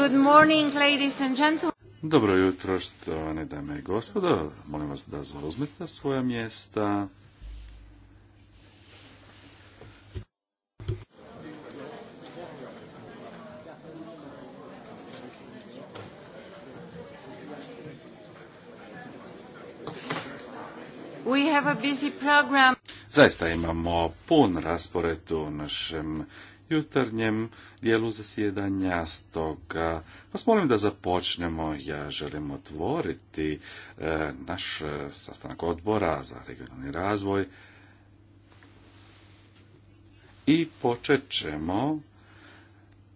Good morning, ladies and gentlemen. Dobro jutro, štovane dame i gospodo. Molim vas da zauzmete svoja mjesta. We Zaista imamo pun raspored u našem jutarnjem dijelu zasjedanja stoga. Vas molim da započnemo. Ja želim otvoriti e, naš e, sastanak odbora za regionalni razvoj i počet ćemo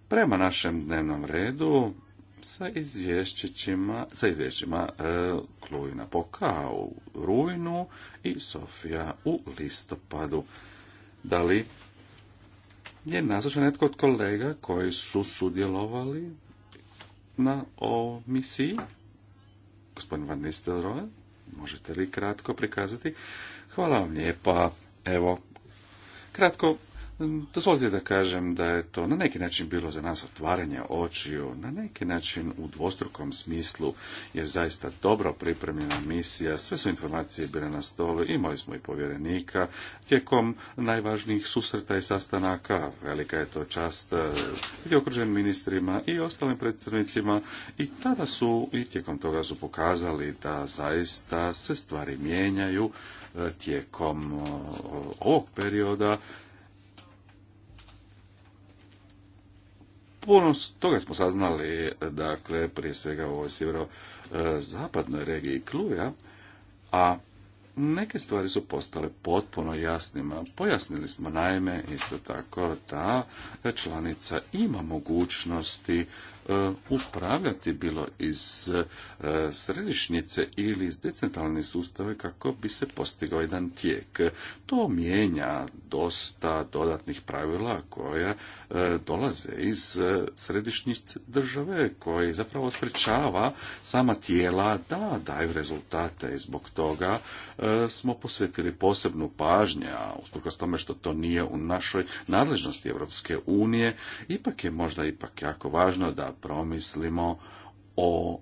prema našem dnevnom redu sa izvješćima, sa izvješćima e, Klujna Poka u rujnu i Sofija u listopadu. Da li je nazočan netko od kolega koji su sudjelovali na o misiji. Gospodin Van Nistelrooy, možete li kratko prikazati? Hvala vam lijepa. Evo, kratko Dozvolite da kažem da je to na neki način bilo za nas otvaranje očiju, na neki način u dvostrukom smislu, jer zaista dobro pripremljena misija, sve su informacije bile na stolu, imali smo i povjerenika, tijekom najvažnijih susreta i sastanaka, velika je to čast i e, okružen ministrima i ostalim predstavnicima i tada su i tijekom toga su pokazali da zaista se stvari mijenjaju e, tijekom ovog perioda puno toga smo saznali, dakle, prije svega u ovoj sjeverozapadnoj regiji Kluja, a neke stvari su postale potpuno jasnima. Pojasnili smo naime isto tako da članica ima mogućnosti E, upravljati bilo iz e, središnjice ili iz decentralne sustave kako bi se postigao jedan tijek. To mijenja dosta dodatnih pravila koja e, dolaze iz središnjice države koje zapravo sprečava sama tijela da daju rezultate i zbog toga smo posvetili posebnu pažnju, a s tome što to nije u našoj nadležnosti Europske unije, ipak je možda ipak jako važno da promislimo o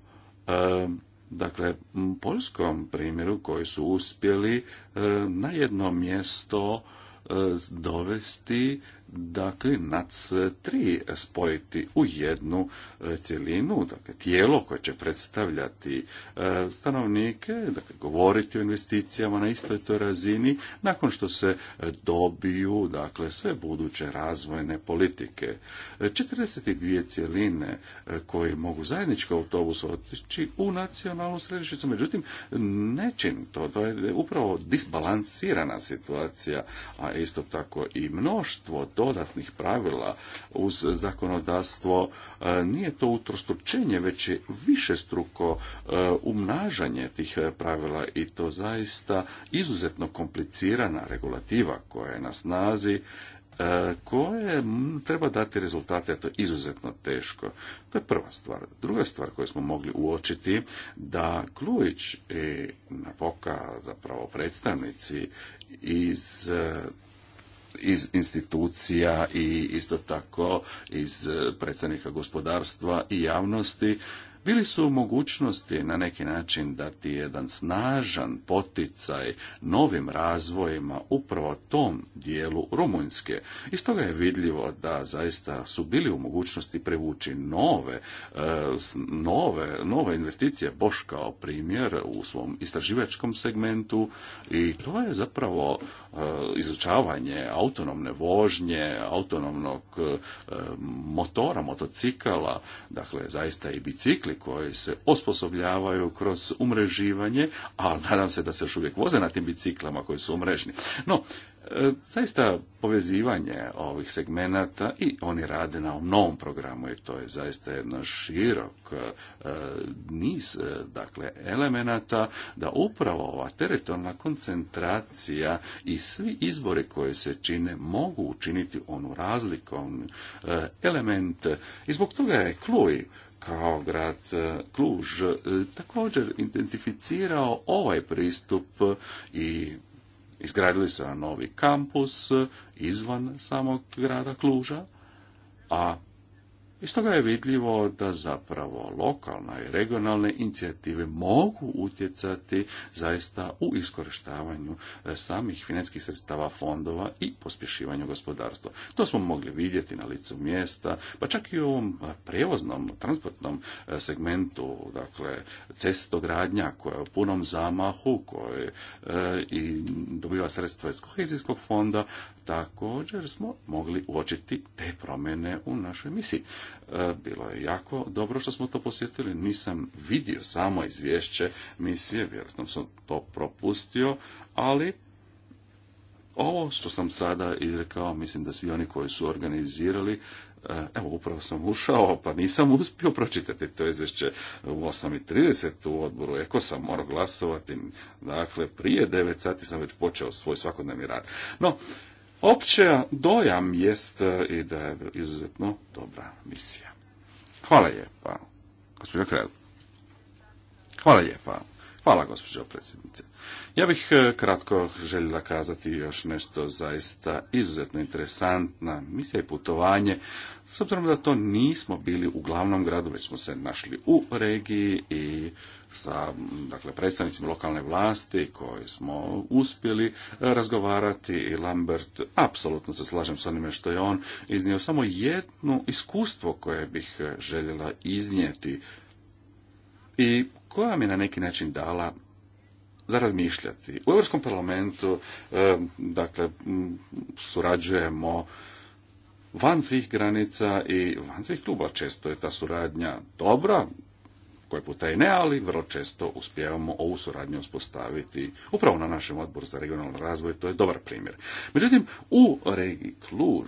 e, dakle poljskom primjeru koji su uspjeli e, na jedno mjesto e, dovesti dakle NAC 3 spojiti u jednu e, cjelinu, dakle tijelo koje će predstavljati e, stanovnike, dakle govoriti o investicijama na istoj toj razini nakon što se e, dobiju dakle sve buduće razvojne politike. 42 cjeline koje mogu zajednički autobus otići u nacionalnu središnjicu, međutim nečin to, to je upravo disbalansirana situacija, a isto tako i mnoštvo dodatnih pravila uz zakonodavstvo, e, nije to utrostručenje, već je struko e, umnažanje tih e, pravila i to zaista izuzetno komplicirana regulativa koja je na snazi koje treba dati rezultate, a to je izuzetno teško. To je prva stvar. Druga stvar koju smo mogli uočiti, da Klujić i Napoka, zapravo predstavnici iz iz institucija i isto tako iz eh, predstavnika gospodarstva i javnosti bili su u mogućnosti na neki način dati jedan snažan poticaj novim razvojima upravo tom dijelu Rumunjske. Iz toga je vidljivo da zaista su bili u mogućnosti prevući nove, e, nove, nove investicije, Boš kao primjer u svom istraživačkom segmentu i to je zapravo e, izučavanje autonomne vožnje, autonomnog e, motora, motocikala, dakle zaista i bicikli dakle koji se osposobljavaju kroz umreživanje, ali nadam se da se još uvijek voze na tim biciklama koji su umrežni. No, e, zaista povezivanje ovih segmenata i oni rade na ovom novom programu i to je zaista jedno širok e, niz e, dakle elemenata da upravo ova teritorijalna koncentracija i svi izbori koje se čine mogu učiniti onu razlikom element i zbog toga je Kluj kao grad Kluž e, e, također identificirao ovaj pristup e, i izgradili su novi kampus izvan samog grada Kluža, a iz toga je vidljivo da zapravo lokalne i regionalne inicijative mogu utjecati zaista u iskorištavanju e, samih financijskih sredstava fondova i pospješivanju gospodarstva. To smo mogli vidjeti na licu mjesta, pa čak i u ovom prevoznom, transportnom e, segmentu, dakle cestogradnja koja je u punom zamahu, koja e, i dobiva sredstva iz kohezijskog fonda, također smo mogli uočiti te promjene u našoj misiji. E, bilo je jako dobro što smo to posjetili, nisam vidio samo izvješće misije, vjerojatno sam to propustio, ali ovo što sam sada izrekao, mislim da svi oni koji su organizirali, e, evo upravo sam ušao, pa nisam uspio pročitati to izvješće u 8.30 u odboru Eko sam morao glasovati, dakle prije 9 sati sam već počeo svoj svakodnevni rad. No, opće dojam jest e, i da je izuzetno dobra misija. Hvala lijepa, gospođo Krel. Hvala lijepa. Hvala, gospođo predsjednice. Ja bih e, kratko željela kazati još nešto zaista izuzetno interesantna misija i putovanje, s obzirom da to nismo bili u glavnom gradu, već smo se našli u regiji i sa dakle, predstavnicima lokalne vlasti koji smo uspjeli e, razgovarati i Lambert, apsolutno se slažem s onime što je on iznio, samo jedno iskustvo koje bih e, željela iznijeti i koja mi na neki način dala za razmišljati. U Europskom parlamentu e, dakle, surađujemo van svih granica i van svih kluba. Često je ta suradnja dobra, koje puta i ne, ali vrlo često uspijevamo ovu suradnju uspostaviti upravo na našem odboru za regionalni razvoj, to je dobar primjer. Međutim, u regiji Kluž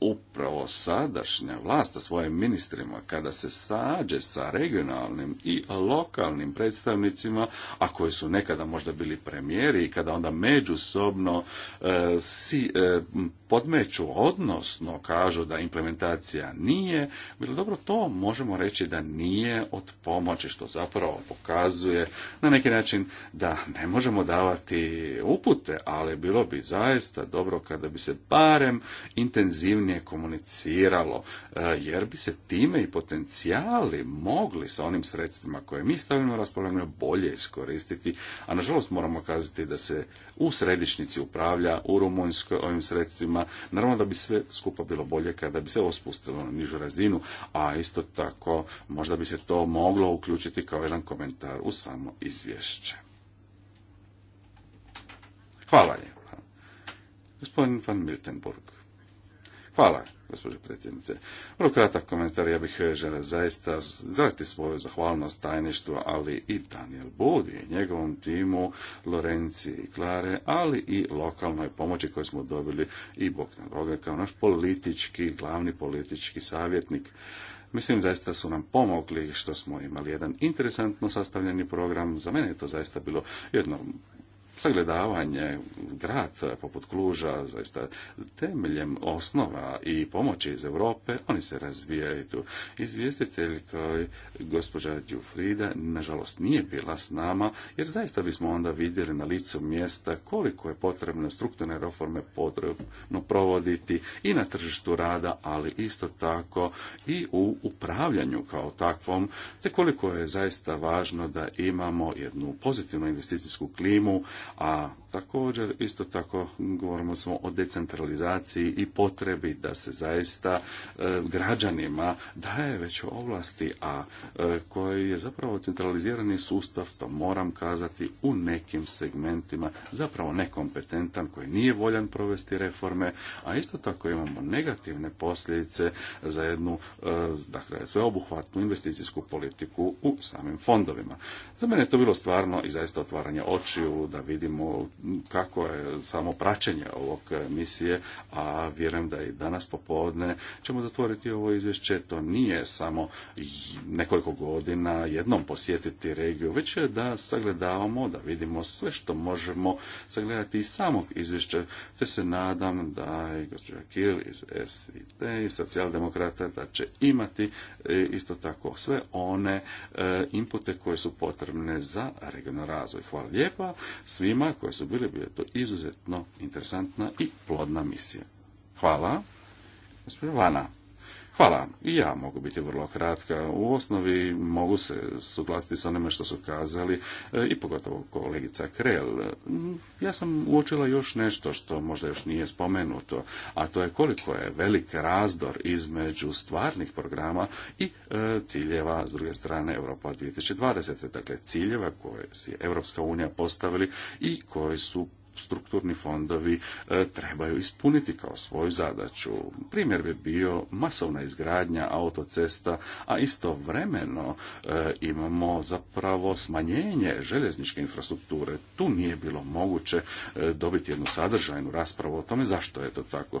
upravo sadašnja vlast sa svojim ministrima, kada se sađe sa regionalnim i lokalnim predstavnicima, a koji su nekada možda bili premijeri i kada onda međusobno e, si e, podmeću, odnosno kažu da implementacija nije bilo dobro, to možemo reći da nije od pomoći, što zapravo pokazuje na neki način da ne možemo davati upute, ali bilo bi zaista dobro kada bi se barem intenzivnije komuniciralo, e, jer bi se time i potencijali mogli sa onim sredstvima koje mi stavimo na bolje iskoristiti, a nažalost moramo kazati da se u središnici upravlja u Rumunjskoj ovim sredstvima. Naravno da bi sve skupa bilo bolje kada bi se ovo spustilo na nižu razinu, a isto tako možda bi se to moglo uključiti kao jedan komentar u samo izvješće. Hvala lijepa. Gospodin van Miltenburg. Hvala, gospođo predsjednice. Vrlo kratak komentar, ja bih e, želeo zaista izraziti svoju zahvalnost tajništvu, ali i Daniel Budi, njegovom timu, Lorenci i Klare, ali i lokalnoj pomoći koju smo dobili i na Roga kao naš politički, glavni politički savjetnik. Mislim, zaista su nam pomogli što smo imali jedan interesantno sastavljeni program. Za mene je to zaista bilo jedno sagledavanje grad poput Kluža, zaista temeljem osnova i pomoći iz Europe, oni se razvijaju tu. Izvjestitelj koji gospođa Djufrida, nažalost, nije bila s nama, jer zaista bismo onda vidjeli na licu mjesta koliko je potrebno strukturne reforme potrebno provoditi i na tržištu rada, ali isto tako i u upravljanju kao takvom, te koliko je zaista važno da imamo jednu pozitivnu investicijsku klimu, a Također, isto tako, govorimo smo o decentralizaciji i potrebi da se zaista e, građanima daje već ovlasti, a e, koji je zapravo centralizirani sustav, to moram kazati, u nekim segmentima zapravo nekompetentan, koji nije voljan provesti reforme, a isto tako imamo negativne posljedice za jednu, e, dakle, sveobuhvatnu investicijsku politiku u samim fondovima. Za mene je to bilo stvarno i zaista otvaranje očiju da vidimo kako je samo praćenje ovog misije, a vjerujem da i danas popodne ćemo zatvoriti ovo izvješće. To nije samo nekoliko godina jednom posjetiti regiju, već je da sagledavamo, da vidimo sve što možemo sagledati iz samog izvješća, te se nadam da i gospođa iz SID i socijaldemokrata da će imati e, isto tako sve one e, impute koje su potrebne za regionalni razvoj. Hvala lijepa svima koji su bili, bi to izuzetno interesantna i plodna misija. Hvala. Gospodin Vana. Hvala. I ja mogu biti vrlo kratka. U osnovi mogu se suglasiti s onime što su kazali e, i pogotovo kolegica Krel. Mm, ja sam uočila još nešto što možda još nije spomenuto, a to je koliko je velik razdor između stvarnih programa i e, ciljeva s druge strane Europa 2020. Dakle, ciljeva koje si Europska unija postavili i koji su strukturni fondovi e, trebaju ispuniti kao svoju zadaću. Primjer bi bio masovna izgradnja autocesta, a istovremeno e, imamo zapravo smanjenje željezničke infrastrukture. Tu nije bilo moguće e, dobiti jednu sadržajnu raspravu o tome zašto je to tako.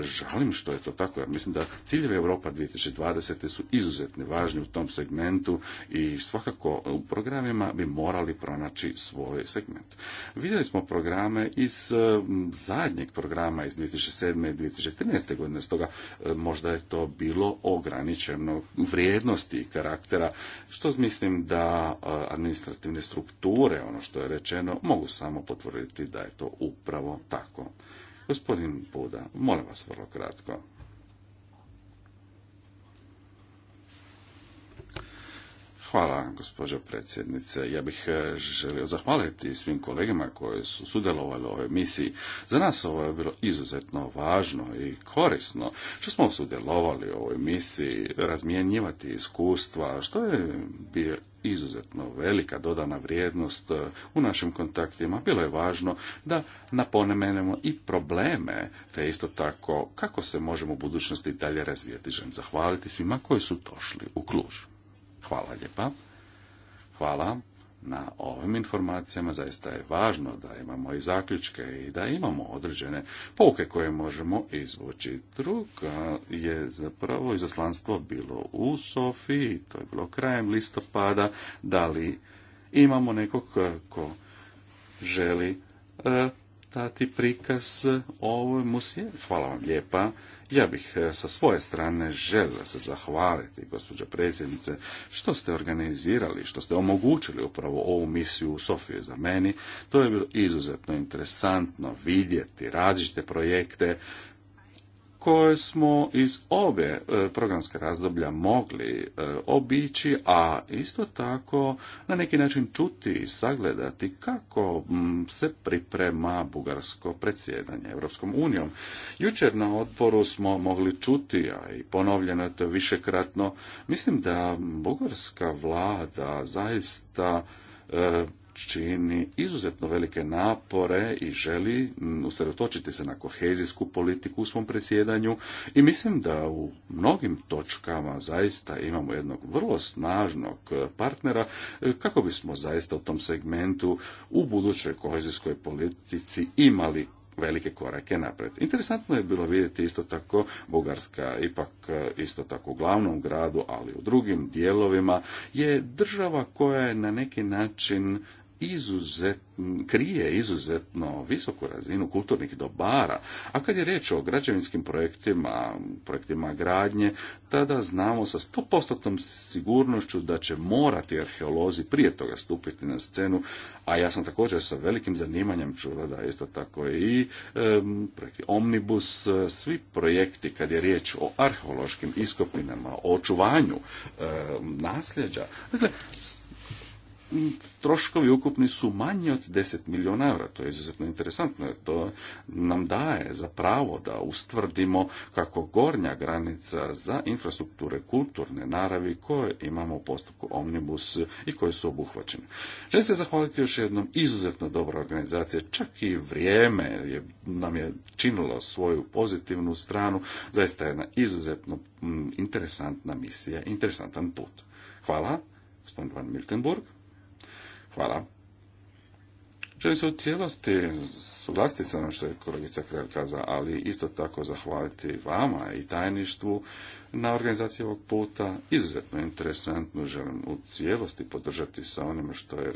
Žalim što je to tako. jer mislim da ciljeve Europa 2020. su izuzetno važni u tom segmentu i svakako u programima bi morali pronaći svoj segment. Vidjeli smo programe iz zadnjeg programa iz 2007. i 2013. godine. Stoga e, možda je to bilo ograničeno vrijednosti i karaktera, što mislim da e, administrativne strukture, ono što je rečeno, mogu samo potvrditi da je to upravo tako. Gospodin Buda, molim vas vrlo kratko. Hvala, gospođo predsjednice. Ja bih e, želio zahvaliti svim kolegama koji su sudjelovali u ovoj misiji. Za nas ovo je bilo izuzetno važno i korisno što smo sudjelovali u ovoj misiji, razmjenjivati iskustva, što je bio izuzetno velika dodana vrijednost e, u našim kontaktima. Bilo je važno da napomenemo i probleme, te isto tako kako se možemo u budućnosti dalje razvijeti. Želim zahvaliti svima koji su došli u klužu. Hvala lijepa. Hvala na ovim informacijama. Zaista je važno da imamo i zaključke i da imamo određene pouke koje možemo izvući. Druga je zapravo izaslanstvo bilo u Sofiji, to je bilo krajem listopada. Da li imamo nekog ko želi eh, dati prikaz ovoj musije? Hvala vam lijepa ja bih e, sa svoje strane želio se zahvaliti, gospođo predsjednice, što ste organizirali, što ste omogućili upravo ovu misiju u Sofiju za meni. To je bilo izuzetno interesantno vidjeti različite projekte koje smo iz ove e, programske razdoblja mogli e, obići, a isto tako na neki način čuti i sagledati kako se priprema bugarsko predsjedanje Europskom unijom. Jučer na odboru smo mogli čuti, a i ponovljeno je to višekratno, mislim da bugarska vlada zaista e, čini izuzetno velike napore i želi usredotočiti se na kohezijsku politiku u svom presjedanju i mislim da u mnogim točkama zaista imamo jednog vrlo snažnog partnera kako bismo zaista u tom segmentu u budućoj kohezijskoj politici imali velike korake naprijed. Interesantno je bilo vidjeti isto tako Bugarska ipak e, isto tako u glavnom gradu, ali u drugim dijelovima je država koja je na neki način izuzet, krije izuzetno visoku razinu kulturnih dobara, a kad je riječ o građevinskim projektima, projektima gradnje, tada znamo sa 100% sigurnošću da će morati arheolozi prije toga stupiti na scenu, a ja sam također sa velikim zanimanjem čula da isto tako i projekti Omnibus, svi projekti kad je riječ o arheološkim iskopinama, o očuvanju nasljeđa, dakle, troškovi ukupni su manji od 10 milijuna eura. To je izuzetno interesantno jer to nam daje za pravo da ustvrdimo kako gornja granica za infrastrukture kulturne naravi koje imamo u postupku Omnibus i koje su obuhvaćene. Želim se zahvaliti još jednom izuzetno dobro organizacije. čak i vrijeme je, nam je činilo svoju pozitivnu stranu, zaista jedna izuzetno mm, interesantna misija, interesantan put. Hvala, gospodin Van Miltenburg. Hvala. Želim se u cijelosti suglasiti sa onom što je kolegica Krel kaza, ali isto tako zahvaliti vama i tajništvu na organizaciji ovog puta. Izuzetno interesantno želim u cijelosti podržati sa onime što je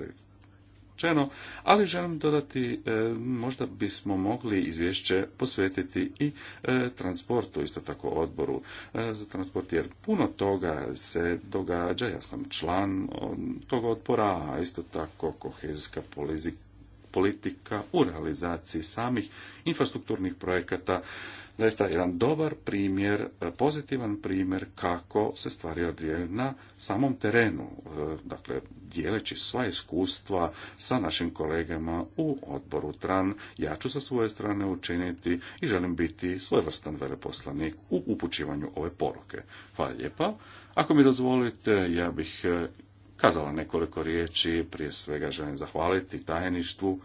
rečeno, ali želim dodati, e, možda bismo mogli izvješće posvetiti i e, transportu, isto tako odboru e, za transport, jer puno toga se događa, ja sam član tog odbora, a isto tako kohezijska politika politika u realizaciji samih infrastrukturnih projekata zaista jedan dobar primjer, e, pozitivan primjer kako se stvari odvijaju na samom terenu, e, dakle dijeleći sva iskustva sa našim kolegama u odboru TRAN. Ja ću sa svoje strane učiniti i želim biti svojevrstan veleposlanik u upućivanju ove poruke. Hvala lijepa. Ako mi dozvolite, ja bih e, kazala nekoliko riječi. Prije svega želim zahvaliti tajništvu,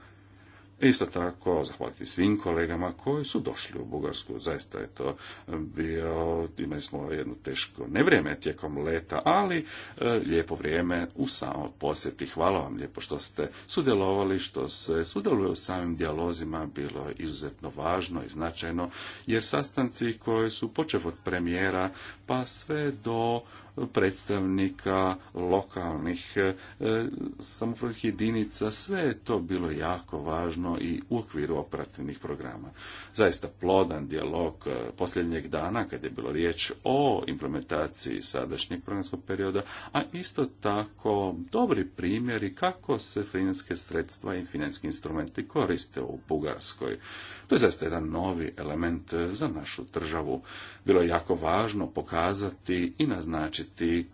Isto tako, zahvaliti svim kolegama koji su došli u Bugarsku. Zaista je to bio, imali smo jedno teško nevrijeme tijekom leta, ali e, lijepo vrijeme u samom posjeti. Hvala vam lijepo što ste sudjelovali, što se sudjeluje u samim dijalozima. Bilo je izuzetno važno i značajno, jer sastanci koji su počev od premijera pa sve do predstavnika lokalnih e, samopravnih jedinica, sve je to bilo jako važno i u okviru operativnih programa. Zaista plodan dijalog e, posljednjeg dana kad je bilo riječ o implementaciji sadašnjeg programskog perioda, a isto tako dobri primjeri kako se financijske sredstva i financijski instrumenti koriste u Bugarskoj. To je zaista jedan novi element e, za našu državu. Bilo je jako važno pokazati i naznačiti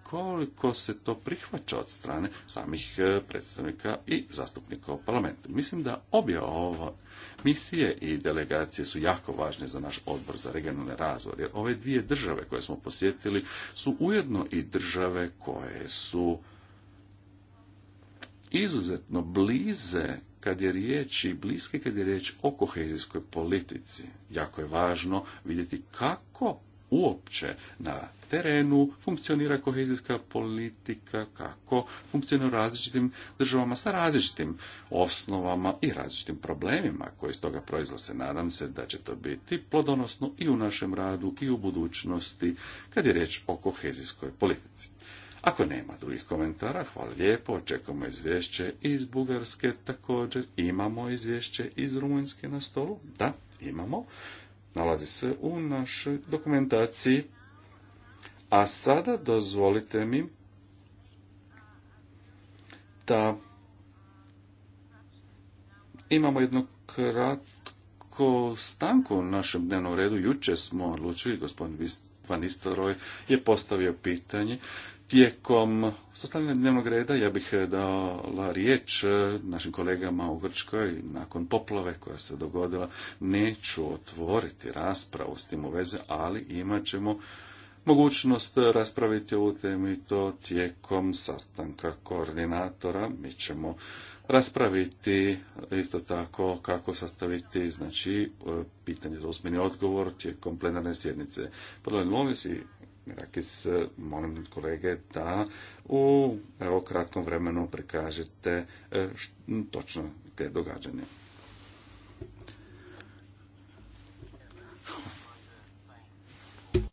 koliko se to prihvaća od strane samih e, predstavnika i zastupnika u parlamentu. Mislim da obje ovo misije i delegacije su jako važne za naš odbor za regionalni razvoj, jer ove dvije države koje smo posjetili su ujedno i države koje su izuzetno blize kad je riječ i bliske kad je riječ o kohezijskoj politici. Jako je važno vidjeti kako uopće na terenu funkcionira kohezijska politika, kako funkcionira u različitim državama sa različitim osnovama i različitim problemima koji iz toga proizlaze. Nadam se da će to biti plodonosno i u našem radu i u budućnosti kad je riječ o kohezijskoj politici. Ako nema drugih komentara, hvala lijepo, očekujemo izvješće iz Bugarske također, imamo izvješće iz Rumunjske na stolu, da, imamo nalazi se u našoj dokumentaciji. A sada dozvolite mi da imamo jednu kratku stanku u našem dnevnom redu. Juče smo odlučili, gospodin Van je postavio pitanje Tijekom sastavljanja dnevnog reda ja bih eh, dala riječ eh, našim kolegama u Grčkoj nakon poplave koja se dogodila. Neću otvoriti raspravu s tim u veze, ali imat ćemo mogućnost eh, raspraviti ovu temu i to tijekom sastanka koordinatora. Mi ćemo raspraviti isto tako kako sastaviti znači pitanje za usmeni odgovor tijekom plenarne sjednice. Pardon, Mirakis, molim kolege da u evo kratkom vremenu prikažete e, točno te događanje.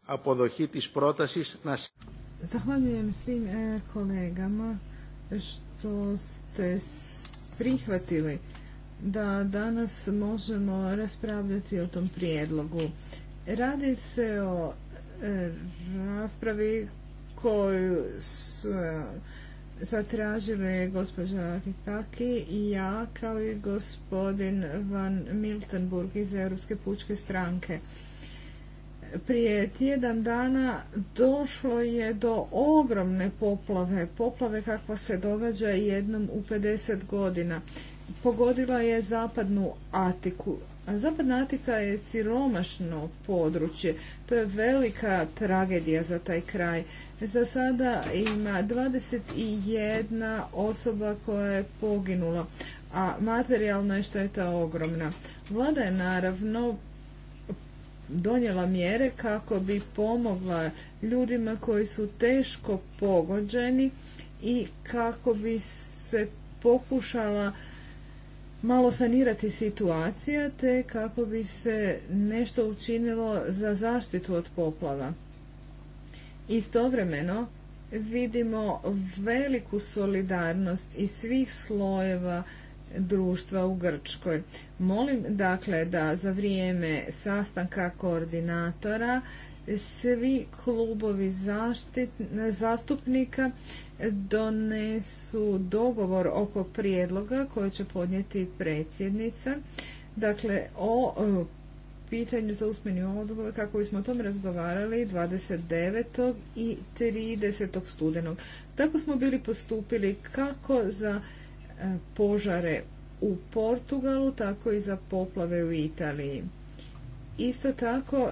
a na... Zahvaljujem svim e, kolegama što ste prihvatili da danas možemo raspravljati o tom prijedlogu. Radi se o raspravi koju su e, zatražile gospođa Kitaki i ja kao i gospodin Van Miltenburg iz Europske pučke stranke. Prije tjedan dana došlo je do ogromne poplave, poplave kakva se događa jednom u 50 godina. Pogodila je zapadnu Atiku, Zapadna Atika je siromašno područje. To je velika tragedija za taj kraj. Za sada ima 21 osoba koja je poginula, a materijalna je šteta ogromna. Vlada je naravno donijela mjere kako bi pomogla ljudima koji su teško pogođeni i kako bi se pokušala malo sanirati situacija te kako bi se nešto učinilo za zaštitu od poplava. Istovremeno vidimo veliku solidarnost iz svih slojeva društva u Grčkoj. Molim dakle da za vrijeme sastanka koordinatora svi klubovi zastupnika donesu dogovor oko prijedloga koje će podnijeti predsjednica. Dakle, o e, pitanju za usmeni odgovor kako bismo o tome razgovarali 29. i 30. studenog. Tako smo bili postupili kako za e, požare u Portugalu, tako i za poplave u Italiji. Isto tako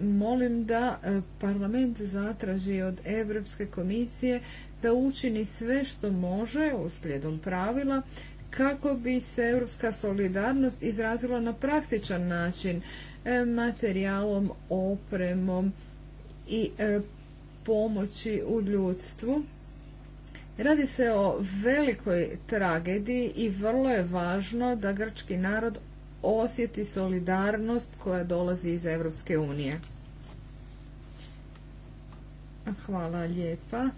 molim da e, parlament zatraži od Europske komisije da učini sve što može uslijedom pravila kako bi se europska solidarnost izrazila na praktičan način e, materijalom, opremom i e, pomoći u ljudstvu. Radi se o velikoj tragediji i vrlo je važno da grčki narod osjeti solidarnost koja dolazi iz Europske unije. Hvala lijepa.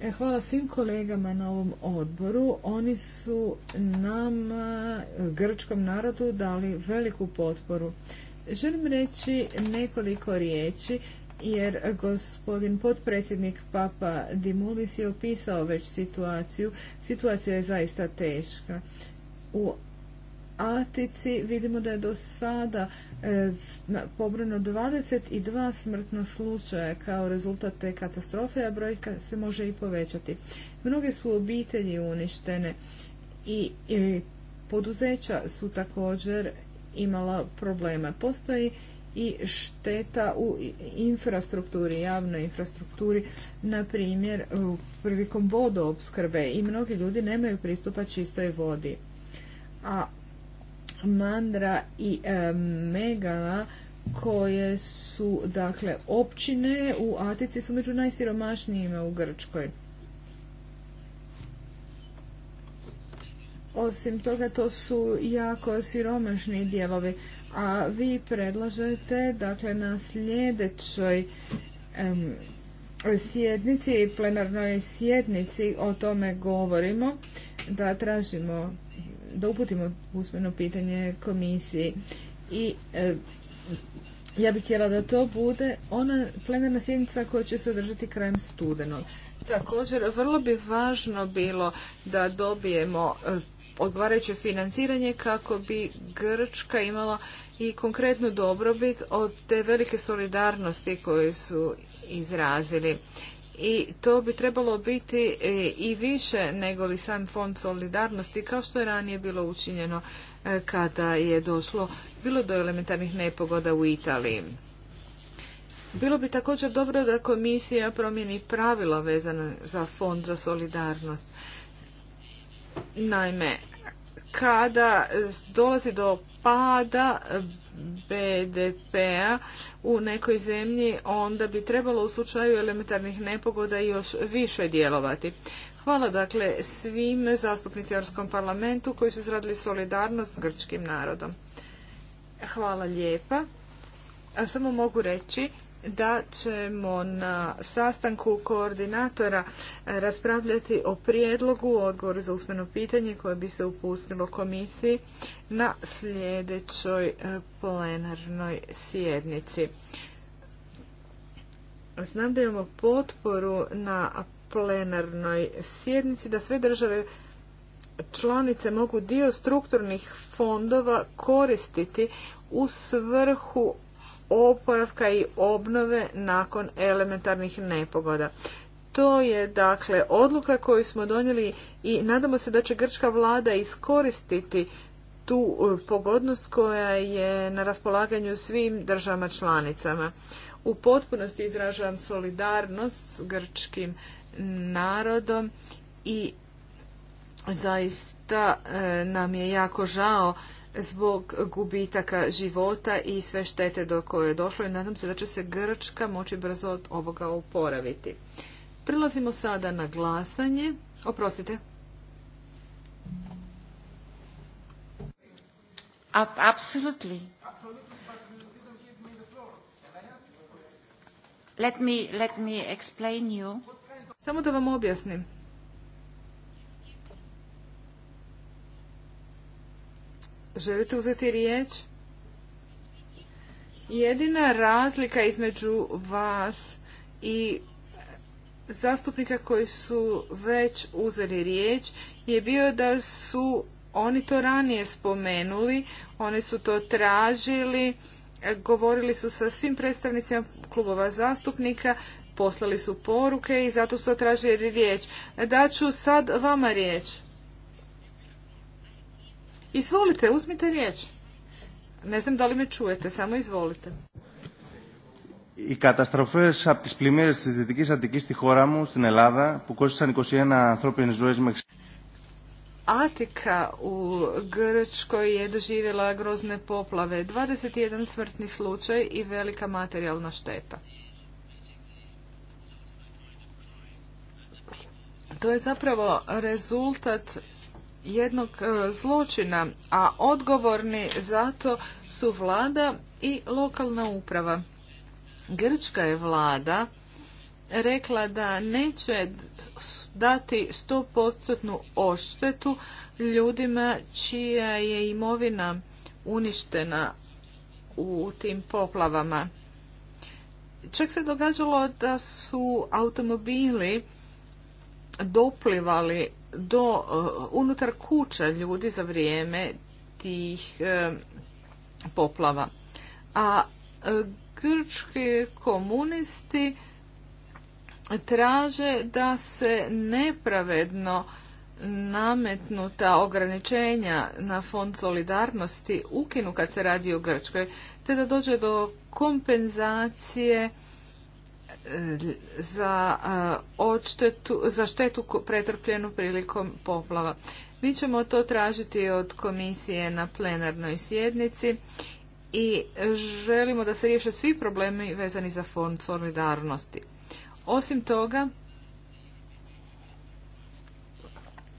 E, hvala svim kolegama na ovom odboru. Oni su nam, e, grčkom narodu, dali veliku potporu. Želim reći nekoliko riječi jer gospodin potpredsjednik Papa Dimulis je opisao već situaciju. Situacija je zaista teška. U Atici vidimo da je do sada e, pobrojno 22 smrtno slučaja kao rezultat te katastrofe, a brojka se može i povećati. Mnoge su obitelji uništene i e, poduzeća su također imala problema. Postoji i šteta u infrastrukturi, javnoj infrastrukturi, na primjer prilikom vodoopskrbe i mnogi ljudi nemaju pristupa čistoj vodi. A Mandra i e, Megala koje su dakle općine u Atici su među najsiromašnijima u Grčkoj. Osim toga to su jako siromašni dijelovi, a vi predlažete dakle na sljedećoj sjednici, plenarnoj sjednici o tome govorimo, da tražimo da uputimo usmeno pitanje komisiji i e, ja bih htjela da to bude ona plenarna sjednica koja će se održati krajem studenog. Također, vrlo bi važno bilo da dobijemo e, odgovarajuće financiranje kako bi Grčka imala i konkretnu dobrobit od te velike solidarnosti koje su izrazili i to bi trebalo biti e, i više nego li sam fond solidarnosti kao što je ranije bilo učinjeno e, kada je došlo bilo do elementarnih nepogoda u Italiji. Bilo bi također dobro da komisija promijeni pravila vezana za fond za solidarnost. Naime, kada dolazi do pada BDP-a u nekoj zemlji, onda bi trebalo u slučaju elementarnih nepogoda još više djelovati. Hvala dakle svim zastupnici Europskom parlamentu koji su izradili solidarnost s grčkim narodom. Hvala lijepa. samo mogu reći da ćemo na sastanku koordinatora raspravljati o prijedlogu odgovoru za usmeno pitanje koje bi se upustilo komisiji na sljedećoj e, plenarnoj sjednici. Znam da imamo potporu na plenarnoj sjednici da sve države članice mogu dio strukturnih fondova koristiti u svrhu oporavka i obnove nakon elementarnih nepogoda. To je dakle odluka koju smo donijeli i nadamo se da će grčka vlada iskoristiti tu e, pogodnost koja je na raspolaganju svim državama članicama. U potpunosti izražavam solidarnost s grčkim narodom i zaista e, nam je jako žao zbog gubitaka života i sve štete do koje je došlo i nadam se da će se Grčka moći brzo od ovoga oporaviti. Prilazimo sada na glasanje. Oprostite. Let me, let me explain you. Samo da vam objasnim. Želite uzeti riječ? Jedina razlika između vas i zastupnika koji su već uzeli riječ je bio da su oni to ranije spomenuli, oni su to tražili, govorili su sa svim predstavnicima klubova zastupnika, poslali su poruke i zato su tražili riječ. Daću sad vama riječ. Izvolite, uzmite riječ. Ne znam da li me čujete, samo izvolite. Οι καταστροφέ από τι πλημμύρε τη Δυτική Αττική στη χώρα μου, στην Ελλάδα, που κόστησαν 21 ανθρώπινε ζωέ μέχρι. Atika u Grčkoj je doživjela grozne poplave, 21 smrtni slučaj i velika materijalna šteta. To je zapravo rezultat jednog e, zločina, a odgovorni za to su vlada i lokalna uprava. Grčka je vlada rekla da neće dati 100% odštetu ljudima čija je imovina uništena u tim poplavama. Čak se događalo da su automobili doplivali do eh, unutar kuća ljudi za vrijeme tih eh, poplava. A eh, grčki komunisti traže da se nepravedno nametnuta ograničenja na fond solidarnosti ukinu kad se radi o Grčkoj, te da dođe do kompenzacije za, odštetu, za štetu pretrpljenu prilikom poplava. Mi ćemo to tražiti od komisije na plenarnoj sjednici i želimo da se riješe svi problemi vezani za fond solidarnosti. Osim toga,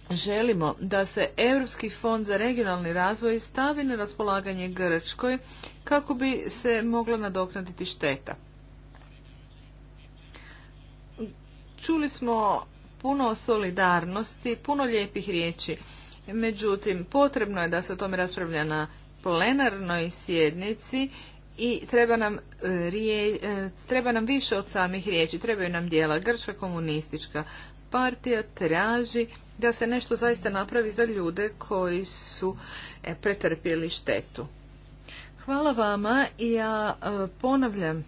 želimo da se Europski fond za regionalni razvoj stavi na raspolaganje Grčkoj kako bi se mogla nadoknaditi šteta. Čuli smo puno solidarnosti, puno lijepih riječi. Međutim, potrebno je da se o tome raspravlja na plenarnoj sjednici i treba nam, e, e, treba nam više od samih riječi, trebaju nam dijela. Grčka komunistička partija traži da se nešto zaista napravi za ljude koji su e, pretrpjeli štetu. Hvala vama i ja ponavljam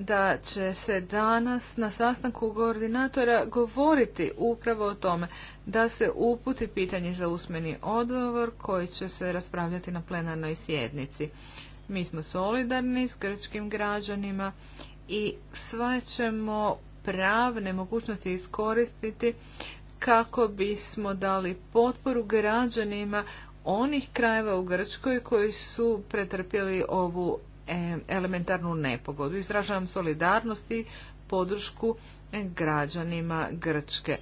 da će se danas na sastanku koordinatora govoriti upravo o tome da se uputi pitanje za usmeni odgovor koji će se raspravljati na plenarnoj sjednici. Mi smo solidarni s grčkim građanima i sva ćemo pravne mogućnosti iskoristiti kako bismo dali potporu građanima onih krajeva u Grčkoj koji su pretrpjeli ovu E, elementarnu nepogodu. Izražavam solidarnost i podršku građanima Grčke.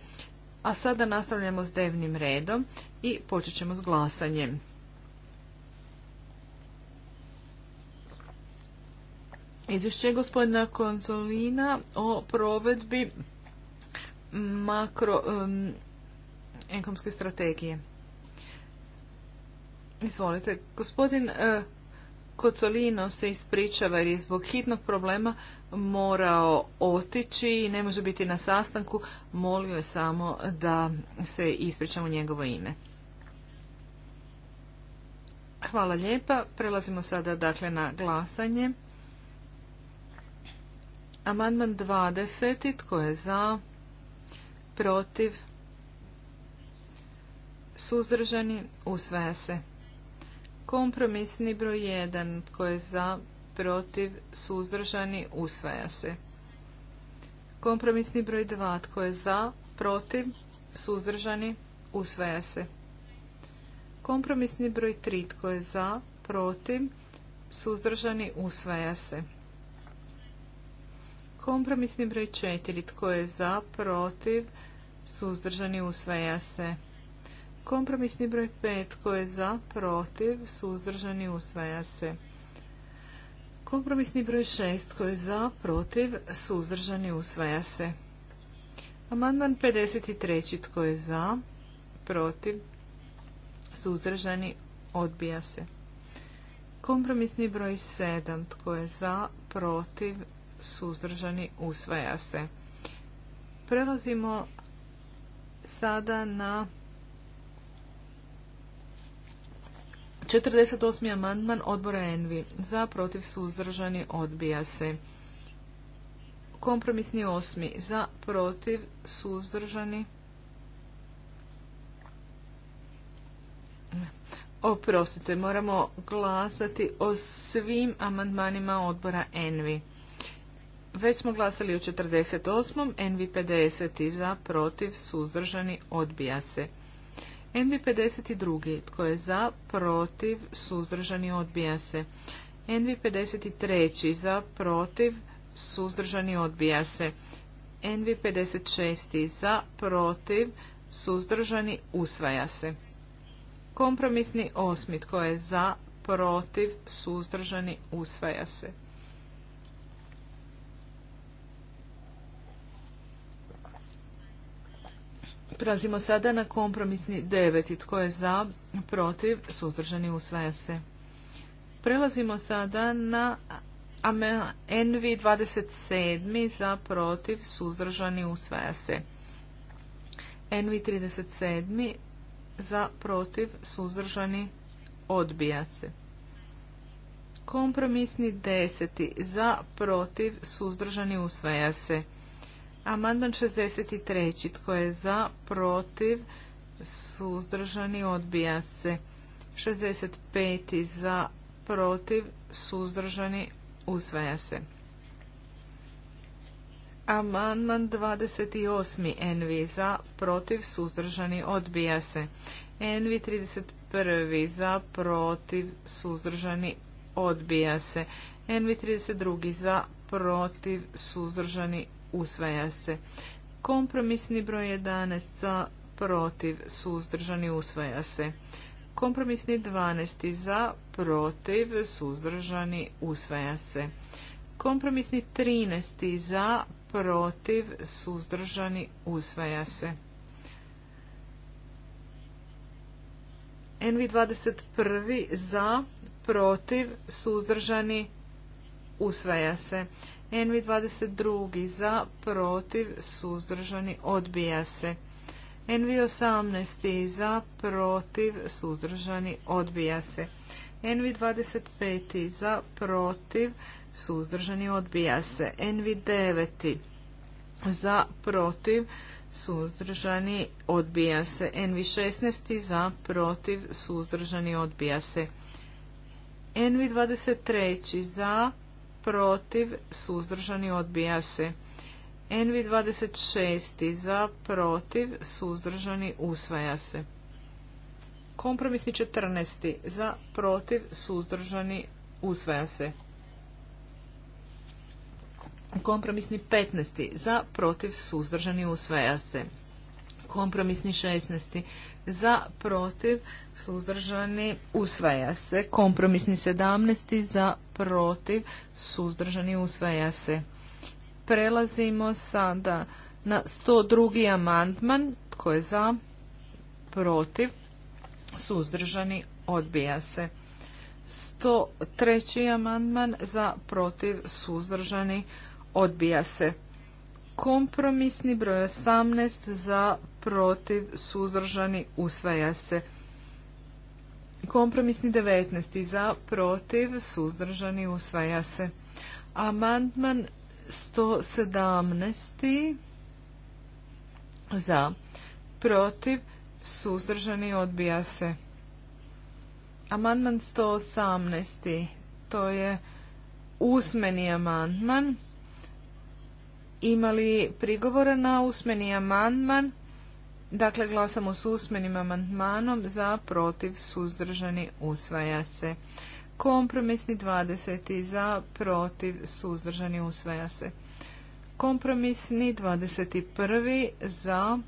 A sada nastavljamo s devnim redom i počet ćemo s glasanjem. Izvješće gospodina Konzolina o provedbi makro strategije. Izvolite, gospodin e, Kocolino se ispričava jer je zbog hitnog problema morao otići i ne može biti na sastanku. Molio je samo da se ispričamo njegovo ime. Hvala lijepa. Prelazimo sada dakle na glasanje. Amandman 20. Tko je za? Protiv? Suzdržani? Usvaja se. Kompromisni broj 1. Tko je za, protiv, suzdržani, usvaja se. Kompromisni broj 2. Tko je za, protiv, suzdržani, usvaja se. Kompromisni broj 3. Tko je za, protiv, suzdržani, usvaja se. Kompromisni broj 4. Tko je za, protiv, suzdržani, usvaja se. Kompromisni broj 5 tko je za, protiv, suzdržani, usvaja se. Kompromisni broj 6 tko je za, protiv, suzdržani, usvaja se. Amandman 53. Tko je za? Protiv? Suzdržani? Odbija se. Kompromisni broj 7. Tko je za? Protiv? Suzdržani? Usvaja se. Prelazimo sada na 48. amandman odbora Envi. Za, protiv, suzdržani, odbija se. Kompromisni osmi. Za, protiv, suzdržani. Oprostite, moramo glasati o svim amandmanima odbora Envi. Već smo glasali o 48. Envi 50. Za, protiv, suzdržani, odbija se. NV52. Tko je za? Protiv? Suzdržani? Odbija se. NV53. Za? Protiv? Suzdržani? Odbija se. NV56. Za? Protiv? Suzdržani? Usvaja se. Kompromisni osmi. Tko je za? Protiv? Suzdržani? Usvaja se. Prelazimo sada na kompromisni deveti. Tko je za, protiv, suzdržani usvaja se. Prelazimo sada na NV 27. Za, protiv, suzdržani usvaja se. NV 37. Za, protiv, suzdržani odbija se. Kompromisni 10. Za, protiv, suzdržani usvaja se. Amandman 63. Tko je za, protiv, suzdržani, odbija se. 65. za, protiv, suzdržani, usvaja se. Amandman 28. Envi za, protiv, suzdržani, odbija se. Envi 31. za, protiv, suzdržani, odbija se. Envi 32. za, protiv, suzdržani, usvaja se. Kompromisni broj 11 za, protiv, suzdržani, usvaja se. Kompromisni 12 za, protiv, suzdržani, usvaja se. Kompromisni 13 za, protiv, suzdržani, usvaja se. NV21 za, protiv, suzdržani, usvaja se. Envi 22 za, protiv, suzdržani, odbija se. Envi 18 za, protiv, suzdržani, odbija se. Envi 25 za, protiv, suzdržani, odbija se. Envi 9 za, protiv, suzdržani, odbija se. Envi 16 za, protiv, suzdržani, odbija se. Envi 23 za, protiv, protiv, suzdržani, odbija se. NV26 za, protiv, suzdržani, usvaja se. Kompromisni 14 za, protiv, suzdržani, usvaja se. Kompromisni 15 za, protiv, suzdržani, usvaja se. Kompromisni 16. Za, protiv, suzdržani, usvaja se. Kompromisni 17. Za, protiv, suzdržani, usvaja se. Prelazimo sada na 102. amandman. Tko je za? Protiv. Suzdržani, odbija se. 103. amandman za protiv suzdržani odbija se. Kompromisni broj 18 za protiv suzdržani usvaja se. Kompromisni 19 za protiv suzdržani usvaja se. Amandman 117 za protiv suzdržani odbija se. Amandman 118 to je usmeni amandman imali prigovora na usmeni amandman. Dakle, glasamo s usmenim amandmanom za protiv suzdržani usvaja se. Kompromisni 20. za protiv suzdržani usvaja se. Kompromisni 21. za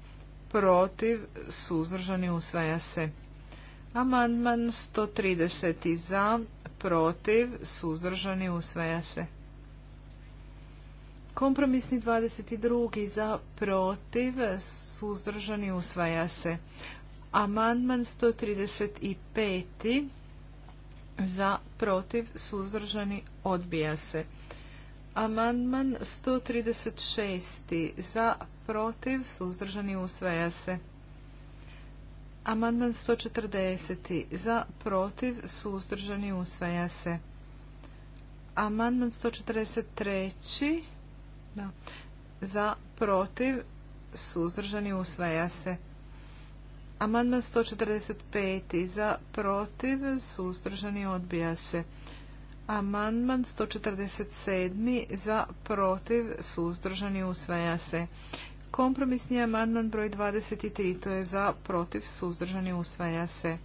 protiv suzdržani usvaja se. Amandman 130. za protiv suzdržani usvaja se. Kompromisni 22. za protiv, suzdržani usvaja se. Amandman 135. za protiv, suzdržani odbija se. Amandman 136. za protiv, suzdržani usvaja se. Amandman 140. za protiv, suzdržani usvaja se. Amandman 143 za, protiv, suzdržani, usvaja se. Amandman 145. Za, protiv, suzdržani, odbija se. Amandman 147. Za, protiv, suzdržani, usvaja se. Kompromisni amandman broj 23. To je za, protiv, suzdržani, usvaja se.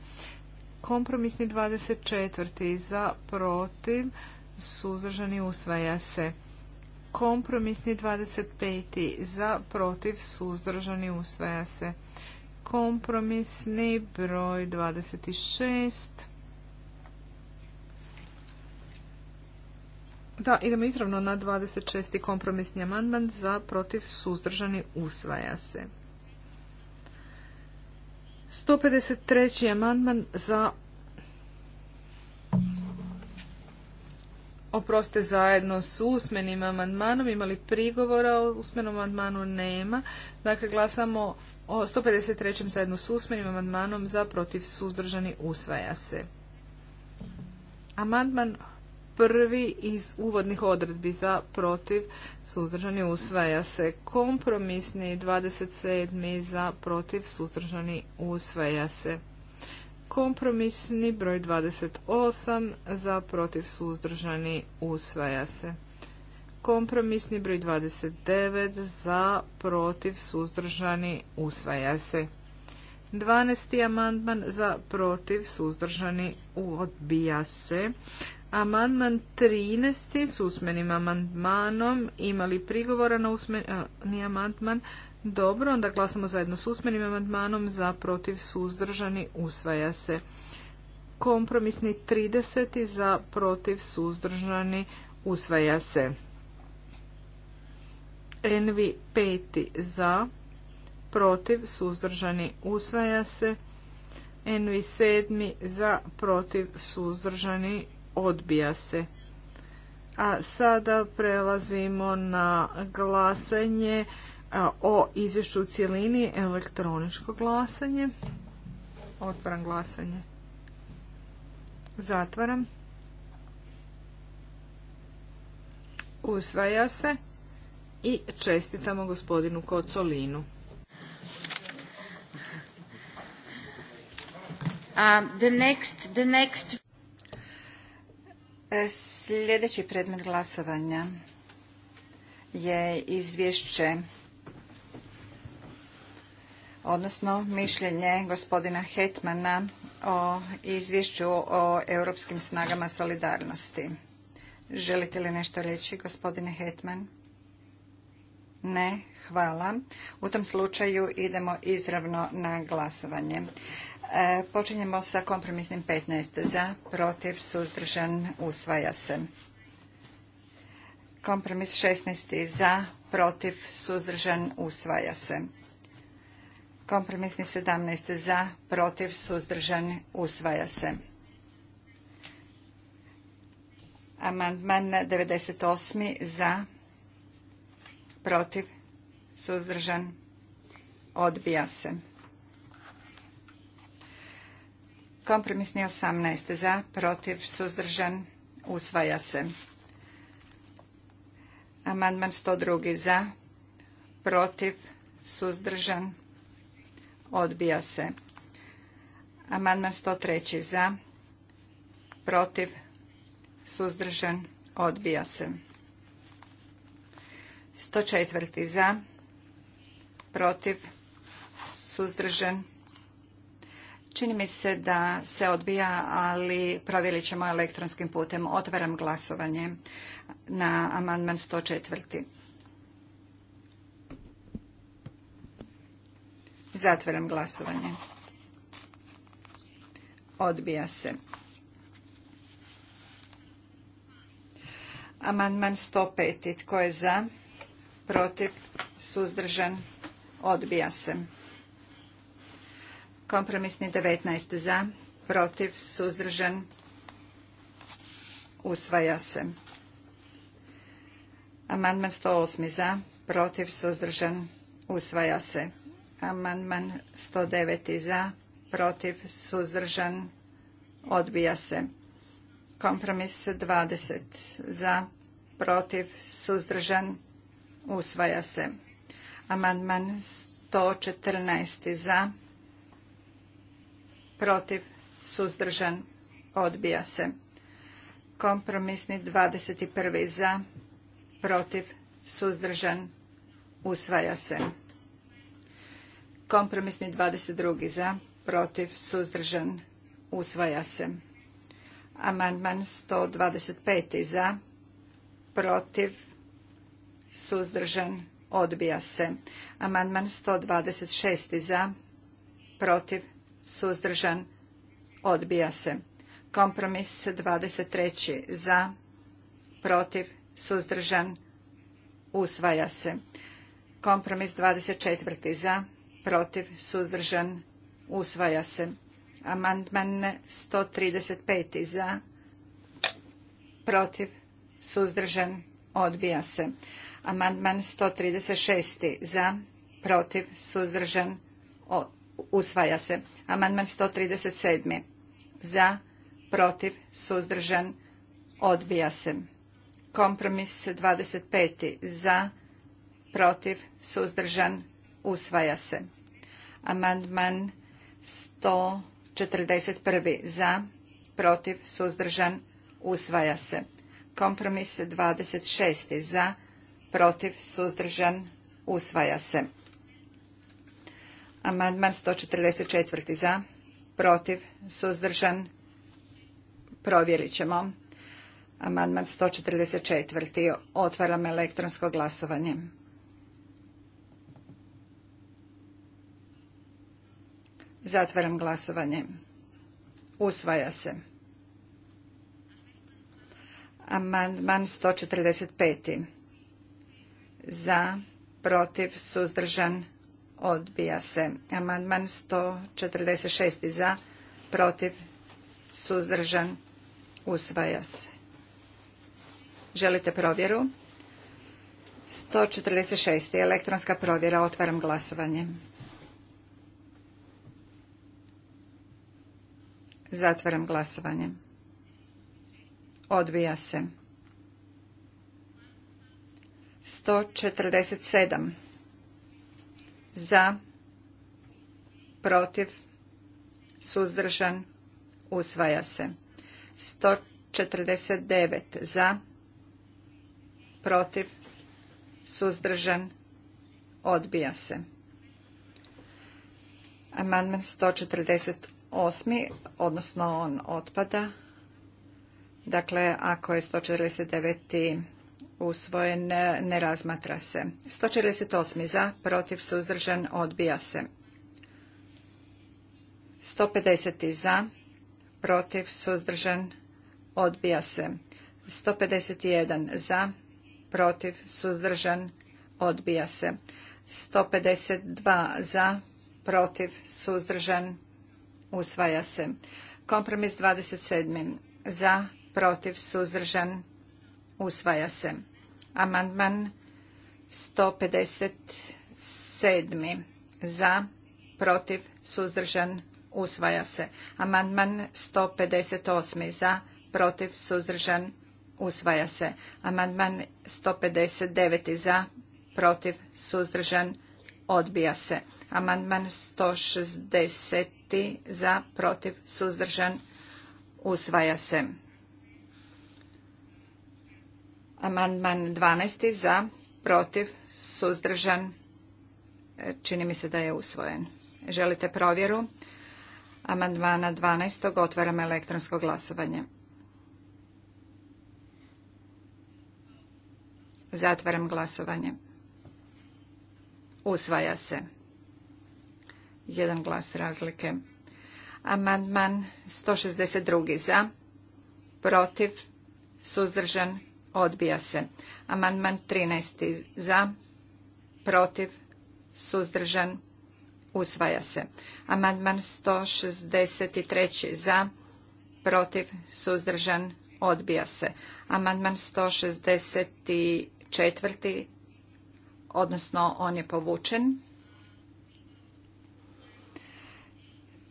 Kompromisni 24. Za, protiv, suzdržani, usvaja se. Kompromisni 25. za protiv suzdržani usvaja se. Kompromisni broj 26. Da, idemo izravno na 26. kompromisni amandman za protiv suzdržani usvaja se. 153. amandman za oproste zajedno s usmenim amandmanom. Imali prigovora o usmenom amandmanu? Nema. Dakle, glasamo o 153. zajedno s usmenim amandmanom za protiv suzdržani usvaja se. Amandman prvi iz uvodnih odredbi za protiv suzdržani usvaja se. Kompromisni 27. za protiv suzdržani usvaja se. Kompromisni broj 28 za protiv suzdržani usvaja se. Kompromisni broj 29 za protiv suzdržani usvaja se. 12. amandman za protiv suzdržani odbija se. Amandman 13. s usmenim amandmanom imali prigovora na usmeni amandman dobro, onda glasamo zajedno s usmenim amandmanom za protiv suzdržani usvaja se. Kompromisni 30 za protiv suzdržani usvaja se. Envi 5 za protiv suzdržani usvaja se. Envi 7 za protiv suzdržani odbija se. A sada prelazimo na glasanje o izvješću u cjelini elektroničko glasanje. Otvaram glasanje. Zatvaram. Usvaja se i čestitamo gospodinu Kocolinu. the next, e, Sljedeći predmet glasovanja je izvješće odnosno mišljenje gospodina Hetmana o izvješću o europskim snagama solidarnosti. Želite li nešto reći, gospodine Hetman? Ne, hvala. U tom slučaju idemo izravno na glasovanje. E, počinjemo sa kompromisnim 15. Za, protiv, suzdržan, usvaja se. Kompromis 16. Za, protiv, suzdržan, usvaja se. Kompromisni 17 za, protiv, suzdržan, usvaja se. Amandman 98 za, protiv, suzdržan, odbija se. Kompromisni 18 za, protiv, suzdržan, usvaja se. Amandman 102 za, protiv, suzdržan, Odbija se. Amandman 103. za. Protiv. Suzdržan. Odbija se. 104. za. Protiv. Suzdržan. Čini mi se da se odbija, ali provjerit ćemo elektronskim putem. Otvaram glasovanje na amandman 104. Zatvaram glasovanje. Odbija se. Amandman 105. Tko je za? Protiv? Suzdržan? Odbija se. Kompromisni 19. Za? Protiv? Suzdržan? Usvaja se. Amandman 108. Za? Protiv? Suzdržan? Usvaja se. Amandman 109. za, protiv, suzdržan, odbija se. Kompromis 20. Za, protiv, suzdržan, usvaja se. Amandman 114. Za, protiv, suzdržan, odbija se. Kompromisni 21. Za, protiv, suzdržan, usvaja se. Kompromisni 22. za, protiv, suzdržan, usvaja se. Amandman 125. za, protiv, suzdržan, odbija se. Amandman 126. za, protiv, suzdržan, odbija se. Kompromis 23. za, protiv, suzdržan, usvaja se. Kompromis 24. za, protiv, suzdržan, usvaja se. Amandman 135. za, protiv, suzdržan, odbija se. Amandman 136. za, protiv, suzdržan, usvaja se. Amandman 137. za, protiv, suzdržan, odbija se. Kompromis 25. za, protiv, suzdržan, Usvaja se. Amandman 141. Za, protiv, suzdržan. Usvaja se. Kompromis 26. Za, protiv, suzdržan. Usvaja se. Amandman 144. Za, protiv, suzdržan. Provjerit ćemo. Amandman 144. Otvaram elektronsko glasovanje. Zatvaram glasovanje. Usvaja se. Amandman 145. Za, protiv, suzdržan, odbija se. Amandman 146. Za, protiv, suzdržan, usvaja se. Želite provjeru? 146. Elektronska provjera. Otvaram glasovanje. Zatvaram glasovanje. Odbija se. 147. Za. Protiv. Suzdržan. Usvaja se. 149. Za. Protiv. Suzdržan. Odbija se. Amandman 148 osmi, odnosno on otpada. Dakle, ako je 149. usvojen, ne razmatra se. 148. za, protiv, suzdržan, odbija se. 150. za, protiv, suzdržan, odbija se. 151. za, protiv, suzdržan, odbija se. 152. za, protiv, suzdržan, Usvaja se. Kompromis 27. Za, protiv, suzdržan. Usvaja se. Amandman 157. Za, protiv, suzdržan. Usvaja se. Amandman 158. Za, protiv, suzdržan. Usvaja se. Amandman 159. Za, protiv, suzdržan. Odbija se. Amandman 160 za protiv suzdržan usvaja se. Amandman 12. za protiv suzdržan e, čini mi se da je usvojen. Želite provjeru? Amandmana 12. otvaram elektronsko glasovanje. Zatvaram glasovanje. Usvaja se jedan glas razlike. Amandman 162. za, protiv, suzdržan, odbija se. Amandman 13. za, protiv, suzdržan, usvaja se. Amandman 163. za, protiv, suzdržan, odbija se. Amandman 164. odnosno on je povučen.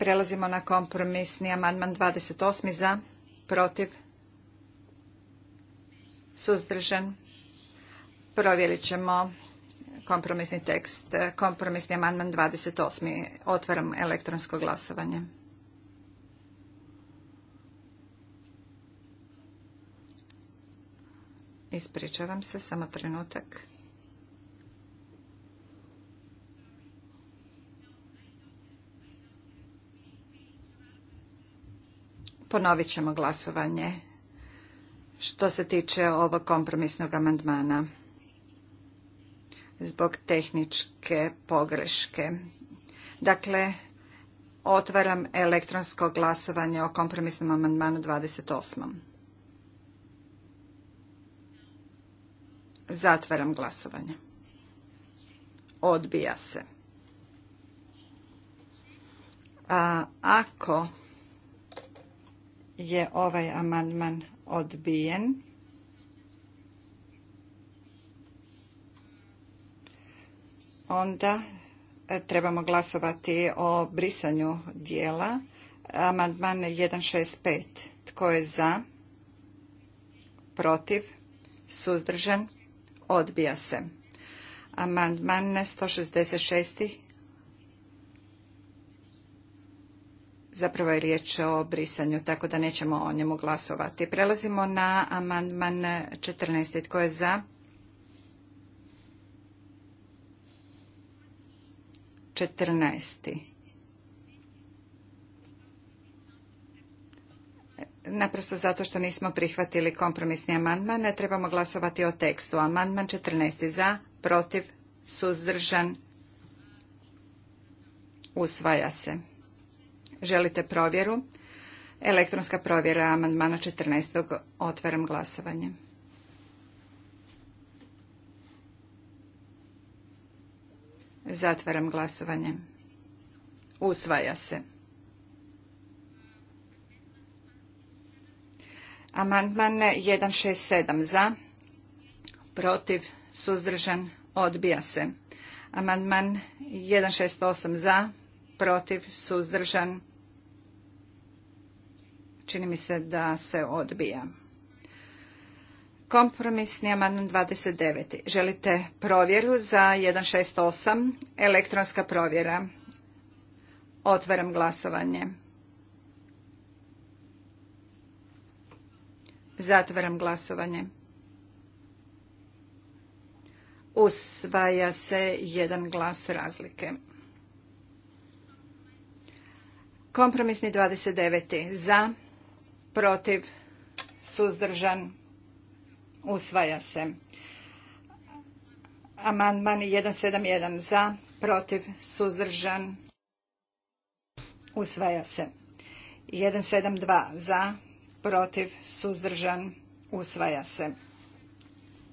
Prelazimo na kompromisni amandman 28. za, protiv, suzdržan. Provjerit ćemo kompromisni tekst. Kompromisni amandman 28. Otvaram elektronsko glasovanje. Ispričavam se, samo trenutak. Ponovit ćemo glasovanje što se tiče ovog kompromisnog amandmana zbog tehničke pogreške. Dakle, otvaram elektronsko glasovanje o kompromisnom amandmanu 28. Zatvaram glasovanje. Odbija se. A ako je ovaj amandman odbijen. Onda e, trebamo glasovati o brisanju dijela. Amandman 165. Tko je za? Protiv? Suzdržan? Odbija se. Amandman 166. Zapravo je riječ o brisanju, tako da nećemo o njemu glasovati. Prelazimo na amandman 14. Tko je za? 14. Naprosto zato što nismo prihvatili kompromisni amandman, ne trebamo glasovati o tekstu. Amandman 14. za, protiv, suzdržan, usvaja se. Želite provjeru? Elektronska provjera amandmana 14. Otvaram glasovanje. Zatvaram glasovanje. Usvaja se. Amandman 167 za, protiv, suzdržan, odbija se. Amandman 168 za, protiv, suzdržan. Čini mi se da se odbija. Kompromisni amandman 29. Želite provjeru za 168. Elektronska provjera. Otvaram glasovanje. Zatvaram glasovanje. Usvaja se jedan glas razlike. Kompromisni 29. za, protiv, suzdržan, usvaja se. Amandman 171 za, protiv, suzdržan, usvaja se. 172 za, protiv, suzdržan, usvaja se.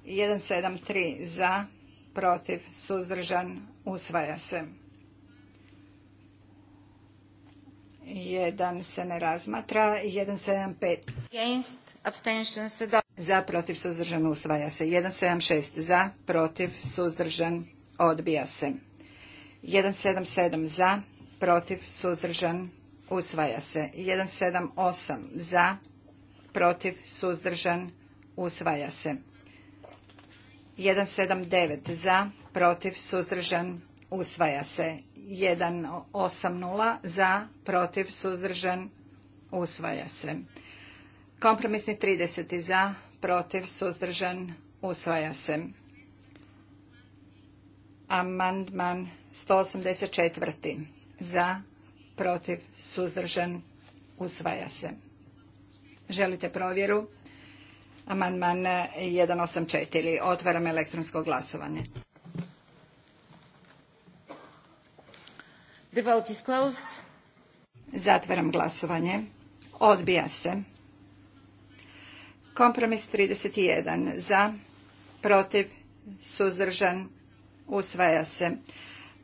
173 za, protiv, suzdržan, usvaja se. Jedan se ne razmatra. 175. Against. Abstentions. Za, protiv, suzdržan, usvaja se. 176. Za, protiv, suzdržan, odbija se. sedam Za, protiv, suzdržan, usvaja se. osam Za, protiv, suzdržan, usvaja se. 179. Za, protiv, suzdržan, usvaja se. 180 za, protiv, suzdržan, usvaja se. Kompromisni 30 za, protiv, suzdržan, usvaja se. Amandman 184 za, protiv, suzdržan, usvaja se. Želite provjeru? Amandman 184. Otvaram elektronsko glasovanje. The vote Zatvaram glasovanje. Odbija se. Kompromis 31. Za, protiv, suzdržan, usvaja se.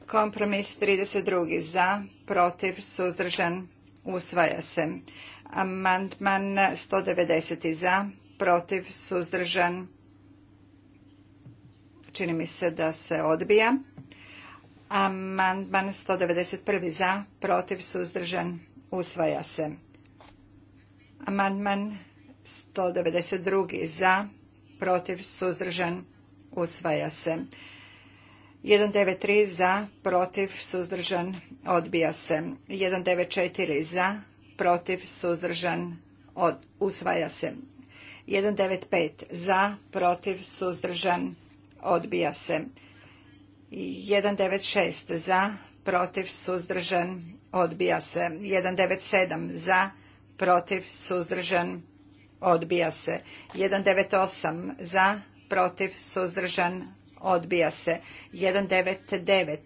Kompromis 32. Za, protiv, suzdržan, usvaja se. Amandman 190. Za, protiv, suzdržan, čini mi se da se odbija. Amandman 191. za, protiv, suzdržan, usvaja se. Amandman 192. za, protiv, suzdržan, usvaja se. 193 za, protiv, suzdržan, odbija se. 194 za, protiv, suzdržan, usvaja se. 195 za, protiv, suzdržan, odbija se. 196 za, protiv, suzdržan, odbija se. 197 za, protiv, suzdržan, odbija se. 198 za, protiv, suzdržan, odbija se. 199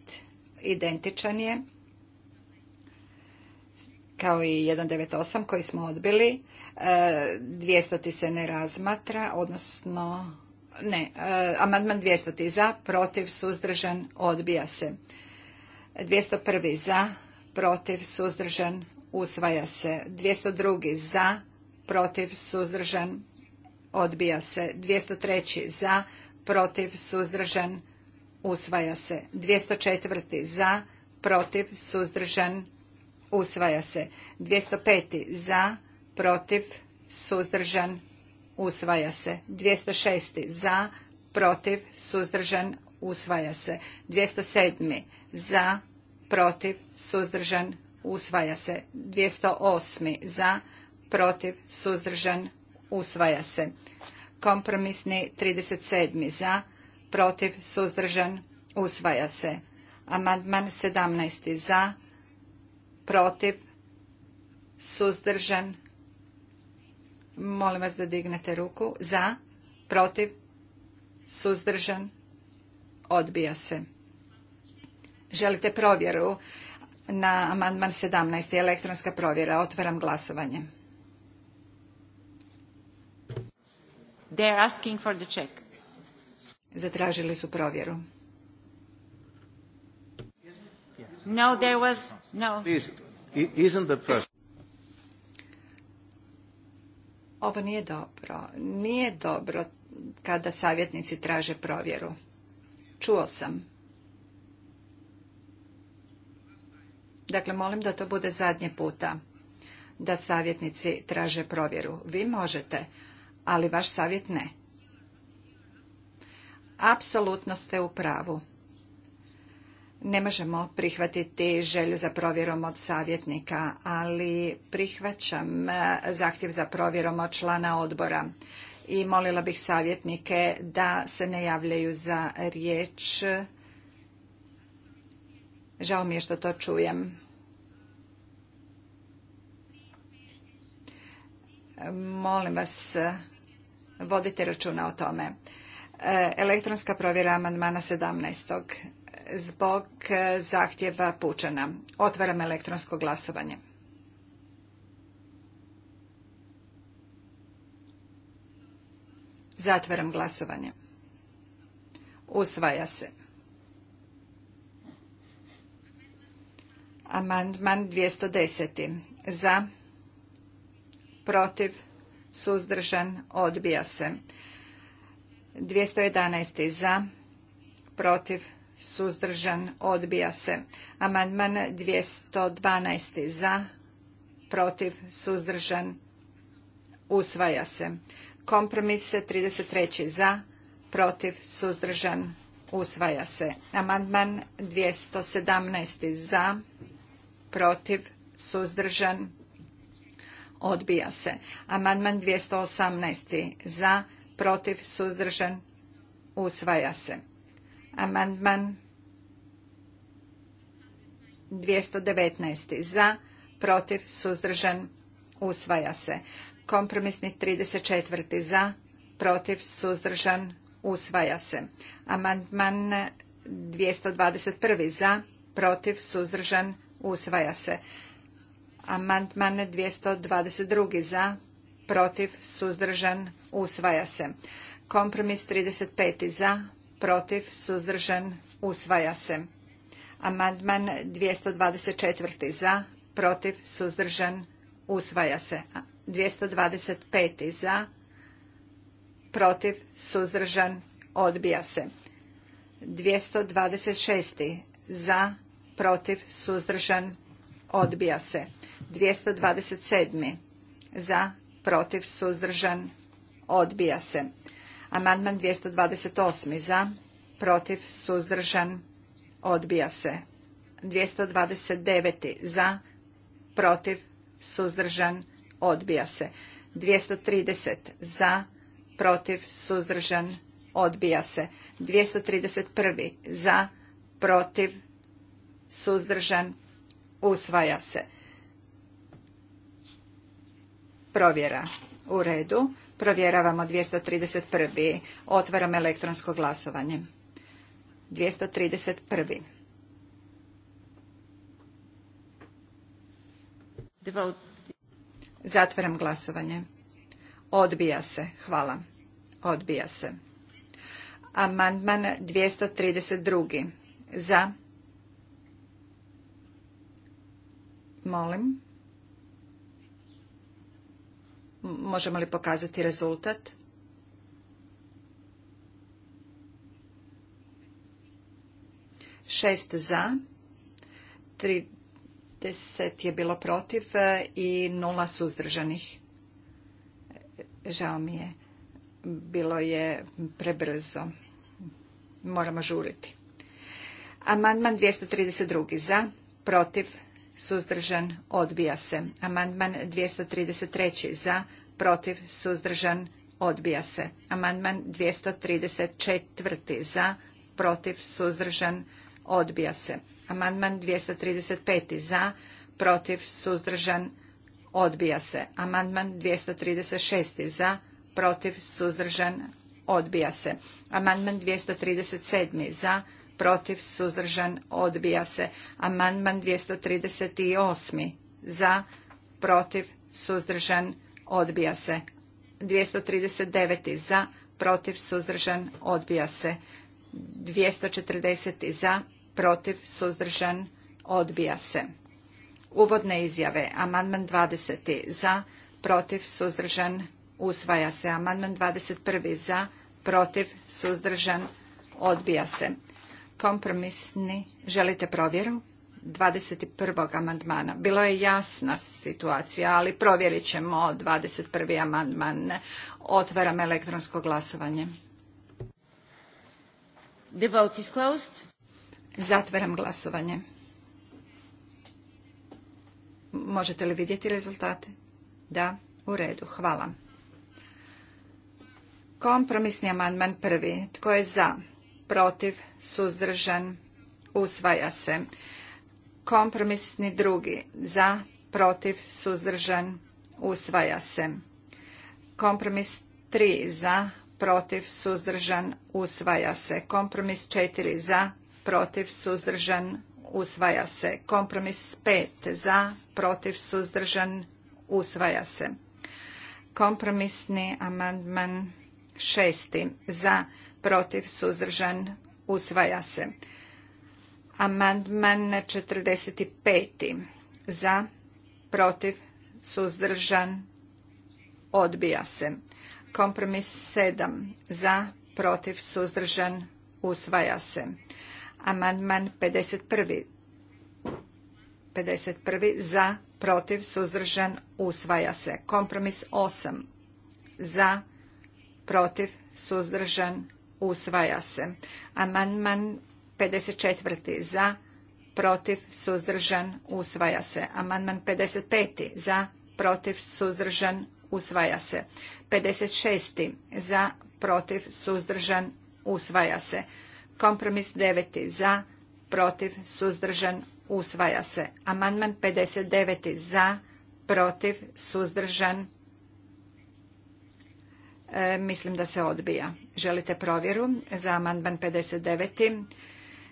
identičan je, kao i 198 koji smo odbili. 200 e, se ne razmatra, odnosno ne, e, amandman 200. za, protiv, suzdržan, odbija se. 201. za, protiv, suzdržan, usvaja se. 202. za, protiv, suzdržan, odbija se. 203. za, protiv, suzdržan, usvaja se. 204. za, protiv, suzdržan, usvaja se. 205. za, protiv, suzdržan, usvaja se. 206. za, protiv, suzdržan, usvaja se. 207. za, protiv, suzdržan, usvaja se. 208. za, protiv, suzdržan, usvaja se. Kompromisni 37. za, protiv, suzdržan, usvaja se. Amandman 17. za, protiv, suzdržan, Molim vas da dignete ruku. Za, protiv, suzdržan, odbija se. Želite provjeru na amandman 17. elektronska provjera. Otvaram glasovanje. They asking Zatražili su provjeru. No, there was no. Isn't the first. Ovo nije dobro. Nije dobro kada savjetnici traže provjeru. Čuo sam. Dakle, molim da to bude zadnji puta da savjetnici traže provjeru. Vi možete, ali vaš savjet ne. Apsolutno ste u pravu ne možemo prihvatiti želju za provjerom od savjetnika, ali prihvaćam e, zahtjev za provjerom od člana odbora i molila bih savjetnike da se ne javljaju za riječ. Žao mi je što to čujem. Molim vas, vodite računa o tome. E, elektronska provjera amandmana 17 zbog e, zahtjeva pučana. Otvaram elektronsko glasovanje. Zatvaram glasovanje. Usvaja se. Amandman 210. Za. Protiv. Suzdržan. Odbija se. 211. Za. Protiv suzdržan, odbija se. Amandman 212. za, protiv, suzdržan, usvaja se. Kompromis 33. za, protiv, suzdržan, usvaja se. Amandman 217. za, protiv, suzdržan, odbija se. Amandman 218. za, protiv, suzdržan, usvaja se. Amandman 219. Za, protiv, suzdržan, usvaja se. Kompromisni 34. Za, protiv, suzdržan, usvaja se. Amandman 221. Za, protiv, suzdržan, usvaja se. Amandman 222. Za, protiv, suzdržan, usvaja se. Kompromis 35. Za, protiv, suzdržan, usvaja se. Amandman 224. za, protiv, suzdržan, usvaja se. 225. za, protiv, suzdržan, odbija se. 226. za, protiv, suzdržan, odbija se. 227. za, protiv, suzdržan, odbija se. Amandman 228. za, protiv, suzdržan, odbija se. 229. za, protiv, suzdržan, odbija se. 230. za, protiv, suzdržan, odbija se. 231. za, protiv, suzdržan, usvaja se. Provjera. U redu. Provjeravamo 231. Otvaram elektronsko glasovanje. 231. Zatvaram glasovanje. Odbija se. Hvala. Odbija se. Amandman 232. Za. Molim. Možemo li pokazati rezultat? Šest za, 30 je bilo protiv e, i nula suzdržanih. Žao mi je, bilo je prebrzo. Moramo žuriti. Amandman 232. za, protiv, suzdržan, odbija se. Amandman 233. za, protiv, suzdržan, odbija se. Amandman 234. za, protiv, suzdržan, odbija se. Amandman 235. za, protiv, suzdržan, odbija se. Amandman 236. za, protiv, suzdržan, odbija se. Amandman 237. za, protiv, suzdržan, odbija se. Amandman 238. za, protiv, suzdržan, odbija se. 239. za, protiv, suzdržan, odbija se. 240. za, protiv, suzdržan, odbija se. Uvodne izjave. Amandman 20. za, protiv, suzdržan, usvaja se. Amandman 21. za, protiv, suzdržan, odbija se. Kompromisni. Želite provjeru? 21. amandmana. Bilo je jasna situacija, ali provjerit ćemo 21. amandman. Otvaram elektronsko glasovanje. The vote closed. Zatvaram glasovanje. Možete li vidjeti rezultate? Da, u redu, hvala. Kompromisni amandman prvi. Tko je za? protiv, suzdržan, usvaja se. Kompromisni drugi za, protiv, suzdržan, usvaja se. Kompromis tri za, protiv, suzdržan, usvaja se. Kompromis 4 za, protiv, suzdržan, usvaja se. Kompromis pet za, protiv, suzdržan, usvaja se. Kompromisni amandman šesti za, protiv, suzdržan, usvaja se. Amandman 45. za, protiv, suzdržan, odbija se. Kompromis 7. za, protiv, suzdržan, usvaja se. Amandman 51. 51. za, protiv, suzdržan, usvaja se. Kompromis 8. za, protiv, suzdržan, usvaja se. Amandman 54. za, protiv, suzdržan, usvaja se. Amandman 55. za, protiv, suzdržan, usvaja se. 56. za, protiv, suzdržan, usvaja se. Kompromis 9. za, protiv, suzdržan, usvaja se. Amandman 59. za, protiv, suzdržan, E, mislim da se odbija. Želite provjeru za amandman 59.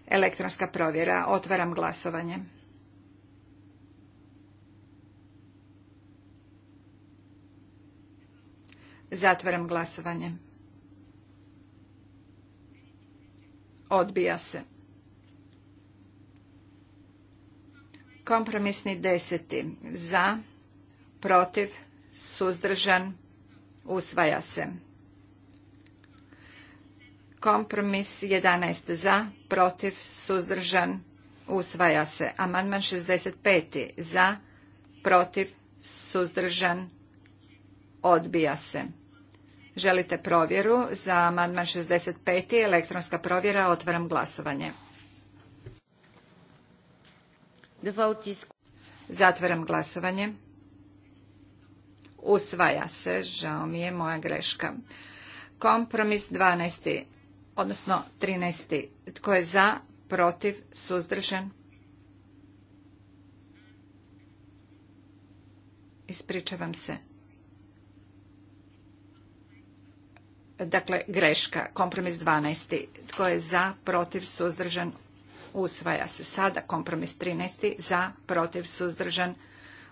Elektronska provjera. Otvaram glasovanje. Zatvaram glasovanje. Odbija se. Kompromisni deseti. Za, protiv, suzdržan, Usvaja se. Kompromis 11 za, protiv, suzdržan. Usvaja se. Amandman 65 za, protiv, suzdržan. Odbija se. Želite provjeru za amandman 65. elektronska provjera. Otvaram glasovanje. Zatvaram glasovanje. Usvaja se, žao mi je moja greška. Kompromis 12. odnosno 13. Tko je za, protiv, suzdržan? Ispričavam se. Dakle, greška. Kompromis 12. Tko je za, protiv, suzdržan? Usvaja se. Sada kompromis 13. Za, protiv, suzdržan?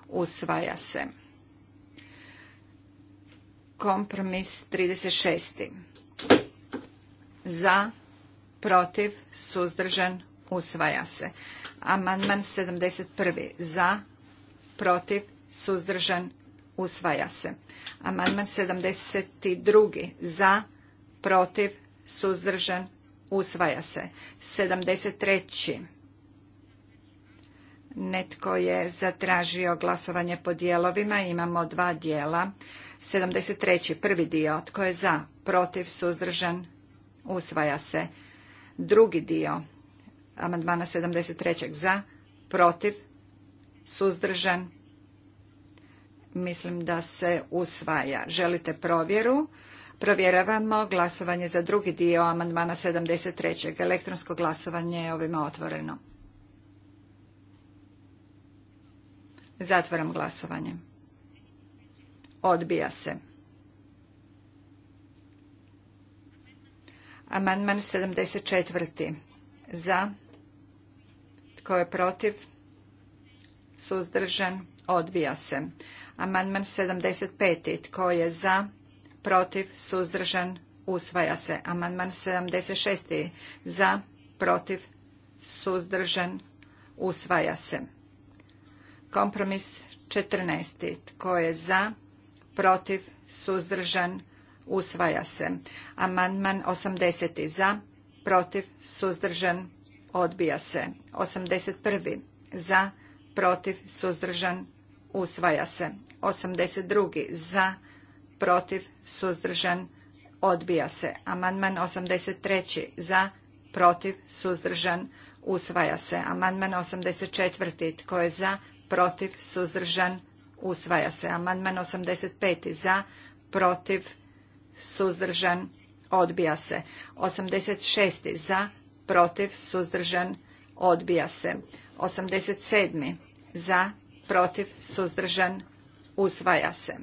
Usvaja se. Kompromis 36. Za, protiv, suzdržan, usvaja se. Amandman 71. Za, protiv, suzdržan, usvaja se. Amandman 72. Za, protiv, suzdržan, usvaja se. 73. Netko je zatražio glasovanje po dijelovima. Imamo dva dijela. 73. prvi dio. Tko je za? Protiv? Suzdržan? Usvaja se. Drugi dio amandmana 73. za? Protiv? Suzdržan? Mislim da se usvaja. Želite provjeru? Provjeravamo glasovanje za drugi dio amandmana 73. Elektronsko glasovanje je ovima otvoreno. Zatvaram glasovanje. Odbija se. Amandman 74. Za. Tko je protiv? Suzdržan. Odbija se. Amandman 75. Tko je za? Protiv? Suzdržan? Usvaja se. Amandman 76. Za? Protiv? Suzdržan? Usvaja se. Kompromis 14. Tko je za? protiv, suzdržan, usvaja se. Amandman 80. za, protiv, suzdržan, odbija se. 81. za, protiv, suzdržan, usvaja se. 82. za, protiv, suzdržan, odbija se. Amandman 83. za, protiv, suzdržan, usvaja se. Amandman 84. tko je za, protiv, suzdržan, Usvaja se. Amandman 85. Za, protiv, suzdržan, odbija se. 86. Za, protiv, suzdržan, odbija se. 87. Za, protiv, suzdržan, usvaja se.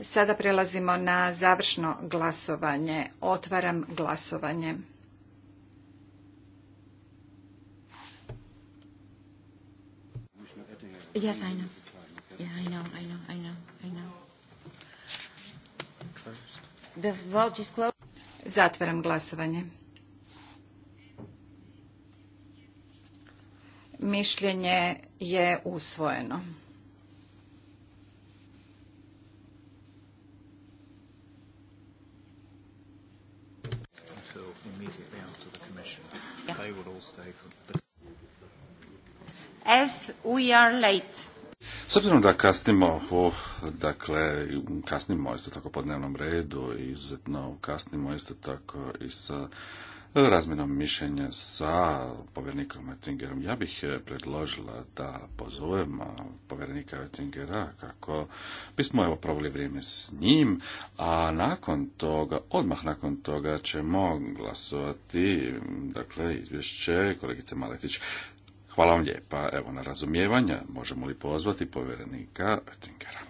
Sada prelazimo na završno glasovanje. Otvaram glasovanje. Yes, i know, I know, I know, I know. The vote is closed. Zatvaram glasovanje. Mišljenje je usvojeno. As we are late. S obzirom da kasnimo, dakle, kasnimo isto tako po dnevnom redu, izuzetno kasnimo isto tako i sa razmjenom mišljenja sa povjernikom Oettingerom. Ja bih predložila da pozovemo povjernika Oettingera kako bismo evo proveli vrijeme s njim, a nakon toga, odmah nakon toga ćemo glasovati, dakle, izvješće kolegice Maletić. Hvala vam lijepa. Evo na razumijevanja možemo li pozvati povjerenika Oettingera.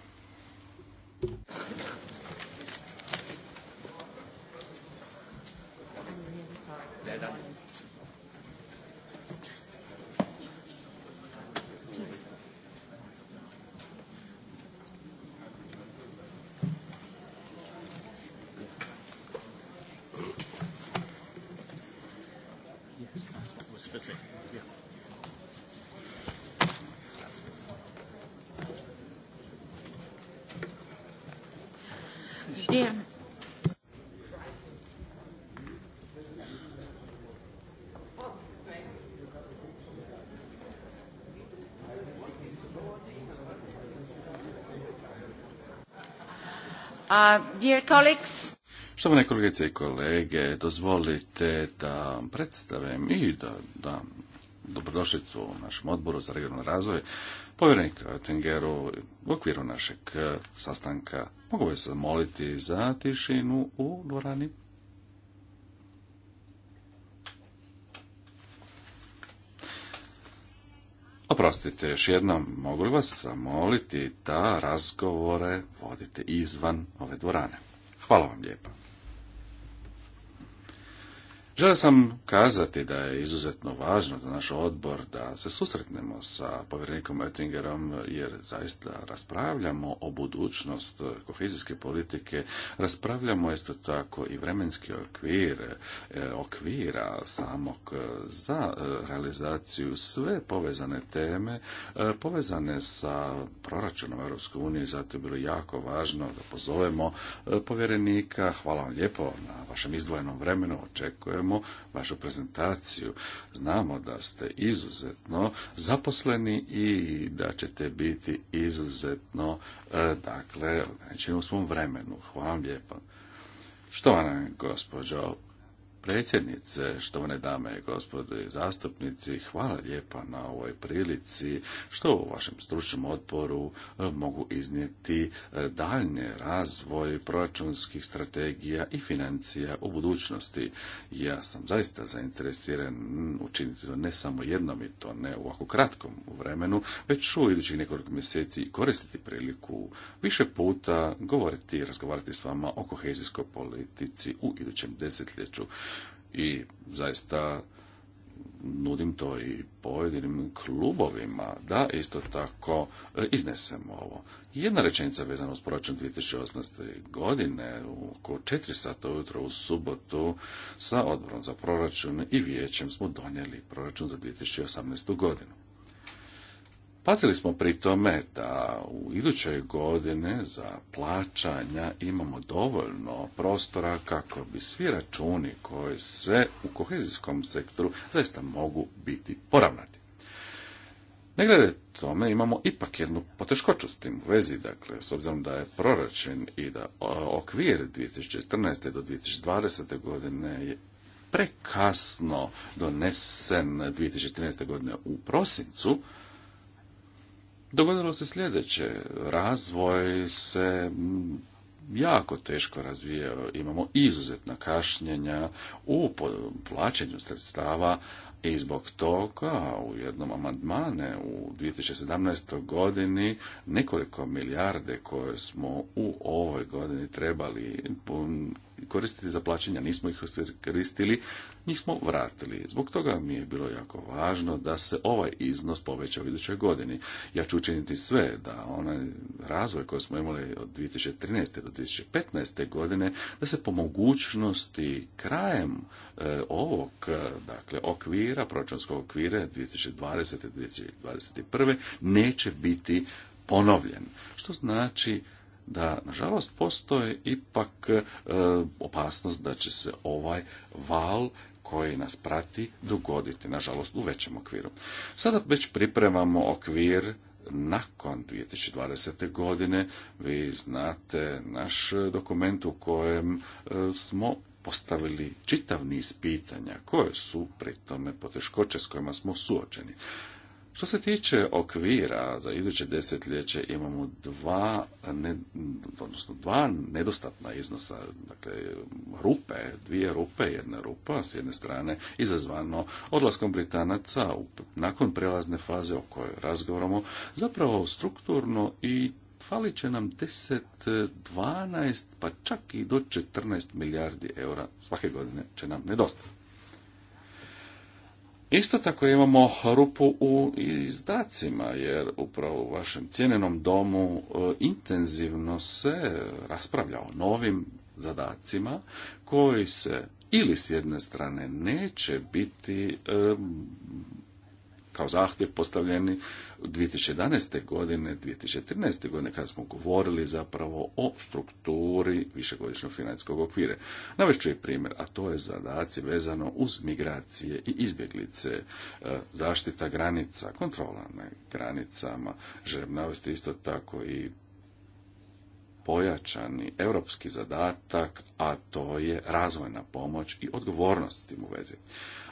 Dear colleagues, Štovane kolegice i kolege, dozvolite da predstavim i da dam dobrodošlicu u našem odboru za regionalni razvoj povjerenik Tengeru u okviru našeg sastanka. Mogu vas zamoliti za tišinu u dvorani. Oprostite, još jednom, mogu li vas zamoliti da razgovore vodite izvan ove dvorane? Hvala vam lijepa. Žele sam kazati da je izuzetno važno za naš odbor da se susretnemo sa povjerenikom Oettingerom jer zaista raspravljamo o budućnost kohezijske politike, raspravljamo isto tako i vremenski okvir, e, okvira samog e, za e, realizaciju sve povezane teme, povezane sa proračunom Europske unije, zato je bilo jako važno da pozovemo povjerenika. Hvala vam lijepo na vašem izdvojenom vremenu, očekujem vašu prezentaciju. Znamo da ste izuzetno zaposleni i da ćete biti izuzetno, e, dakle, znači u svom vremenu. Hvala vam lijepo. vam, gospođo predsjednice, štovane dame i gospode zastupnici, hvala lijepa na ovoj prilici što u vašem stručnom odboru e, mogu iznijeti e, daljnje razvoj proračunskih strategija i financija u budućnosti. Ja sam zaista zainteresiran učiniti to ne samo jednom i to ne u ovako kratkom vremenu, već u idućih nekoliko mjeseci koristiti priliku više puta govoriti i razgovarati s vama o kohezijskoj politici u idućem desetljeću i zaista nudim to i pojedinim klubovima da isto tako e, iznesemo ovo. Jedna rečenica vezana uz proračun 2018. godine oko 4 sata ujutro u subotu sa odborom za proračun i vijećem smo donijeli proračun za 2018. godinu. Pazili smo pri tome da u idućoj godine za plaćanja imamo dovoljno prostora kako bi svi računi koji se u kohezijskom sektoru zaista mogu biti poravnati. Ne glede tome imamo ipak jednu poteškoću s tim u vezi, dakle, s obzirom da je proračun i da okvir 2014. do 2020. godine je prekasno donesen 2013. godine u prosincu, Dogodilo se sljedeće. Razvoj se jako teško razvijao. Imamo izuzetna kašnjenja u plaćanju sredstava i zbog toga u jednom amandmane u 2017. godini nekoliko milijarde koje smo u ovoj godini trebali koristiti za plaćanja, nismo ih koristili, njih smo vratili. Zbog toga mi je bilo jako važno da se ovaj iznos poveća u idućoj godini. Ja ću učiniti sve da onaj razvoj koji smo imali od 2013. do 2015. godine, da se po mogućnosti krajem e, ovog dakle, okvira, proračunskog okvira 2020. i 2021. neće biti ponovljen. Što znači da nažalost postoji ipak e, opasnost da će se ovaj val koji nas prati dogoditi, nažalost, u većem okviru. Sada već pripremamo okvir nakon 2020. godine. Vi znate naš dokument u kojem e, smo postavili čitav niz pitanja koje su pri tome poteškoće s kojima smo suočeni. Što se tiče okvira za iduće desetljeće imamo dva, ne, odnosno dva nedostatna iznosa, dakle rupe, dvije rupe, jedna rupa s jedne strane izazvano odlaskom Britanaca u, nakon prelazne faze o kojoj razgovaramo, zapravo strukturno i fali će nam 10, 12, pa čak i do 14 milijardi eura svake godine će nam nedostati. Isto tako imamo rupu u izdacima, jer upravo u vašem cijenjenom domu e, intenzivno se raspravlja o novim zadacima koji se ili s jedne strane neće biti e, kao zahtjev postavljeni 2011. godine, 2013. godine, kada smo govorili zapravo o strukturi višegodišnjeg financijskog okvire. Navešću je primjer, a to je zadaci vezano uz migracije i izbjeglice, e, zaštita granica, kontrola na granicama. Želim navesti isto tako i pojačani europski zadatak, a to je razvojna pomoć i odgovornost tim u vezi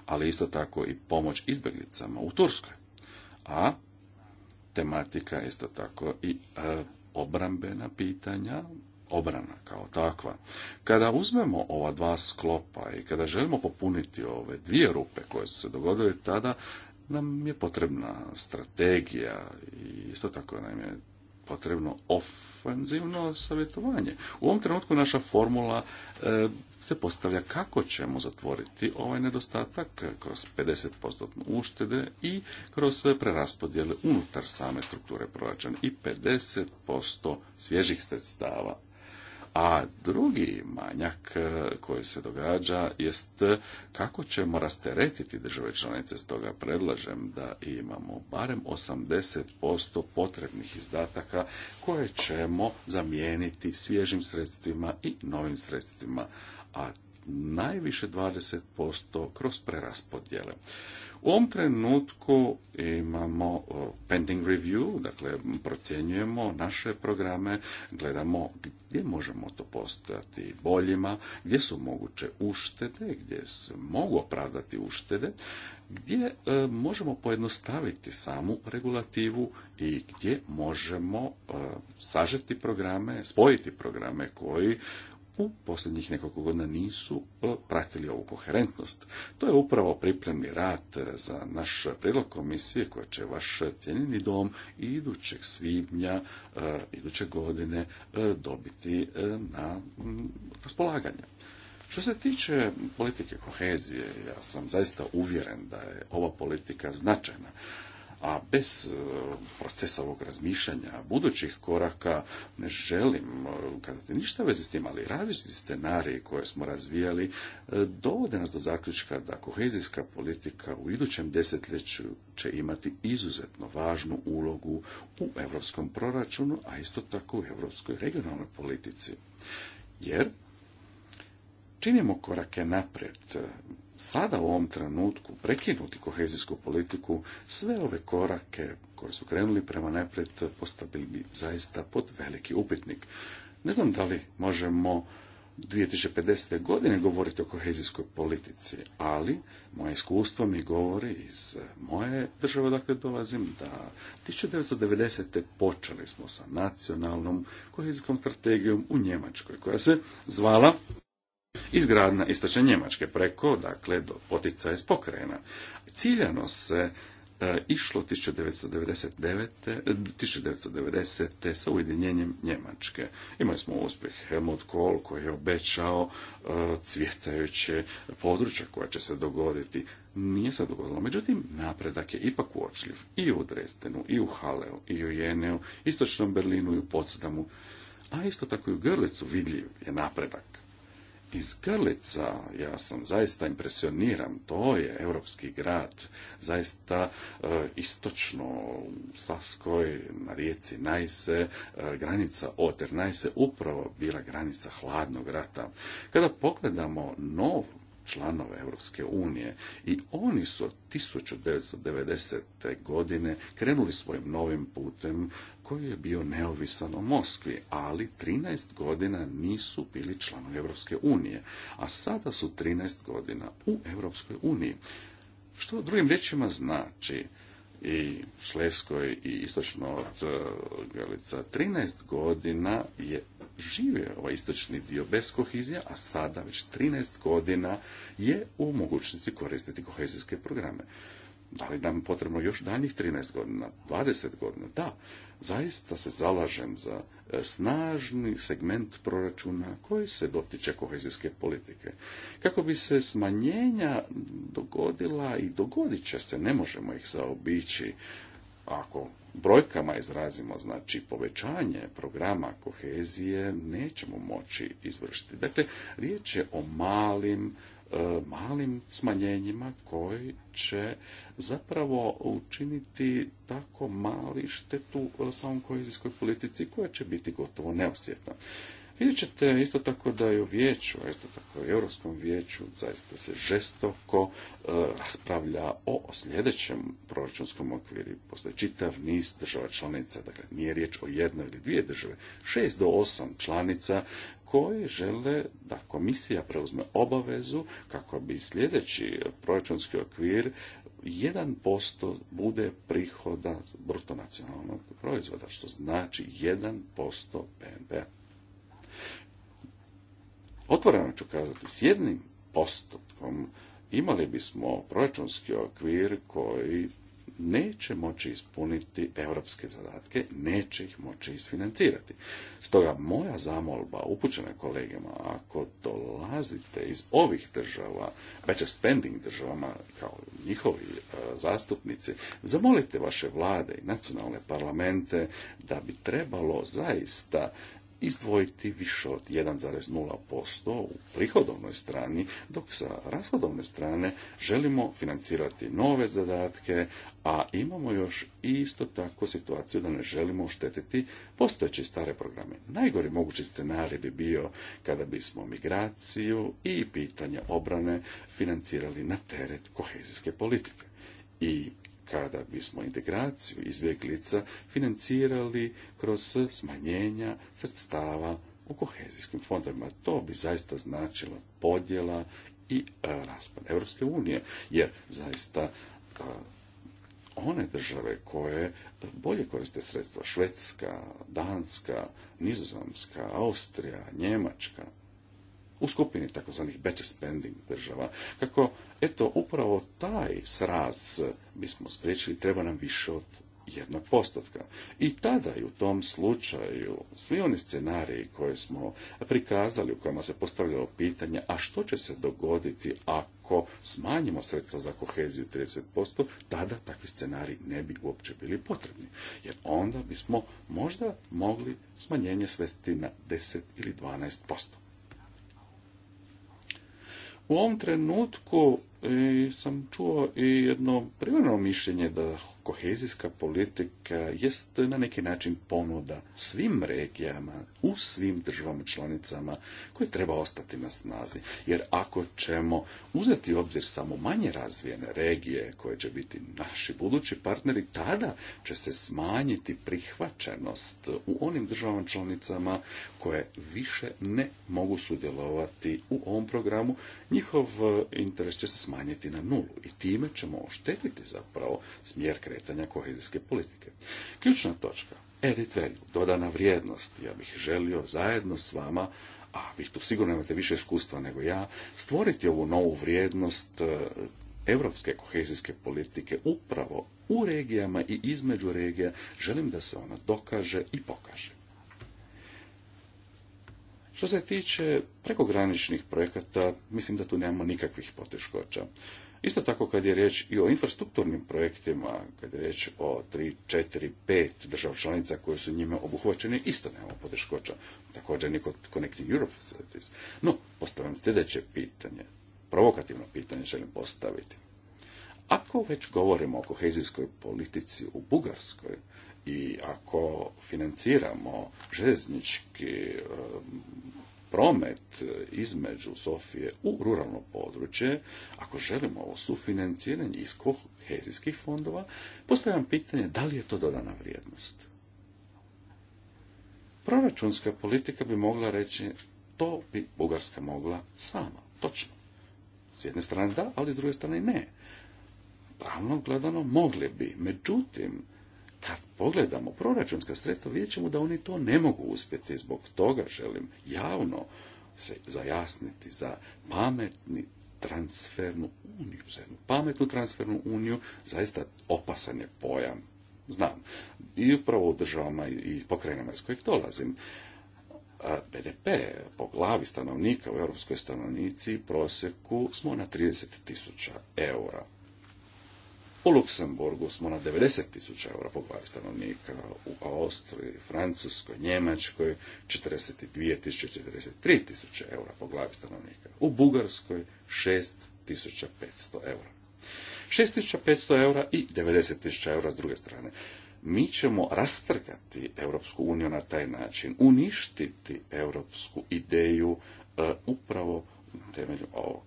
ali isto tako i pomoć izbjeglicama u Turskoj. A tematika isto tako i e, obrambena pitanja, obrana kao takva. Kada uzmemo ova dva sklopa i kada želimo popuniti ove dvije rupe koje su se dogodile tada, nam je potrebna strategija i isto tako nam je potrebno ofenzivno savjetovanje. U ovom trenutku naša formula e, se postavlja kako ćemo zatvoriti ovaj nedostatak kroz 50% uštede i kroz preraspodjele unutar same strukture proračuna i 50% svježih sredstava a drugi manjak e, koji se događa jest kako ćemo rasteretiti države članice, stoga predlažem da imamo barem 80% potrebnih izdataka koje ćemo zamijeniti svježim sredstvima i novim sredstvima, a najviše 20% kroz preraspodjele. U ovom trenutku imamo e, pending review, dakle procjenjujemo naše programe, gledamo gdje možemo to postojati boljima, gdje su moguće uštede, gdje se mogu opravdati uštede, gdje e, možemo pojednostaviti samu regulativu i gdje možemo e, sažeti programe, spojiti programe koji u posljednjih nekoliko godina nisu e, pratili ovu koherentnost. To je upravo pripremni rad e, za naš prilog komisije koja će vaš cijenjeni dom idućeg svibnja, e, iduće godine dobiti na raspolaganje. Što se tiče politike kohezije, ja sam zaista uvjeren da je ova politika značajna a bez e, procesa ovog razmišljanja budućih koraka ne želim e, kazati ništa vezi s tim, ali različiti scenariji koje smo razvijali e, dovode nas do zaključka da kohezijska politika u idućem desetljeću će imati izuzetno važnu ulogu u europskom proračunu, a isto tako u europskoj regionalnoj politici. Jer činimo korake naprijed. Sada u ovom trenutku prekinuti kohezijsku politiku, sve ove korake koje su krenuli prema naprijed postavili bi zaista pod veliki upitnik. Ne znam da li možemo 2050. godine govoriti o kohezijskoj politici, ali moje iskustvo mi govori iz moje države dakle dolazim da 1990. počeli smo sa nacionalnom kohezijskom strategijom u Njemačkoj koja se zvala izgradna istočne Njemačke preko, dakle, do Potica je spokrena. Ciljano se e, išlo 1999. 1990. E, sa ujedinjenjem Njemačke. Imali smo uspjeh Helmut Kohl koji je obećao e, cvjetajuće područje koja će se dogoditi nije se dogodilo. Međutim, napredak je ipak uočljiv i u Dresdenu, i u Haleu, i u Jeneu, istočnom Berlinu i u Potsdamu, a isto tako i u Grlicu vidljiv je napredak iz Grlica, ja sam zaista impresioniran, to je europski grad, zaista e, istočno Saskoj, na rijeci Najse, e, granica Oter Najse, upravo bila granica hladnog rata. Kada pogledamo nov članove Europske unije i oni su od 1990. godine krenuli svojim novim putem koji je bio neovisan o Moskvi, ali 13 godina nisu bili članovi Europske unije, a sada su 13 godina u Europskoj uniji. Što drugim riječima znači i Šleskoj i istočno od e, Galica. 13 godina je živio ovaj istočni dio bez kohizija, a sada već 13 godina je u mogućnosti koristiti kohezijske programe. Da li nam potrebno još daljih 13 godina, 20 godina? Da, zaista se zalažem za e, snažni segment proračuna koji se dotiče kohezijske politike. Kako bi se smanjenja dogodila i dogodit će se, ne možemo ih zaobići, ako brojkama izrazimo, znači povećanje programa kohezije nećemo moći izvršiti. Dakle, riječ je o malim E, malim smanjenjima koji će zapravo učiniti tako mali štetu e, samom kohezijskoj politici koja će biti gotovo neosjetna. Vidjet ćete isto tako da je u vijeću, a isto tako i u Europskom vijeću, zaista se žestoko e, raspravlja o sljedećem proračunskom okviru. Postoje čitav niz država članica, dakle nije riječ o jednoj ili dvije države, šest do osam članica koji žele da komisija preuzme obavezu kako bi sljedeći proračunski okvir 1% bude prihoda bruto nacionalnog proizvoda, što znači 1% BNP. Otvoreno ću kazati, s jednim postupkom imali bismo proračunski okvir koji neće moći ispuniti europske zadatke, neće ih moći isfinancirati. Stoga moja zamolba upućena kolegama, ako dolazite iz ovih država, već spending državama kao njihovi e, zastupnici, zamolite vaše vlade i nacionalne parlamente da bi trebalo zaista izdvojiti više od 1,0% u prihodovnoj strani, dok sa rashodovne strane želimo financirati nove zadatke, a imamo još isto tako situaciju da ne želimo oštetiti postojeće stare programe. Najgori mogući scenarij bi bio kada bismo migraciju i pitanje obrane financirali na teret kohezijske politike. I kada bismo integraciju izbjeglica financirali kroz smanjenja sredstava u kohezijskim fondovima. To bi zaista značilo podjela i e, raspad Europske unije, jer zaista e, one države koje bolje koriste sredstva, Švedska, Danska, Nizozemska, Austrija, Njemačka, u skupini takozvanih better spending država, kako eto upravo taj sraz bismo spriječili, treba nam više od jedna postotka. I tada i u tom slučaju svi oni scenariji koje smo prikazali, u kojima se postavljalo pitanje a što će se dogoditi ako smanjimo sredstva za koheziju 30%, tada takvi scenariji ne bi uopće bili potrebni. Jer onda bismo možda mogli smanjenje svesti na 10 ili 12%. U ovom trenutku e, sam čuo i jedno primjerno mišljenje da kohezijska politika jest na neki način ponuda svim regijama u svim državama članicama koje treba ostati na snazi. Jer ako ćemo uzeti u obzir samo manje razvijene regije koje će biti naši budući partneri, tada će se smanjiti prihvaćenost u onim državama članicama koje više ne mogu sudjelovati u ovom programu. Njihov interes će se smanjiti na nulu i time ćemo oštetiti zapravo smjer kretanja kohezijske politike. Ključna točka, value, dodana vrijednost, ja bih želio zajedno s vama a vi tu sigurno imate više iskustva nego ja, stvoriti ovu novu vrijednost europske kohezijske politike upravo u regijama i između regija, želim da se ona dokaže i pokaže. Što se tiče prekograničnih projekata, mislim da tu nemamo nikakvih poteškoća. Isto tako kad je riječ i o infrastrukturnim projektima, kad je riječ o 3, 4, 5 država članica koje su njime obuhvaćene, isto nemamo poteškoća. Također ni kod Connecting Europe Facilities. No, postavljam sljedeće pitanje, provokativno pitanje želim postaviti. Ako već govorimo o kohezijskoj politici u Bugarskoj i ako financiramo željeznički promet između Sofije u ruralno područje, ako želimo ovo sufinanciranje iz kohezijskih fondova, postavljam pitanje da li je to dodana vrijednost. Proračunska politika bi mogla reći to bi Bugarska mogla sama, točno. S jedne strane da, ali s druge strane ne. Pravno gledano mogli bi. Međutim, kad pogledamo proračunska sredstva, vidjet ćemo da oni to ne mogu uspjeti. Zbog toga želim javno se zajasniti za pametni transfernu uniju, za jednu pametnu transfernu uniju, zaista opasan je pojam. Znam, i upravo u državama i pokrajinama iz kojih dolazim, BDP po glavi stanovnika u europskoj stanovnici prosjeku smo na 30.000 tisuća eura. U Luksemburgu smo na 90 tisuća eura po glavi stanovnika, u Austriji, Francuskoj, Njemačkoj 42 tisuće, tisuće eura po glavi stanovnika, u Bugarskoj 6500 eura. 6500 eura i 90.000 eura s druge strane. Mi ćemo rastrgati Europsku uniju na taj način, uništiti europsku ideju e, upravo na temelju ovog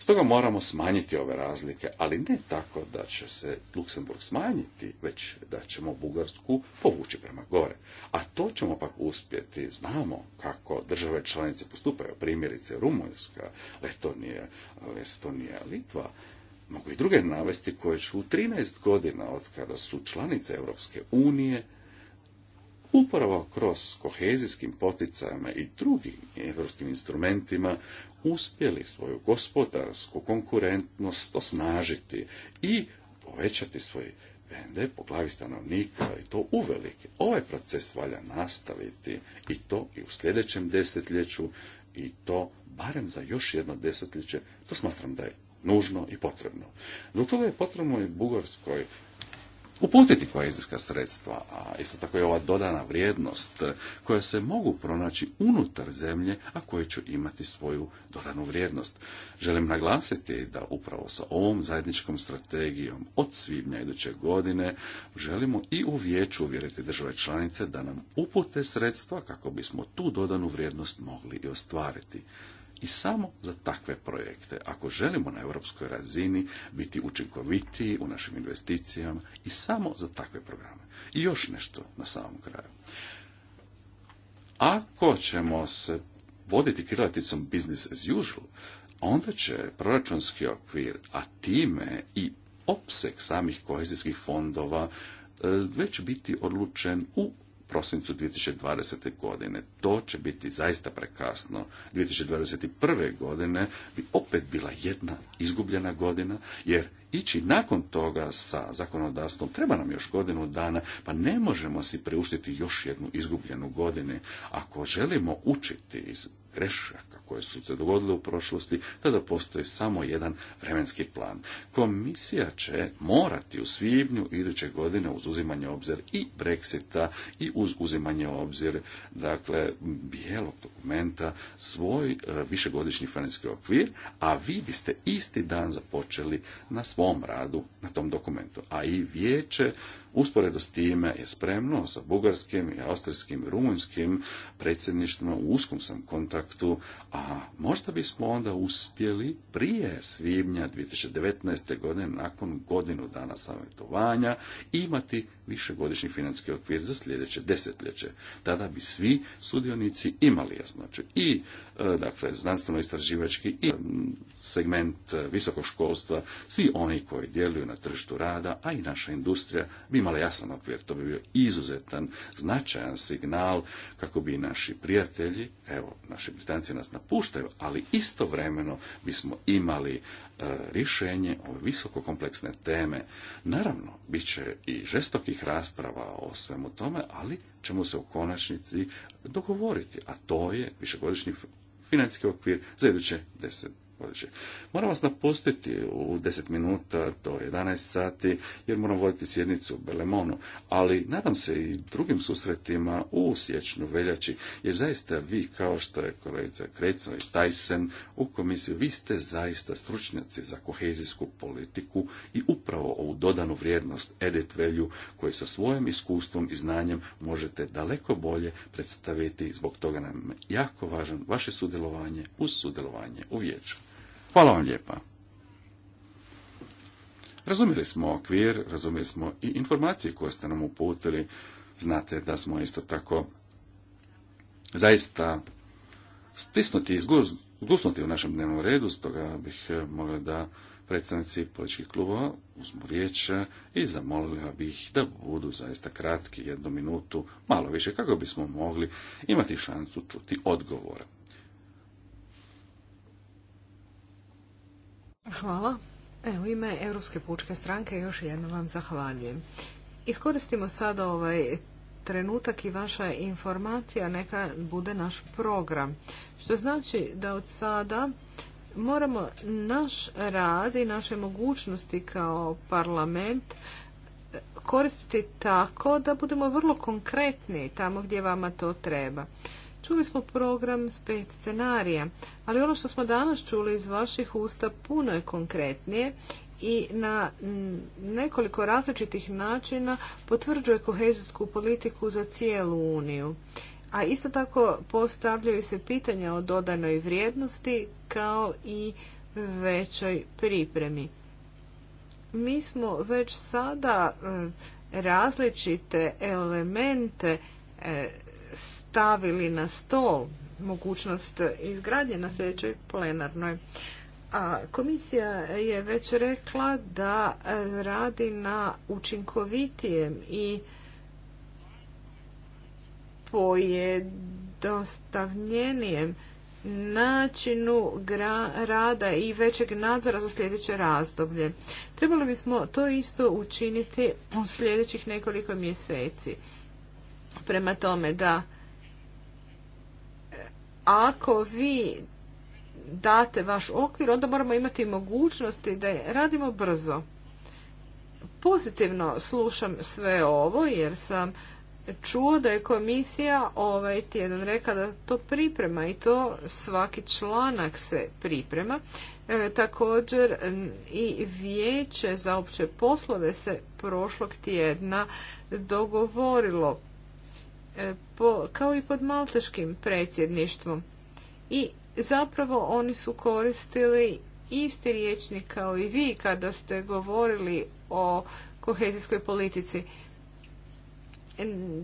Stoga moramo smanjiti ove razlike, ali ne tako da će se Luksemburg smanjiti, već da ćemo Bugarsku povući prema gore. A to ćemo pak uspjeti, znamo kako države članice postupaju, primjerice Rumunjska, Letonija, Estonija, Litva, mogu i druge navesti koje su u 13 godina od kada su članice Europske unije upravo kroz kohezijskim poticajima i drugim europskim instrumentima uspjeli svoju gospodarsku konkurentnost osnažiti i povećati svoj BND po glavi stanovnika i to uvelike. Ovaj proces valja nastaviti i to i u sljedećem desetljeću i to barem za još jedno desetljeće. To smatram da je nužno i potrebno. Dok toga je potrebno i Bugarskoj uputiti kohezijska sredstva, a isto tako i ova dodana vrijednost koja se mogu pronaći unutar zemlje, a koje će imati svoju dodanu vrijednost. Želim naglasiti da upravo sa ovom zajedničkom strategijom od svibnja iduće godine želimo i u vijeću uvjeriti države članice da nam upute sredstva kako bismo tu dodanu vrijednost mogli i ostvariti i samo za takve projekte. Ako želimo na europskoj razini biti učinkovitiji u našim investicijama i samo za takve programe. I još nešto na samom kraju. Ako ćemo se voditi krilaticom business as usual, onda će proračunski okvir, a time i opseg samih kohezijskih fondova e, već biti odlučen u prosincu 2020. godine. To će biti zaista prekasno. 2021. godine bi opet bila jedna izgubljena godina, jer ići nakon toga sa zakonodavstvom treba nam još godinu dana, pa ne možemo si priuštiti još jednu izgubljenu godinu. Ako želimo učiti iz grešaka koje su se dogodile u prošlosti, tada postoji samo jedan vremenski plan. Komisija će morati u svibnju iduće godine uz uzimanje obzir i Brexita i uz uzimanje obzir dakle bijelog dokumenta svoj e, višegodišnji financijski okvir, a vi biste isti dan započeli na svom radu na tom dokumentu. A i vijeće Usporedo s time je spremno sa bugarskim i austrijskim i rumunjskim predsjedništvima u uskom sam kontaktu, a možda bismo onda uspjeli prije svibnja 2019. godine, nakon godinu dana savjetovanja, imati višegodišnji financijski okvir za sljedeće desetljeće. Tada bi svi sudionici imali jasnoću i e, dakle znanstveno istraživački i segment eh, visokog školstva, svi oni koji djeluju na tržištu rada, a i naša industrija, bi imala jasan okvir. To bi bio izuzetan, značajan signal kako bi naši prijatelji, evo, naši Britanci nas napuštaju, ali istovremeno bismo imali eh, rješenje ove visoko kompleksne teme. Naravno, bit će i žestokih rasprava o svemu tome, ali ćemo se u konačnici dogovoriti, a to je višegodišnji financijski okvir za iduće deset Moram vas napustiti u 10 minuta do 11 sati jer moram voditi sjednicu u Belemonu, ali nadam se i drugim susretima u siječnju veljači jer zaista vi kao što je kolegica Kreco i Tyson u komisiju, vi ste zaista stručnjaci za kohezijsku politiku i upravo ovu dodanu vrijednost edit velju, koju sa svojim iskustvom i znanjem možete daleko bolje predstaviti. Zbog toga nam je jako važan vaše sudjelovanje uz sudjelovanje u vijeću. Hvala vam lijepa. Razumjeli smo okvir, razumjeli smo i informacije koje ste nam uputili. Znate da smo isto tako zaista stisnuti i zgusnuti u našem dnevnom redu, stoga bih eh, molio da predstavnici političkih klubova uzmu riječ eh, i zamolila bih da budu zaista kratki, jednu minutu, malo više, kako bismo mogli imati šansu čuti odgovore. Hvala. E, u ime Europske pučke stranke još jednom vam zahvaljujem. Iskoristimo sada ovaj trenutak i vaša informacija neka bude naš program. Što znači da od sada moramo naš rad i naše mogućnosti kao parlament koristiti tako da budemo vrlo konkretni tamo gdje vama to treba. Čuli smo program s pet ali ono što smo danas čuli iz vaših usta puno je konkretnije i na nekoliko različitih načina potvrđuje kohezijsku politiku za cijelu Uniju. A isto tako postavljaju se pitanja o dodanoj vrijednosti kao i većoj pripremi. Mi smo već sada e, različite elemente e, stavili na stol mogućnost izgradnje na sljedećoj plenarnoj. A komisija je već rekla da radi na učinkovitijem i pojednostavnjenijem načinu rada i većeg nadzora za sljedeće razdoblje. Trebali bismo to isto učiniti u sljedećih nekoliko mjeseci. Prema tome da ako vi date vaš okvir, onda moramo imati mogućnosti da radimo brzo. Pozitivno slušam sve ovo jer sam čuo da je komisija ovaj tjedan reka da to priprema i to svaki članak se priprema. E, također i vijeće za opće poslove se prošlog tjedna dogovorilo E, kao i pod malteškim predsjedništvom. I zapravo oni su koristili isti riječnik kao i vi kada ste govorili o kohezijskoj politici.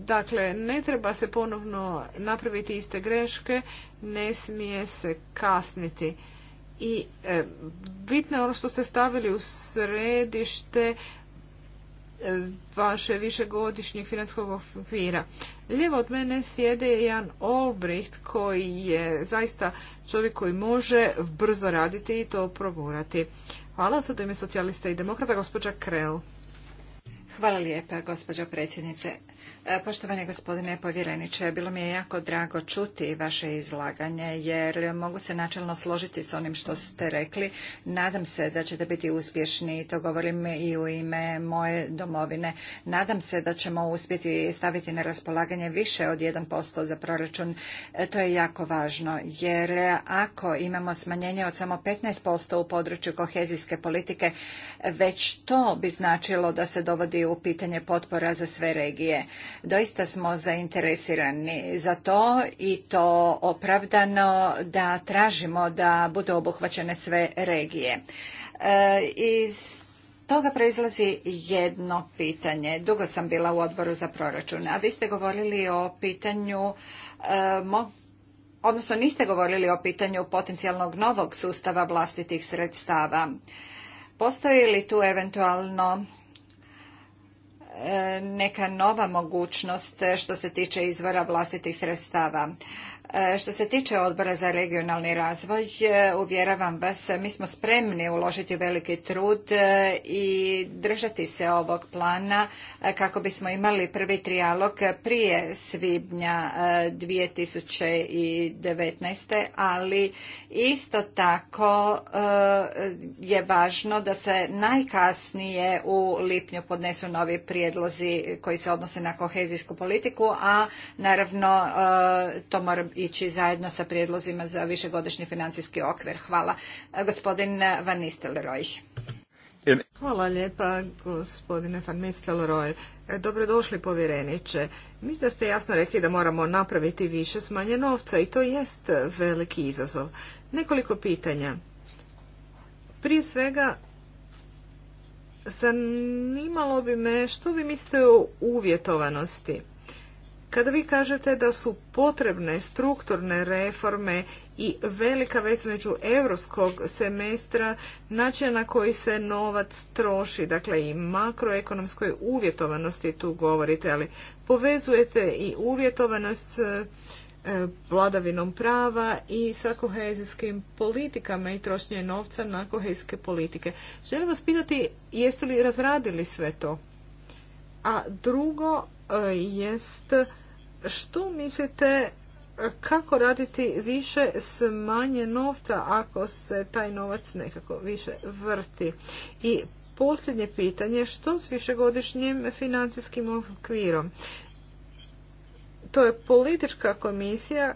Dakle, ne treba se ponovno napraviti iste greške, ne smije se kasniti. I e, bitno je ono što ste stavili u središte vaše višegodišnjeg financijskog okvira. Lijevo od mene sjede Jan Olbricht koji je zaista čovjek koji može brzo raditi i to progurati. Hvala, sada ime socijalista i demokrata, gospođa Krell. Hvala lijepa, gospođo predsjednice. Poštovani gospodine povjereniče, bilo mi je jako drago čuti vaše izlaganje jer mogu se načelno složiti s onim što ste rekli. Nadam se da ćete biti uspješni, to govorim i u ime moje domovine. Nadam se da ćemo uspjeti staviti na raspolaganje više od 1% za proračun. E, to je jako važno jer ako imamo smanjenje od samo 15% u području kohezijske politike, već to bi značilo da se dovodi u pitanje potpora za sve regije. Doista smo zainteresirani za to i to opravdano da tražimo da budu obuhvaćene sve regije. E, iz toga proizlazi jedno pitanje. Dugo sam bila u odboru za proračun, a vi ste govorili o pitanju e, odnosno niste govorili o pitanju potencijalnog novog sustava vlastitih sredstava. Postoji li tu eventualno E, neka nova mogućnost što se tiče izvora vlastitih sredstava. E, što se tiče odbora za regionalni razvoj, e, uvjeravam vas, mi smo spremni uložiti veliki trud e, i držati se ovog plana kako bismo imali prvi trijalog prije svibnja 2019. Ali isto tako je važno da se najkasnije u lipnju podnesu novi prijedlozi koji se odnose na kohezijsku politiku, a naravno to mora i ići zajedno sa prijedlozima za višegodišnji financijski okvir. Hvala. E, gospodin Van Nistelrooy. Hvala lijepa gospodine Van Nistelrooy. E, dobrodošli povjereniče. Mislim da ste jasno rekli da moramo napraviti više smanje novca i to jest veliki izazov. Nekoliko pitanja. Prije svega, zanimalo bi me što vi mislite o uvjetovanosti. Kada vi kažete da su potrebne strukturne reforme i velika već među europskog semestra, način na koji se novac troši, dakle i makroekonomskoj uvjetovanosti tu govorite, ali povezujete i uvjetovanost s e, vladavinom prava i sa kohezijskim politikama i trošnje novca na kohezijske politike. Želim vas pitati jeste li razradili sve to? A drugo e, jest što mislite kako raditi više s manje novca ako se taj novac nekako više vrti? I posljednje pitanje, što s višegodišnjim financijskim okvirom? To je politička komisija,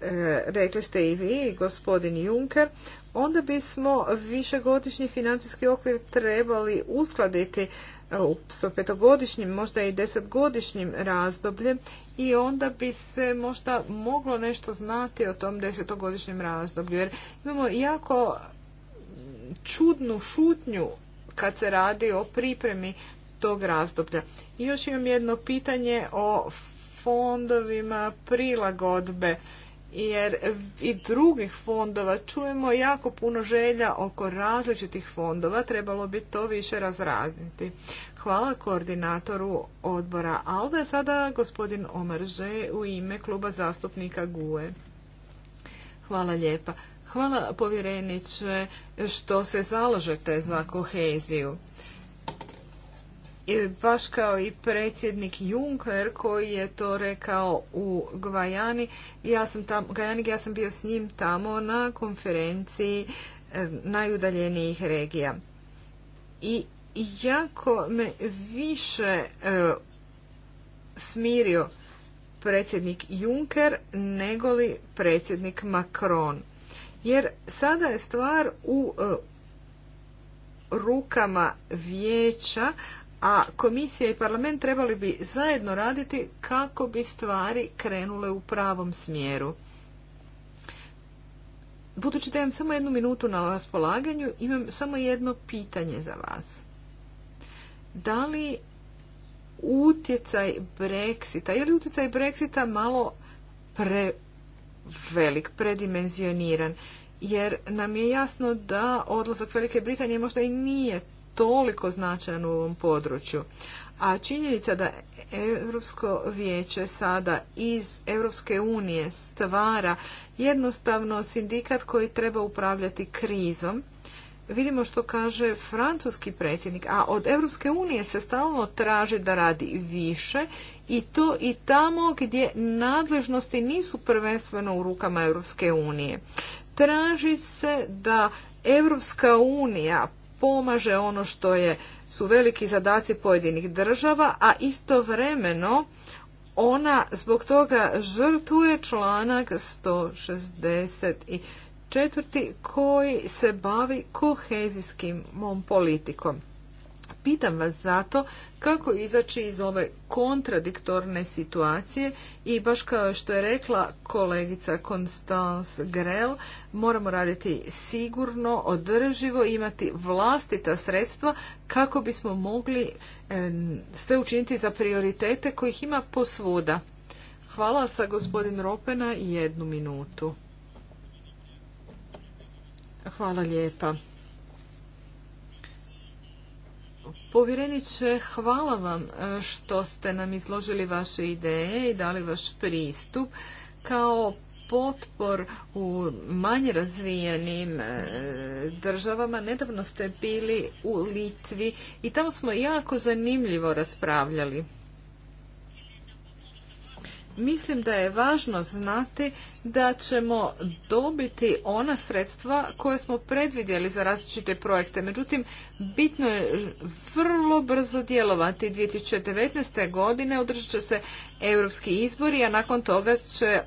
e, rekli ste i vi, gospodin Juncker, onda bismo višegodišnji financijski okvir trebali uskladiti e, s petogodišnjim, možda i desetgodišnjim razdobljem i onda bi se možda moglo nešto znati o tom desetogodišnjem razdoblju. Jer imamo jako čudnu šutnju kad se radi o pripremi tog razdoblja. I još imam jedno pitanje o fondovima prilagodbe jer i drugih fondova čujemo jako puno želja oko različitih fondova, trebalo bi to više razraditi. Hvala koordinatoru odbora ALDE. Sada gospodin Omarže u ime kluba zastupnika GUE. Hvala lijepa. Hvala povjereniče što se zalažete za koheziju. Baš kao i predsjednik Juncker koji je to rekao u Gvajani, ja sam tam, Gajanik, ja sam bio s njim tamo na konferenciji eh, najudaljenijih regija. I jako me više e, smirio predsjednik Juncker nego li predsjednik Macron. Jer sada je stvar u e, rukama vijeća, a komisija i parlament trebali bi zajedno raditi kako bi stvari krenule u pravom smjeru. Budući da imam samo jednu minutu na raspolaganju, imam samo jedno pitanje za vas da li utjecaj Brexita, je li utjecaj Brexita malo prevelik, predimenzioniran? Jer nam je jasno da odlazak Velike Britanije možda i nije toliko značajan u ovom području. A činjenica da Europsko vijeće sada iz Europske unije stvara jednostavno sindikat koji treba upravljati krizom, vidimo što kaže francuski predsjednik, a od Europske unije se stalno traži da radi više i to i tamo gdje nadležnosti nisu prvenstveno u rukama Europske unije. Traži se da Europska unija pomaže ono što je su veliki zadaci pojedinih država, a istovremeno ona zbog toga žrtvuje članak 160 i četvrti koji se bavi kohezijskim mom politikom. Pitam vas zato kako izaći iz ove kontradiktorne situacije i baš kao što je rekla kolegica Constance Grell, moramo raditi sigurno, održivo, imati vlastita sredstva kako bismo mogli e, sve učiniti za prioritete kojih ima posvuda. Hvala sa gospodin Ropena i jednu minutu. Hvala lijepa. Povjereniče, hvala vam e, što ste nam izložili vaše ideje i dali vaš pristup kao potpor u manje razvijenim e, državama. Nedavno ste bili u Litvi i tamo smo jako zanimljivo raspravljali. Mislim da je važno znati da ćemo dobiti ona sredstva koje smo predvidjeli za različite projekte. Međutim, bitno je vrlo brzo djelovati. 2019. godine održat će se europski izbori, a nakon toga će,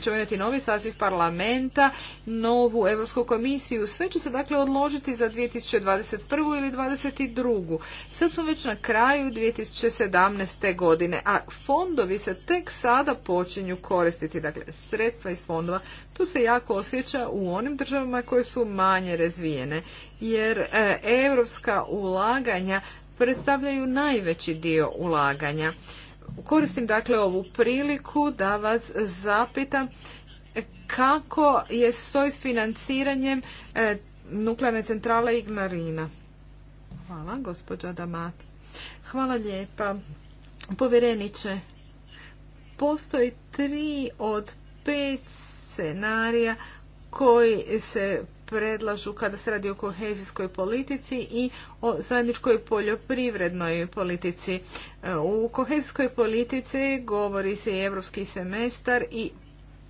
ćemo imati novi saziv parlamenta, novu Europsku komisiju. Sve će se dakle odložiti za 2021. ili 2022. Sad smo već na kraju 2017. godine, a fondovi se tek sada počinju koristiti. Dakle, sredstva iz fondova. To se jako osjeća u onim državama koje su manje razvijene, jer europska ulaganja predstavljaju najveći dio ulaganja. Koristim dakle ovu priliku da vas zapitam kako je stoj s financiranjem e, nuklearne centrale Ignarina. Hvala, gospođa Damat. Hvala lijepa. Povjereniče, postoji tri od pet scenarija koji se predlažu kada se radi o kohezijskoj politici i o zajedničkoj poljoprivrednoj politici. E, u kohezijskoj politici govori se i evropski semestar i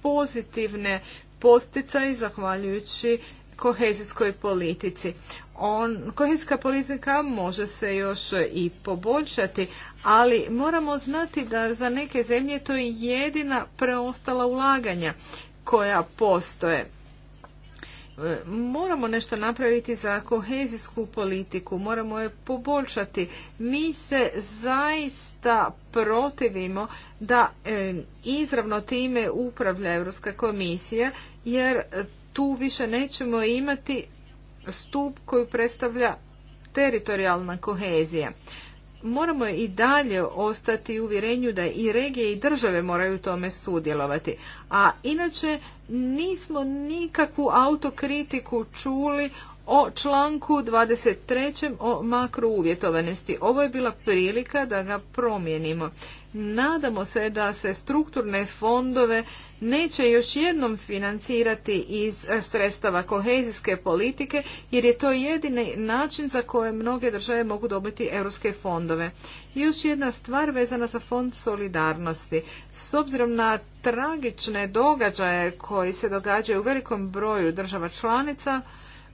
pozitivne posticaj zahvaljujući kohezijskoj politici on, kohezijska politika može se još i poboljšati, ali moramo znati da za neke zemlje to je jedina preostala ulaganja koja postoje. E, moramo nešto napraviti za kohezijsku politiku, moramo je poboljšati. Mi se zaista protivimo da e, izravno time upravlja Europska komisija jer tu više nećemo imati stup koju predstavlja teritorijalna kohezija. Moramo i dalje ostati u uvjerenju da i regije i države moraju u tome sudjelovati. A inače nismo nikakvu autokritiku čuli o članku 23. o makrouvjetovanosti. Ovo je bila prilika da ga promijenimo. Nadamo se da se strukturne fondove neće još jednom financirati iz eh, sredstava kohezijske politike jer je to jedini način za koje mnoge države mogu dobiti europske fondove. još jedna stvar vezana za fond solidarnosti. S obzirom na tragične događaje koji se događaju u velikom broju država članica,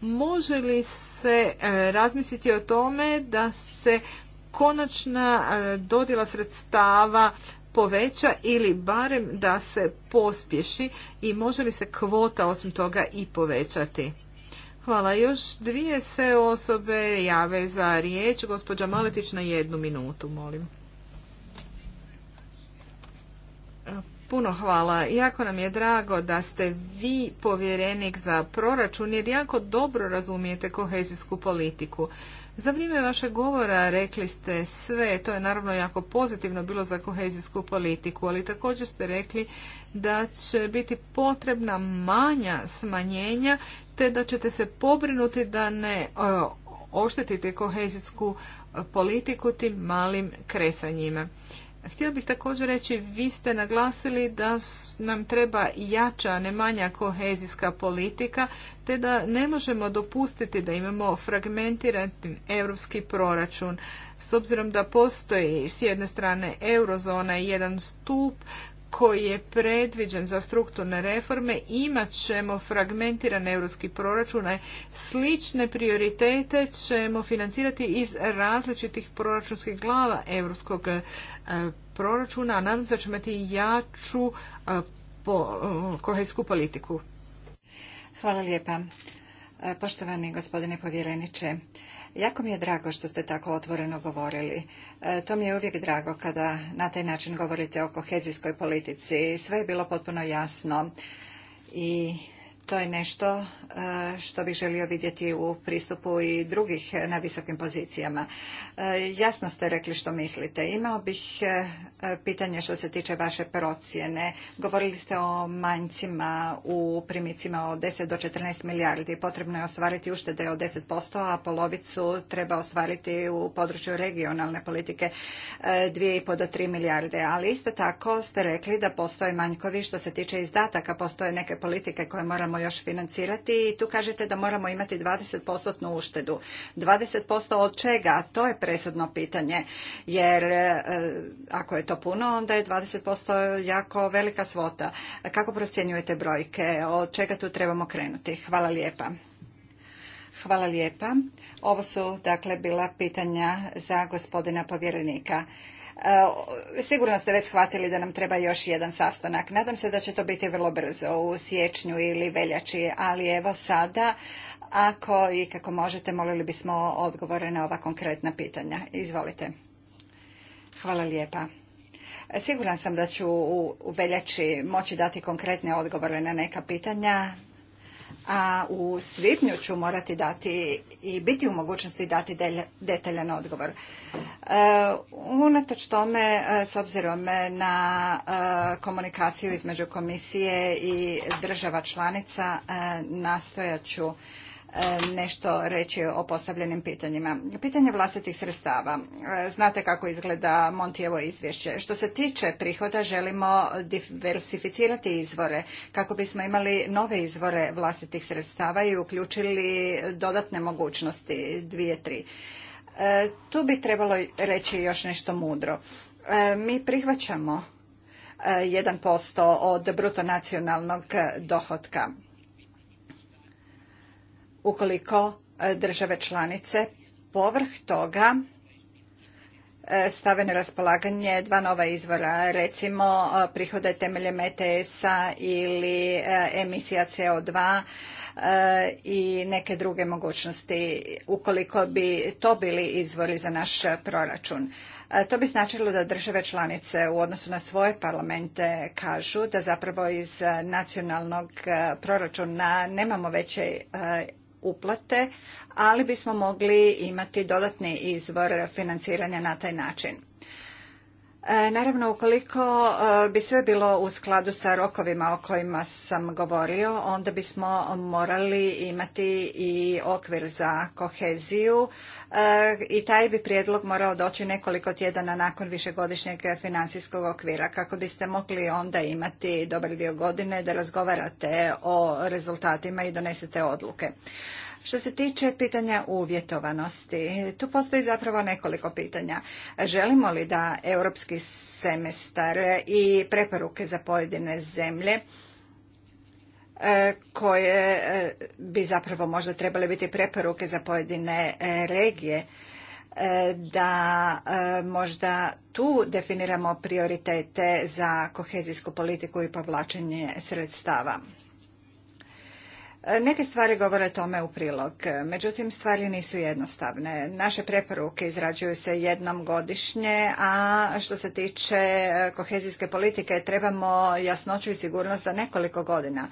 može li se eh, razmisliti o tome da se konačna e, dodjela sredstava poveća ili barem da se pospješi i može li se kvota osim toga i povećati. Hvala. Još dvije se osobe jave za riječ. Gospođa Maletić na jednu minutu, molim. E, puno hvala. Jako nam je drago da ste vi povjerenik za proračun jer jako dobro razumijete kohezijsku politiku. Za vrijeme vašeg govora rekli ste sve, to je naravno jako pozitivno bilo za kohezijsku politiku, ali također ste rekli da će biti potrebna manja smanjenja, te da ćete se pobrinuti da ne oštetite kohezijsku e, politiku tim malim kresanjima. Htio bih također reći, vi ste naglasili da nam treba jača, ne manja kohezijska politika, te da ne možemo dopustiti da imamo fragmentiran europski proračun. S obzirom da postoji s jedne strane eurozona i jedan stup, koji je predviđen za strukturne reforme imat ćemo fragmentirane europski proračune, slične prioritete ćemo financirati iz različitih proračunskih glava europskog e, proračuna, a nadam se da ćemo imati jaču e, e, kohezijsku politiku. Hvala lijepa. Poštovani gospodine povjereniče, Jako mi je drago što ste tako otvoreno govorili. E, to mi je uvijek drago kada na taj način govorite o kohezijskoj politici. Sve je bilo potpuno jasno i to je nešto e, što bih želio vidjeti u pristupu i drugih na visokim pozicijama. E, jasno ste rekli što mislite. Imao bih E, pitanje što se tiče vaše procjene. Govorili ste o manjcima u primicima od 10 do 14 milijardi. Potrebno je ostvariti uštede od 10%, a polovicu treba ostvariti u području regionalne politike 2,5 e, do 3 milijarde. Ali isto tako ste rekli da postoje manjkovi što se tiče izdataka. Postoje neke politike koje moramo još financirati i tu kažete da moramo imati 20% uštedu. 20% od čega? To je presudno pitanje. Jer e, ako je to to puno, onda je 20% jako velika svota. Kako procjenjujete brojke? Od čega tu trebamo krenuti? Hvala lijepa. Hvala lijepa. Ovo su dakle bila pitanja za gospodina povjerenika. E, sigurno ste već shvatili da nam treba još jedan sastanak. Nadam se da će to biti vrlo brzo u siječnju ili veljači, ali evo sada ako i kako možete molili bismo odgovore na ova konkretna pitanja. Izvolite. Hvala lijepa. Siguran sam da ću u veljači moći dati konkretne odgovore na neka pitanja, a u svibnju ću morati dati i biti u mogućnosti dati detaljan odgovor. E, unatoč tome, e, s obzirom na e, komunikaciju između komisije i država članica, nastojat ću nešto reći o postavljenim pitanjima. Pitanje vlastitih sredstava. E, znate kako izgleda Montijevo izvješće. Što se tiče prihoda, želimo diversificirati izvore kako bismo imali nove izvore vlastitih sredstava i uključili dodatne mogućnosti, dvije, tri. E, tu bi trebalo reći još nešto mudro. E, mi prihvaćamo 1% od bruto nacionalnog dohotka ukoliko e, države članice povrh toga e, stave na raspolaganje dva nova izvora, recimo e, prihode temeljem ETS-a ili emisija CO2 i neke druge mogućnosti ukoliko bi to bili izvori za naš proračun. To bi značilo da države članice u odnosu na svoje parlamente kažu da zapravo iz nacionalnog proračuna nemamo veće uplate, ali bismo mogli imati dodatni izvor financiranja na taj način. E, naravno, ukoliko e, bi sve bilo u skladu sa rokovima o kojima sam govorio, onda bismo morali imati i okvir za koheziju e, i taj bi prijedlog morao doći nekoliko tjedana nakon višegodišnjeg financijskog okvira kako biste mogli onda imati dobar dio godine da razgovarate o rezultatima i donesete odluke. Što se tiče pitanja uvjetovanosti, tu postoji zapravo nekoliko pitanja. Želimo li da europski semestar i preporuke za pojedine zemlje e, koje e, bi zapravo možda trebale biti preporuke za pojedine e, regije, da možda tu definiramo prioritete za kohezijsku politiku i povlačenje sredstava. E, neke stvari govore tome u prilog, međutim stvari nisu jednostavne. Naše preporuke izrađuju se jednom godišnje, a što se tiče e, kohezijske politike trebamo jasnoću i sigurnost za nekoliko godina.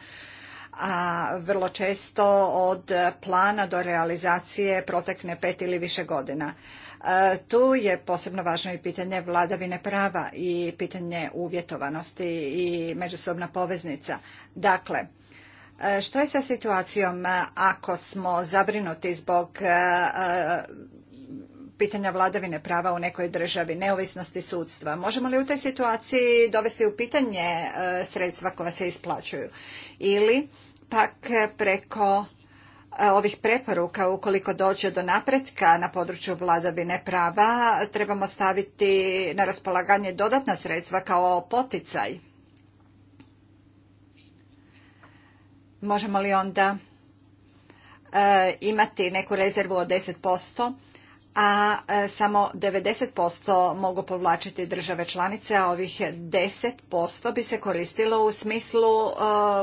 A vrlo često od plana do realizacije protekne pet ili više godina. E, tu je posebno važno i pitanje vladavine prava i pitanje uvjetovanosti i međusobna poveznica. Dakle, što je sa situacijom e, ako smo zabrinuti zbog e, e, pitanja vladavine prava u nekoj državi, neovisnosti sudstva. Možemo li u toj situaciji dovesti u pitanje sredstva koja se isplaćuju? Ili pak preko ovih preporuka, ukoliko dođe do napretka na području vladavine prava, trebamo staviti na raspolaganje dodatna sredstva kao poticaj Možemo li onda e, imati neku rezervu od 10%, a e, samo 90% mogu povlačiti države članice, a ovih 10% bi se koristilo u smislu e,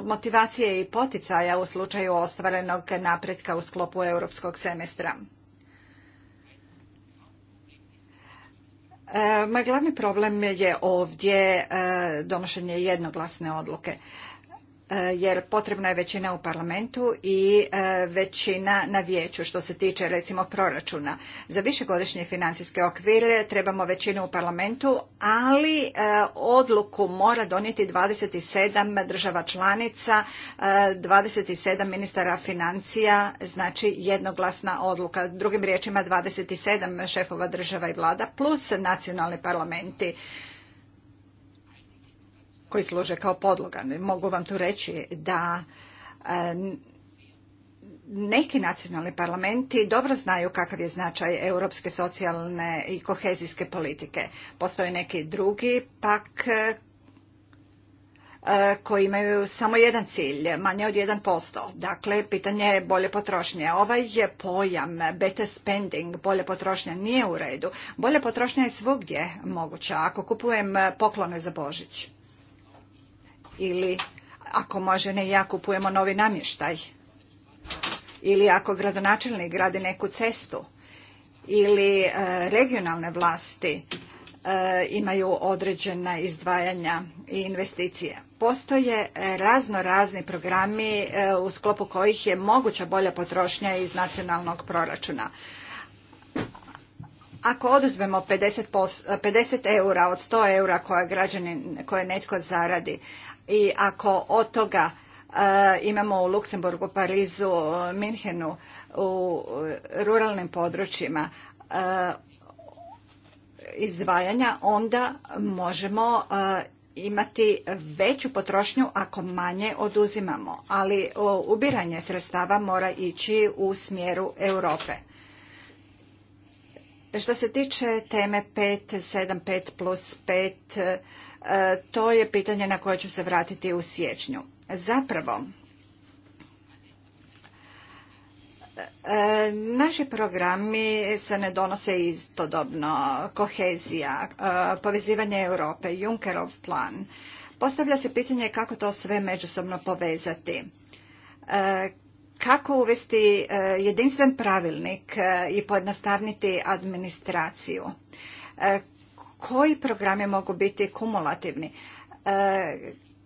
motivacije i poticaja u slučaju ostvarenog napretka u sklopu europskog semestra. Moj glavni problem je ovdje donošenje jednoglasne odluke. Eh, jer potrebna je većina u parlamentu i eh, većina na vijeću što se tiče recimo proračuna. Za višegodišnje financijske okvire trebamo većinu u parlamentu, ali eh, odluku mora donijeti 27 država članica, 27 ministara financija, znači jednoglasna odluka. Drugim riječima 27 šefova država i vlada plus nacionalni parlamenti koji služe kao podloga. Mogu vam tu reći da e, neki nacionalni parlamenti dobro znaju kakav je značaj europske socijalne i kohezijske politike. Postoje neki drugi pak e, koji imaju samo jedan cilj, manje od 1%. Dakle, pitanje je bolje potrošnje. Ovaj je pojam better spending, bolje potrošnje nije u redu. Bolje potrošnja je svugdje moguća. Ako kupujem poklone za Božić, ili ako može ne ja kupujemo novi namještaj ili ako gradonačelnik gradi neku cestu ili e, regionalne vlasti e, imaju određena izdvajanja i investicije. Postoje razno razni programi e, u sklopu kojih je moguća bolja potrošnja iz nacionalnog proračuna. Ako oduzmemo 50, eura od 100 eura koje, koje netko zaradi, i ako od toga e, imamo u Luksemburgu, Parizu, Minhenu, u ruralnim područjima e, izdvajanja, onda možemo e, imati veću potrošnju ako manje oduzimamo, ali ubiranje sredstava mora ići u smjeru Europe. Što se tiče teme 5, 7, 5 plus 5, E, to je pitanje na koje ću se vratiti u siječnju. Zapravo, e, Naši programi se ne donose istodobno. Kohezija, e, povezivanje Europe, Junckerov plan. Postavlja se pitanje kako to sve međusobno povezati. Kako uvesti jedinstven pravilnik i pojednostavniti administraciju koji programe mogu biti kumulativni, e,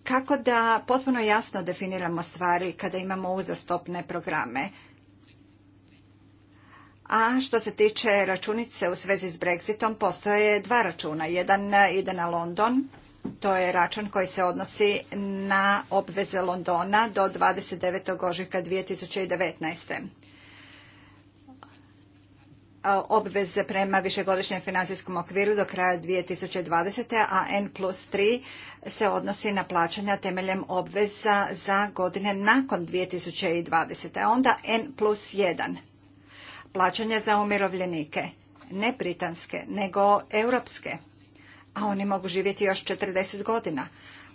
kako da potpuno jasno definiramo stvari kada imamo uzastopne programe. A što se tiče računice u svezi s Brexitom, postoje dva računa. Jedan ide na London, to je račun koji se odnosi na obveze Londona do 29. ožujka 2019 obveze prema višegodišnjem financijskom okviru do kraja 2020. a N plus 3 se odnosi na plaćanja temeljem obveza za godine nakon 2020. A onda N plus 1 plaćanja za umirovljenike, ne britanske, nego europske, a oni mogu živjeti još 40 godina.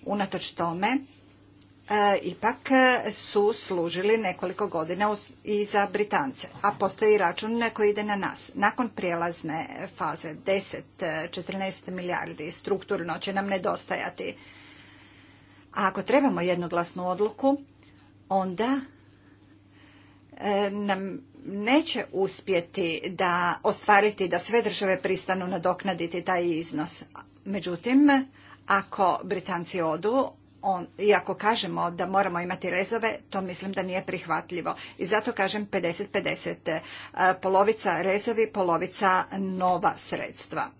Unatoč tome, E, ipak su služili nekoliko godina i za Britance, a postoji račun koji ide na nas. Nakon prijelazne faze 10-14 e, milijardi strukturno će nam nedostajati. A ako trebamo jednoglasnu odluku, onda e, nam neće uspjeti da ostvariti da sve države pristanu nadoknaditi taj iznos. Međutim, ako Britanci odu, on, iako kažemo da moramo imati rezove, to mislim da nije prihvatljivo. I zato kažem 50-50. E, polovica rezovi, polovica nova sredstva.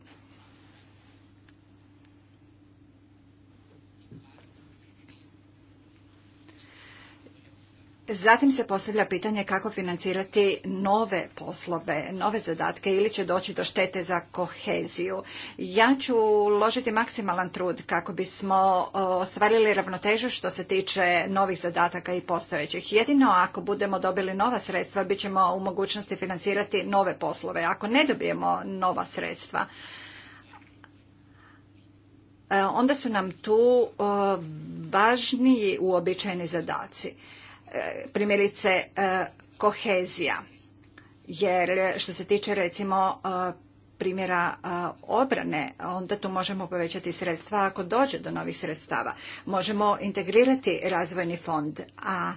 Zatim se postavlja pitanje kako financirati nove poslove, nove zadatke ili će doći do štete za koheziju. Ja ću uložiti maksimalan trud kako bismo ostvarili ravnotežu što se tiče novih zadataka i postojećih. Jedino ako budemo dobili nova sredstva, bit ćemo u mogućnosti financirati nove poslove. Ako ne dobijemo nova sredstva, e, onda su nam tu važniji uobičajeni zadaci. E, primjerice e, kohezija. Jer što se tiče recimo e, primjera obrane, onda tu možemo povećati sredstva ako dođe do novih sredstava. Možemo integrirati razvojni fond, a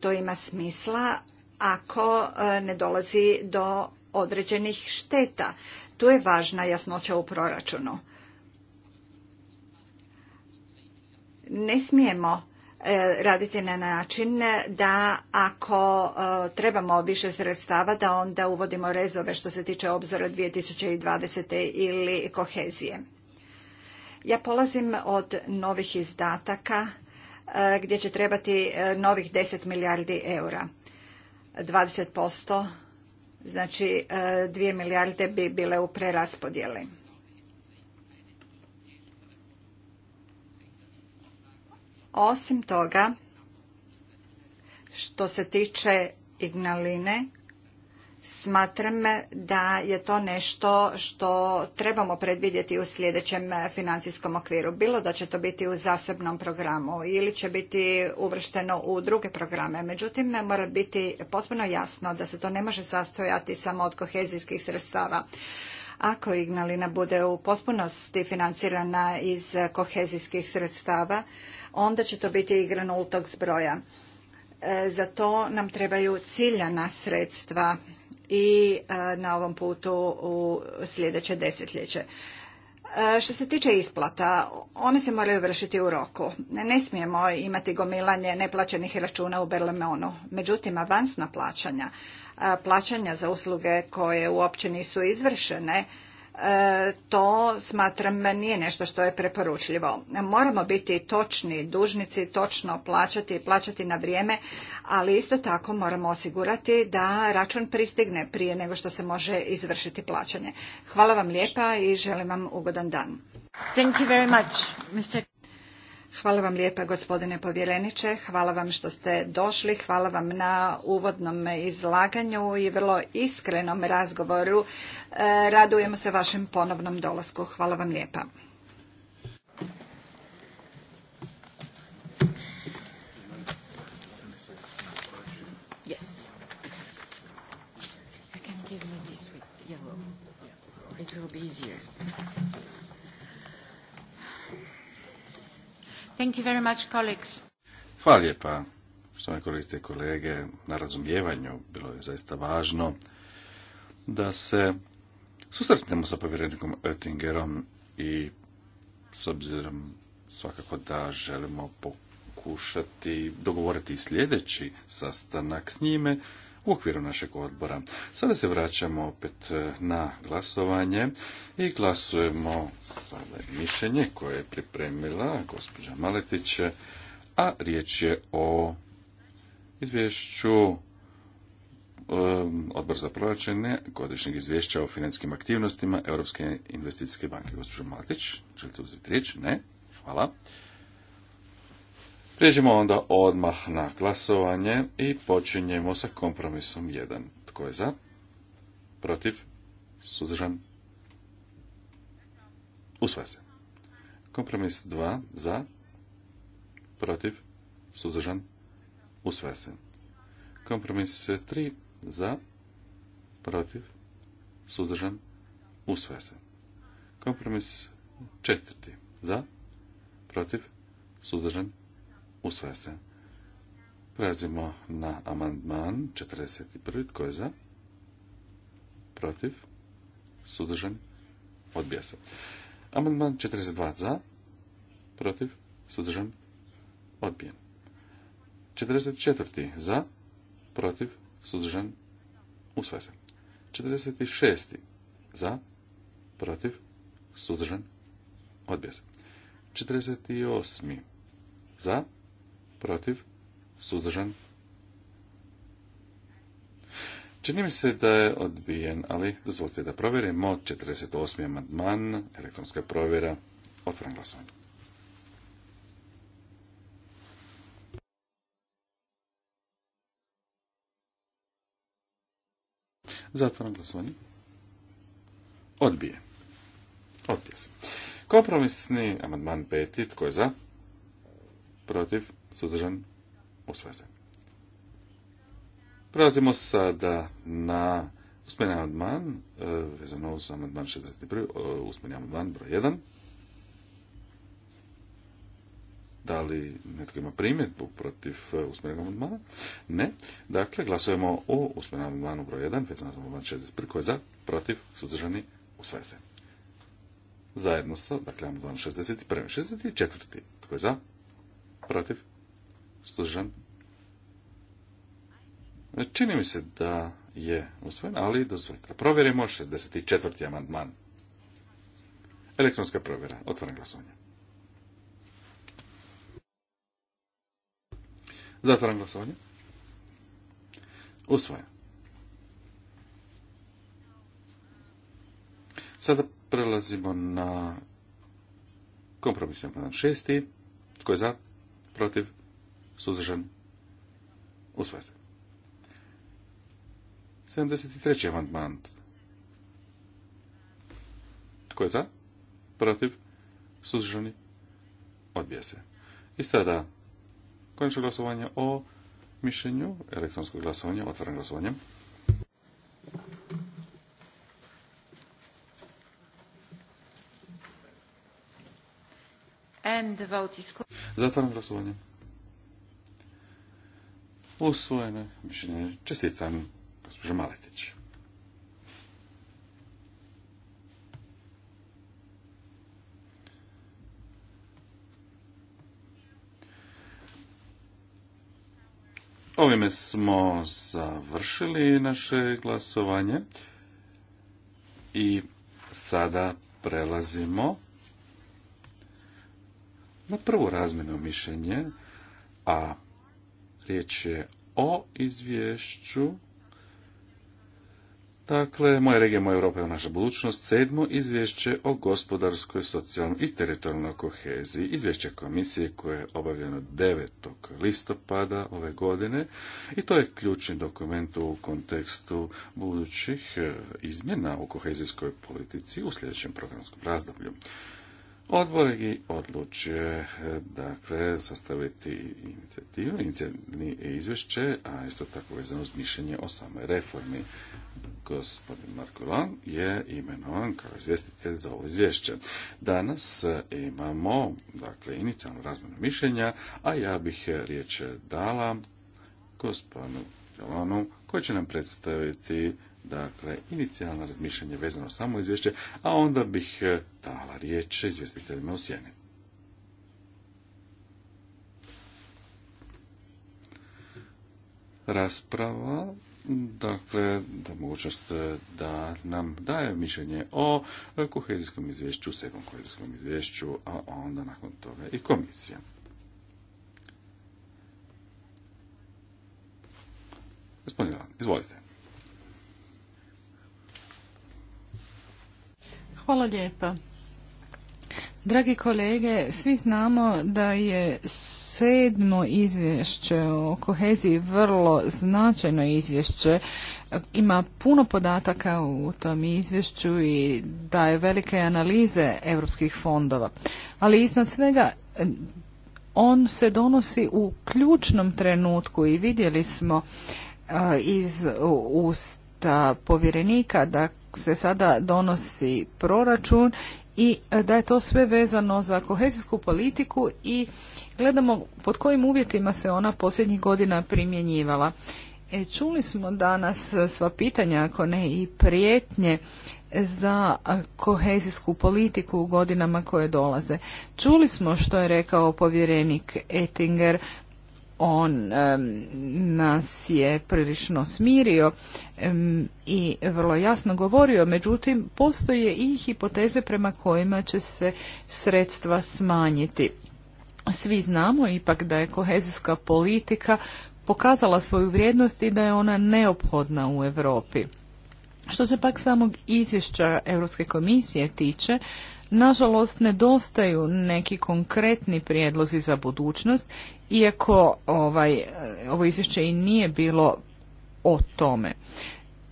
to ima smisla ako ne dolazi do određenih šteta. Tu je važna jasnoća u proračunu. Ne smijemo E, raditi na način da ako e, trebamo više sredstava da onda uvodimo rezove što se tiče obzora 2020. ili kohezije. Ja polazim od novih izdataka e, gdje će trebati novih 10 milijardi eura. 20%, znači 2 milijarde bi bile u preraspodjeli. Osim toga, što se tiče Ignaline, smatram da je to nešto što trebamo predvidjeti u sljedećem financijskom okviru. Bilo da će to biti u zasebnom programu ili će biti uvršteno u druge programe. Međutim, mora biti potpuno jasno da se to ne može sastojati samo od kohezijskih sredstava. Ako Ignalina bude u potpunosti financirana iz kohezijskih sredstava, onda će to biti igra nultog zbroja. E, za to nam trebaju ciljana sredstva i e, na ovom putu u sljedeće desetljeće. E, što se tiče isplata, one se moraju vršiti u roku. Ne smijemo imati gomilanje neplaćenih računa u Berlemonu. Međutim, avansna plaćanja, plaćanja za usluge koje uopće nisu izvršene, to smatram nije nešto što je preporučljivo. Moramo biti točni, dužnici točno plaćati i plaćati na vrijeme, ali isto tako moramo osigurati da račun pristigne prije nego što se može izvršiti plaćanje. Hvala vam lijepa i želim vam ugodan dan. Thank Hvala vam lijepa gospodine povjereniče, hvala vam što ste došli, hvala vam na uvodnom izlaganju i vrlo iskrenom razgovoru. E, radujemo se vašem ponovnom dolasku. Hvala vam lijepa. Thank you very much, colleagues. Hvala lijepa, kolegice i kolege, na razumijevanju. Bilo je zaista važno da se susretnemo sa povjerenikom Oettingerom i s obzirom svakako da želimo pokušati dogovoriti i sljedeći sastanak s njime, u okviru našeg odbora. Sada se vraćamo opet e, na glasovanje i glasujemo sada mišljenje koje je pripremila gospođa Maletić, a riječ je o izvješću e, Odbor za proračune godišnjeg izvješća o financijskim aktivnostima Europske investicijske banke. Gospođo Maletić, želite uzeti riječ? Ne? Hvala. Prijeđemo onda odmah na glasovanje i počinjemo sa kompromisom 1. Tko je za? Protiv? Suzdržan? Usvaja se. Kompromis 2. Za? Protiv? Suzdržan? usvesen. se. Kompromis 3. Za? Protiv? Suzdržan? Usvaja se. Kompromis 4. Za? Protiv? Suzdržan? Usvaja se. Prelazimo na amandman 41. Tko je za? Protiv? Sudržan? Odbija se. Amandman 42. Za? Protiv? Sudržan? Odbijen. 44. Za? Protiv? Sudržan? Usvaja se. 46. Za? Protiv? Sudržan? Odbija se. 48. Za? Protiv? Suzdržan? Čini mi se da je odbijen, ali dozvolite da provjerimo 48. amandman, elektronska provjera, otvoren glasovanje. Zatvoren glasovanje. Odbije. Odbije se. Kompromisni amandman peti, tko je za? protiv, suzdržan, usvezan. se. Prelazimo sada na usmeni amandman, e, vezano uz amandman 61, e, usmeni amandman broj 1. Da li netko ima primjetbu protiv e, usmenog amandmana? Ne. Dakle, glasujemo o usmenom amandmanu broj 1, vezano uz amandman 63, koji je za, protiv, suzdržani, u se. Zajedno sa, dakle, amandman 61, 64, tko je za, protiv, Služan? E, čini mi se da je usvojen, ali dozvolite da provjerimo 64. amandman. Elektronska provjera, otvoren glasovanje. Zatvoren glasovanje. Usvojen. Sada prelazimo na kompromisni amandman šesti. Tko je za? protiv, suzdržan, u se. 73. amandman. Tko je za? Protiv? Suzdržani? Odbija se. I sada, konačno glasovanje o mišljenju, elektronskog glasovanja, otvoreno glasovanje. vote Zatvaram glasovanje. Usvojeno mišljenje. Čestitam, gospođo Maletić. Ovime smo završili naše glasovanje i sada prelazimo na prvo razmjeno mišljenje, a riječ je o izvješću Dakle, moja regija, moja Europa je naša budućnost. Sedmo izvješće o gospodarskoj, socijalnoj i teritorijalnoj koheziji. Izvješće komisije koje je obavljeno 9. listopada ove godine i to je ključni dokument u kontekstu budućih eh, izmjena u kohezijskoj politici u sljedećem programskom razdoblju. Odbor je odlučio dakle, sastaviti inicijativu, izvješće, a isto tako vezano uz mišljenje o samoj reformi. Gospodin Marko Lan je imenovan kao izvjestitelj za ovo izvješće. Danas imamo dakle, inicijalnu razmjenu mišljenja, a ja bih riječ dala gospodinu Jelonu koji će nam predstaviti dakle, inicijalno razmišljanje vezano samo izvješće, a onda bih e, dala riječ izvjestiteljima u sjeni. Rasprava dakle, da mogućnost e, da nam daje mišljenje o e, kohezijskom izvješću, sedmom kohezijskom izvješću, a onda nakon toga i komisija. Gospodin Ivan, izvolite. Hvala lijepa. Dragi kolege, svi znamo da je sedmo izvješće o koheziji vrlo značajno izvješće. Ima puno podataka u tom izvješću i daje velike analize europskih fondova. Ali iznad svega on se donosi u ključnom trenutku i vidjeli smo iz usta povjerenika da se sada donosi proračun i e, da je to sve vezano za kohezijsku politiku i gledamo pod kojim uvjetima se ona posljednjih godina primjenjivala. E, čuli smo danas sva pitanja, ako ne i prijetnje za kohezijsku politiku u godinama koje dolaze. Čuli smo što je rekao povjerenik Ettinger, on nas je prilično smirio i vrlo jasno govorio, međutim postoje i hipoteze prema kojima će se sredstva smanjiti. Svi znamo ipak da je kohezijska politika pokazala svoju vrijednost i da je ona neophodna u Europi. Što se pak samog izvješća Europske komisije tiče, Nažalost, nedostaju neki konkretni prijedlozi za budućnost, iako ovaj, ovo izvješće i nije bilo o tome.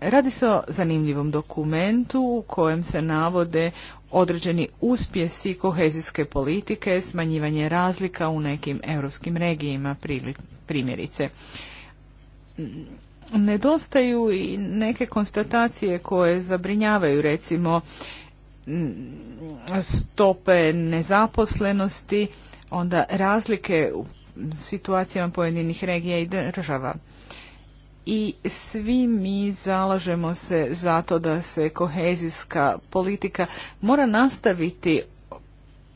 Radi se o zanimljivom dokumentu u kojem se navode određeni uspjesi kohezijske politike, smanjivanje razlika u nekim europskim regijima primjerice. Nedostaju i neke konstatacije koje zabrinjavaju recimo Mm, stope nezaposlenosti, onda razlike u situacijama pojedinih regija i država. I svi mi zalažemo se za to da se kohezijska politika mora nastaviti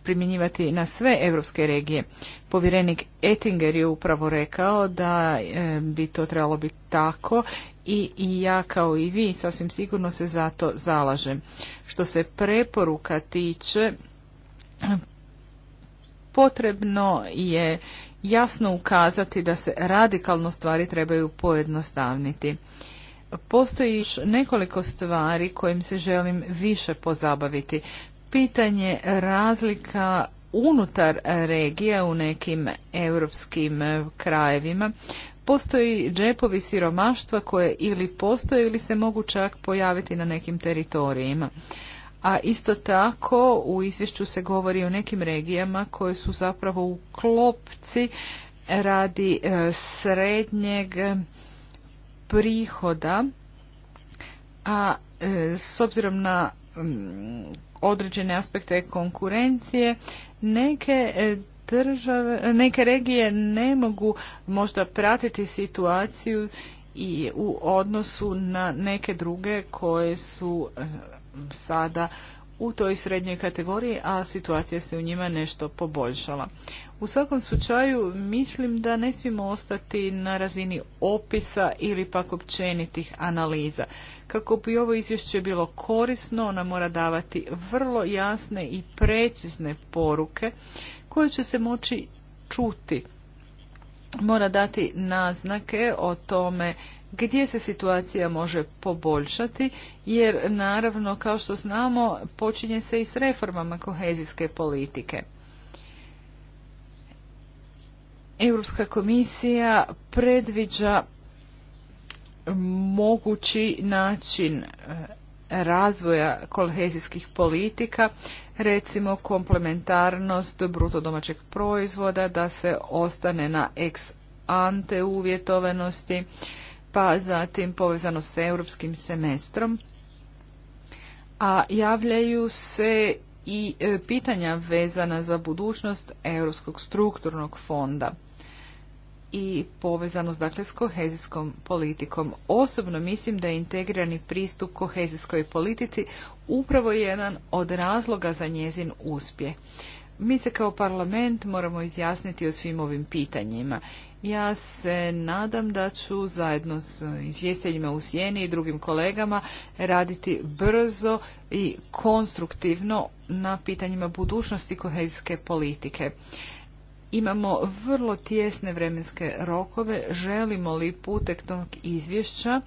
primjenjivati na sve europske regije. Povjerenik Ettinger je upravo rekao da bi to trebalo biti tako i ja kao i vi sasvim sigurno se za to zalažem. Što se preporuka tiče, potrebno je jasno ukazati da se radikalno stvari trebaju pojednostavniti. Postoji još nekoliko stvari kojim se želim više pozabaviti. Pitanje razlika unutar regija u nekim europskim krajevima Postoji džepovi siromaštva koje ili postoje ili se mogu čak pojaviti na nekim teritorijima. A isto tako u izvješću se govori o nekim regijama koje su zapravo u klopci radi e, srednjeg prihoda, a e, s obzirom na određene aspekte konkurencije, neke e, države, neke regije ne mogu možda pratiti situaciju i u odnosu na neke druge koje su eh, sada u toj srednjoj kategoriji, a situacija se u njima nešto poboljšala. U svakom slučaju mislim da ne smijemo ostati na razini opisa ili pak općenitih analiza. Kako bi ovo izvješće bilo korisno, ona mora davati vrlo jasne i precizne poruke koje će se moći čuti. Mora dati naznake o tome gdje se situacija može poboljšati, jer naravno, kao što znamo, počinje se i s reformama kohezijske politike. Europska komisija predviđa mogući način eh, razvoja kohezijskih politika recimo komplementarnost bruto domaćeg proizvoda, da se ostane na ex ante uvjetovanosti, pa zatim povezanost s europskim semestrom. A javljaju se i e, pitanja vezana za budućnost Europskog strukturnog fonda i povezanost dakle s kohezijskom politikom. Osobno mislim da je integrirani pristup kohezijskoj politici upravo jedan od razloga za njezin uspjeh. Mi se kao parlament moramo izjasniti o svim ovim pitanjima. Ja se nadam da ću zajedno s izvjestiteljima u Sjeni i drugim kolegama raditi brzo i konstruktivno na pitanjima budućnosti kohezijske politike imamo vrlo tjesne vremenske rokove. Želimo li putek tog izvješća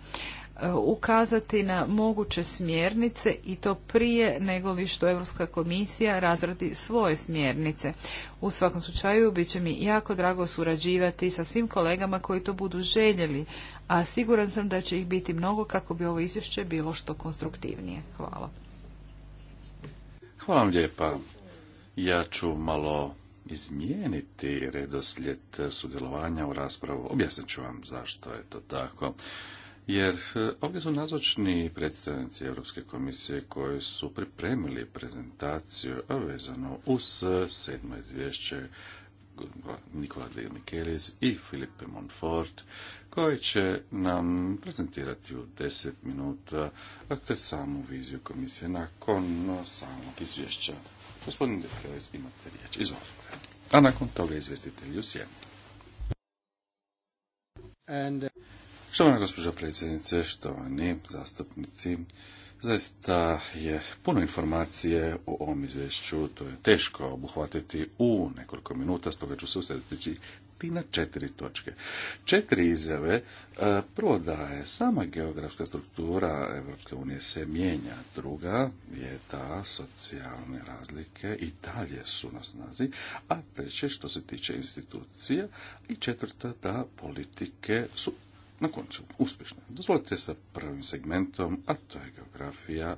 e, ukazati na moguće smjernice i to prije nego li što Europska komisija razradi svoje smjernice. U svakom slučaju bit će mi jako drago surađivati sa svim kolegama koji to budu željeli, a siguran sam da će ih biti mnogo kako bi ovo izvješće bilo što konstruktivnije. Hvala. Hvala vam lijepa. Ja ću malo izmijeniti redoslijed sudjelovanja u raspravu. Objasnit ću vam zašto je to tako. Jer e, ovdje su nazočni predstavnici Europske komisije koji su pripremili prezentaciju vezano uz sedmo izvješće Nikola de Michelis i Filipe Montfort, koji će nam prezentirati u deset minuta te dakle, samu viziju komisije nakon samog izvješća. Gospodin de imate riječ. Izvolite a nakon toga izvjestitelj sjeni. And... Uh, Štovana gospođo predsjednice, štovani zastupnici, zaista je puno informacije o ovom izvješću, to je teško obuhvatiti u nekoliko minuta, stoga ću se usrediti i na četiri točke. Četiri izjave e, prvo da je sama geografska struktura Evropske unije se mijenja. Druga je da socijalne razlike i dalje su na snazi, a treće što se tiče institucija i četvrta da politike su na koncu uspješne. Dozvolite sa prvim segmentom, a to je geografija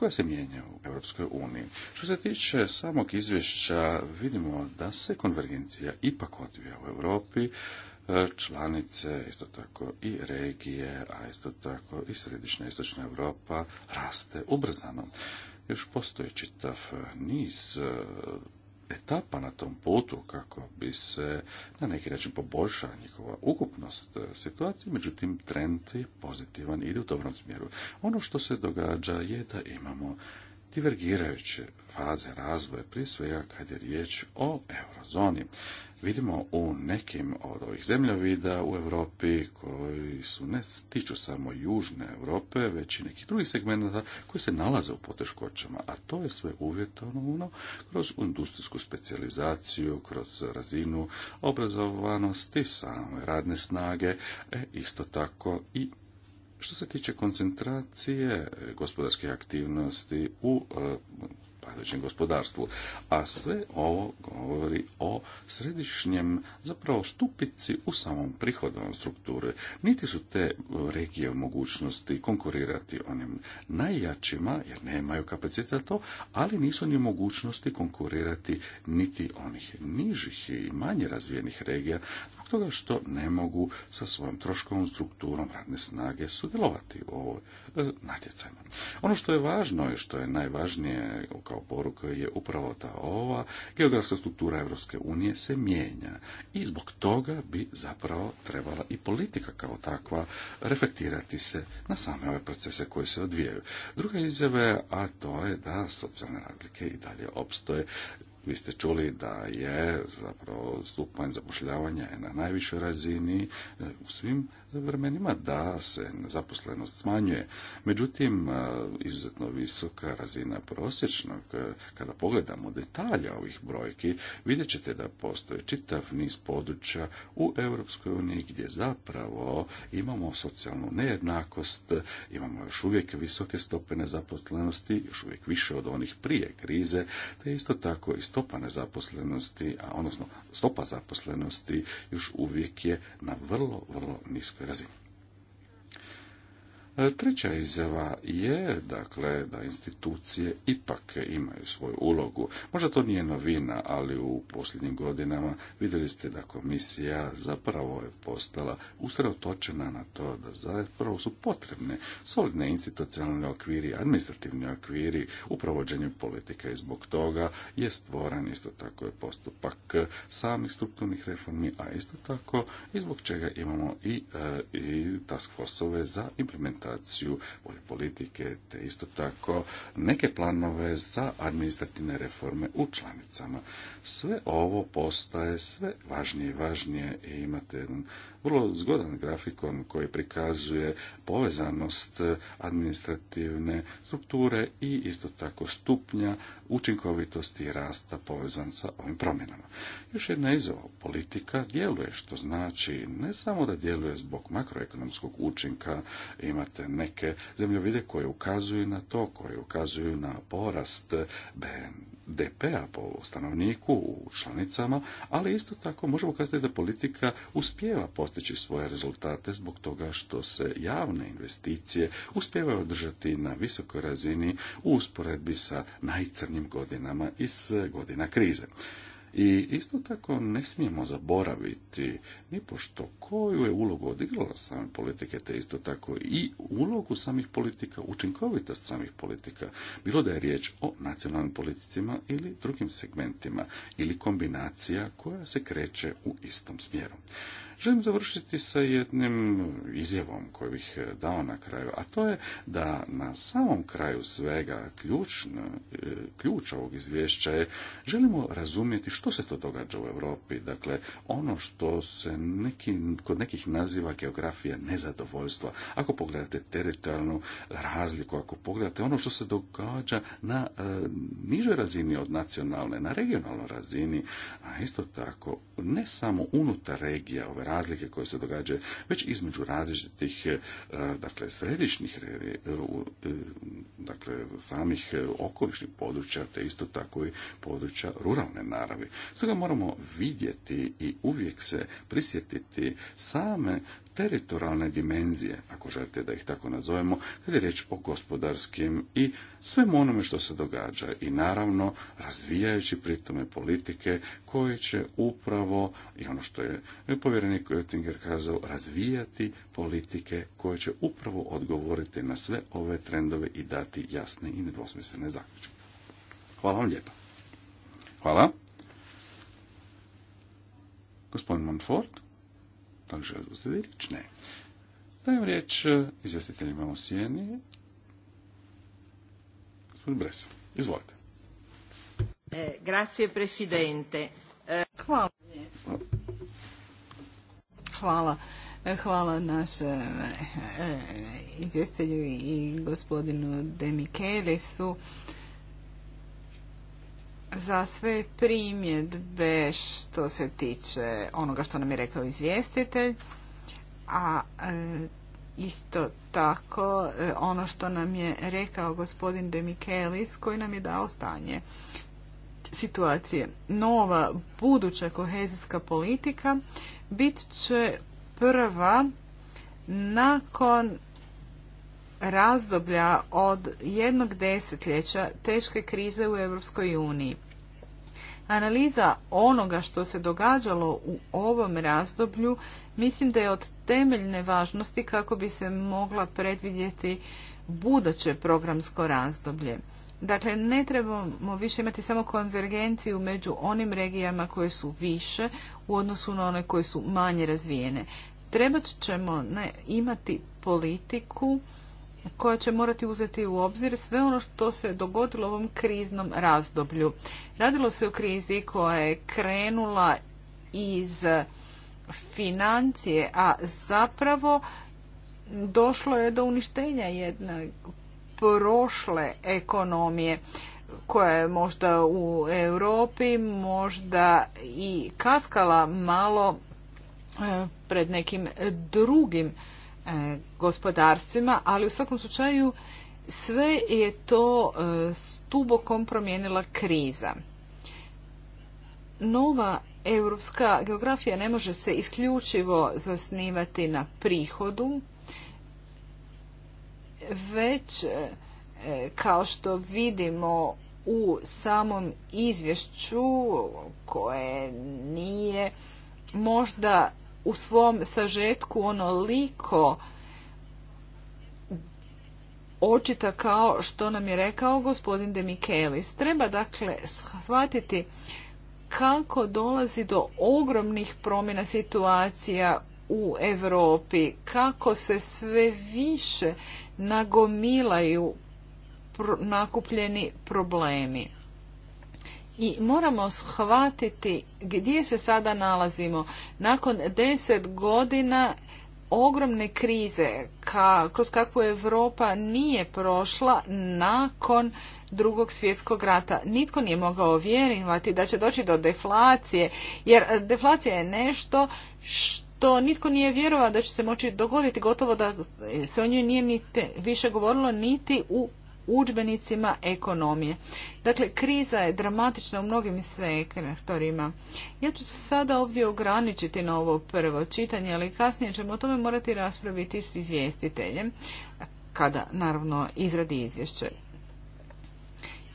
koja se mijenja u Europskoj uniji. Što se tiče samog izvješća, vidimo da se konvergencija ipak odvija u Europi, e, članice, isto tako i regije, a isto tako i središnja istočna Europa raste ubrzano. Još postoji čitav niz e, etapa na tom putu kako bi se na neki način poboljša njihova ukupnost e, situacije, međutim trend je pozitivan i ide u dobrom smjeru. Ono što se događa je da imamo divergirajuće faze razvoja, prije svega kad je riječ o eurozoni vidimo u nekim od ovih zemljovida u Europi koji su ne tiču samo južne Europe, već i nekih drugih segmenta koji se nalaze u poteškoćama, a to je sve uvjetovano kroz industrijsku specijalizaciju, kroz razinu obrazovanosti same radne snage, e, isto tako i što se tiče koncentracije gospodarske aktivnosti u e, padajućem gospodarstvu. A sve ovo govori o središnjem zapravo stupici u samom prihodovnom strukture. Niti su te regije u mogućnosti konkurirati onim najjačima, jer nemaju kapacitet to, ali nisu ni u mogućnosti konkurirati niti onih nižih i manje razvijenih regija toga što ne mogu sa svojom troškovom strukturom radne snage sudjelovati u ovoj e, natjecanju. Ono što je važno i što je najvažnije kao poruka je upravo ta ova geografska struktura Europske unije se mijenja i zbog toga bi zapravo trebala i politika kao takva reflektirati se na same ove procese koje se odvijaju. Druga izjave, a to je da socijalne razlike i dalje opstoje vi ste čuli da je zapravo stupanj zapošljavanja na najvišoj razini e, u svim vremenima da se nezaposlenost smanjuje. Međutim, e, izuzetno visoka razina prosječnog, e, kada pogledamo detalja ovih brojki, vidjet ćete da postoji čitav niz područja u Europskoj uniji gdje zapravo imamo socijalnu nejednakost, imamo još uvijek visoke stope nezaposlenosti, još uvijek više od onih prije krize, te isto tako isto stopa nezaposlenosti, a odnosno stopa zaposlenosti još uvijek je na vrlo, vrlo niskoj razini. E, treća izjava je dakle da institucije ipak imaju svoju ulogu. Možda to nije novina, ali u posljednjim godinama vidjeli ste da komisija zapravo je postala usredotočena na to da zapravo su potrebne solidne institucionalne okviri, administrativni okviri u provođenju politika i zbog toga je stvoren isto tako je postupak samih strukturnih reformi, a isto tako i zbog čega imamo i, e, task za implementaciju implementaciju bolje politike, te isto tako neke planove za administrativne reforme u članicama. Sve ovo postaje sve važnije i važnije i imate jedan vrlo zgodan grafikon koji prikazuje povezanost administrativne strukture i isto tako stupnja učinkovitosti i rasta povezan sa ovim promjenama. Još jedna izova politika djeluje, što znači ne samo da djeluje zbog makroekonomskog učinka, imate neke zemljovide koje ukazuju na to, koje ukazuju na porast BND. DP-a po stanovniku u članicama, ali isto tako možemo kazati da politika uspjeva postići svoje rezultate zbog toga što se javne investicije uspjevaju održati na visokoj razini u usporedbi sa najcrnjim godinama iz godina krize. I isto tako ne smijemo zaboraviti ni pošto koju je ulogu odigrala same politike, te isto tako i ulogu samih politika, učinkovitost samih politika, bilo da je riječ o nacionalnim politicima ili drugim segmentima ili kombinacija koja se kreće u istom smjeru. Želim završiti sa jednim izjavom koju bih eh, dao na kraju, a to je da na samom kraju svega eh, ključ ovog izvješća je želimo razumjeti što se to događa u Europi, dakle ono što se neki, kod nekih naziva geografija nezadovoljstva. Ako pogledate teritorijalnu razliku, ako pogledate ono što se događa na e, nižoj razini od nacionalne, na regionalnoj razini, a isto tako ne samo unutar regija ove razlike koje se događaju već između različitih e, dakle središnjih e, e, dakle samih okolišnih područja te isto tako i područja ruralne naravi. Stoga moramo vidjeti i uvijek se prisjetiti same teritorijalne dimenzije, ako želite da ih tako nazovemo, kada je riječ o gospodarskim i svemu onome što se događa i naravno razvijajući pritome politike koje će upravo i ono što je povjereni povjerenik Oettinger kazao, razvijati politike koje će upravo odgovoriti na sve ove trendove i dati jasne i nedvosmislene zaključke. Hvala vam lijepa. Hvala. Gospodin Montfort, da li uzeti riječ? Ne. Dajem riječ e, izvjestiteljima u Sijeni. Gospodin Breso, izvolite. E, grazie, presidente. E, Hvala. Hvala. E, hvala našem e, izvjestelju i gospodinu Demikelisu za sve primjedbe što se tiče onoga što nam je rekao izvjestitelj, a e, isto tako ono što nam je rekao gospodin Demikelis koji nam je dao stanje situacije. Nova buduća kohezijska politika bit će prva nakon razdoblja od jednog desetljeća teške krize u Europskoj uniji. Analiza onoga što se događalo u ovom razdoblju mislim da je od temeljne važnosti kako bi se mogla predvidjeti buduće programsko razdoblje. Dakle, ne trebamo više imati samo konvergenciju među onim regijama koje su više u odnosu na one koje su manje razvijene. Trebat ćemo imati politiku koja će morati uzeti u obzir sve ono što se dogodilo u ovom kriznom razdoblju. Radilo se o krizi koja je krenula iz financije, a zapravo došlo je do uništenja jedne prošle ekonomije koja je možda u Europi možda i kaskala malo e, pred nekim drugim e, gospodarstvima, ali u svakom slučaju sve je to e, stubokom promijenila kriza. Nova europska geografija ne može se isključivo zasnivati na prihodu, već e, kao što vidimo u samom izvješću koje nije možda u svom sažetku onoliko očita kao što nam je rekao gospodin De Michelis. Treba dakle shvatiti kako dolazi do ogromnih promjena situacija u Europi, kako se sve više nagomilaju nakupljeni problemi. I moramo shvatiti gdje se sada nalazimo. Nakon deset godina ogromne krize ka, kroz kakvu Europa nije prošla nakon drugog svjetskog rata. Nitko nije mogao vjerovati da će doći do deflacije, jer deflacija je nešto što to nitko nije vjerovao da će se moći dogoditi, gotovo da se o njoj nije niti više govorilo niti u udžbenicima ekonomije. Dakle, kriza je dramatična u mnogim sektorima. Ja ću se sada ovdje ograničiti na ovo prvo čitanje, ali kasnije ćemo o tome morati raspraviti s izvjestiteljem, kada naravno izradi izvješće.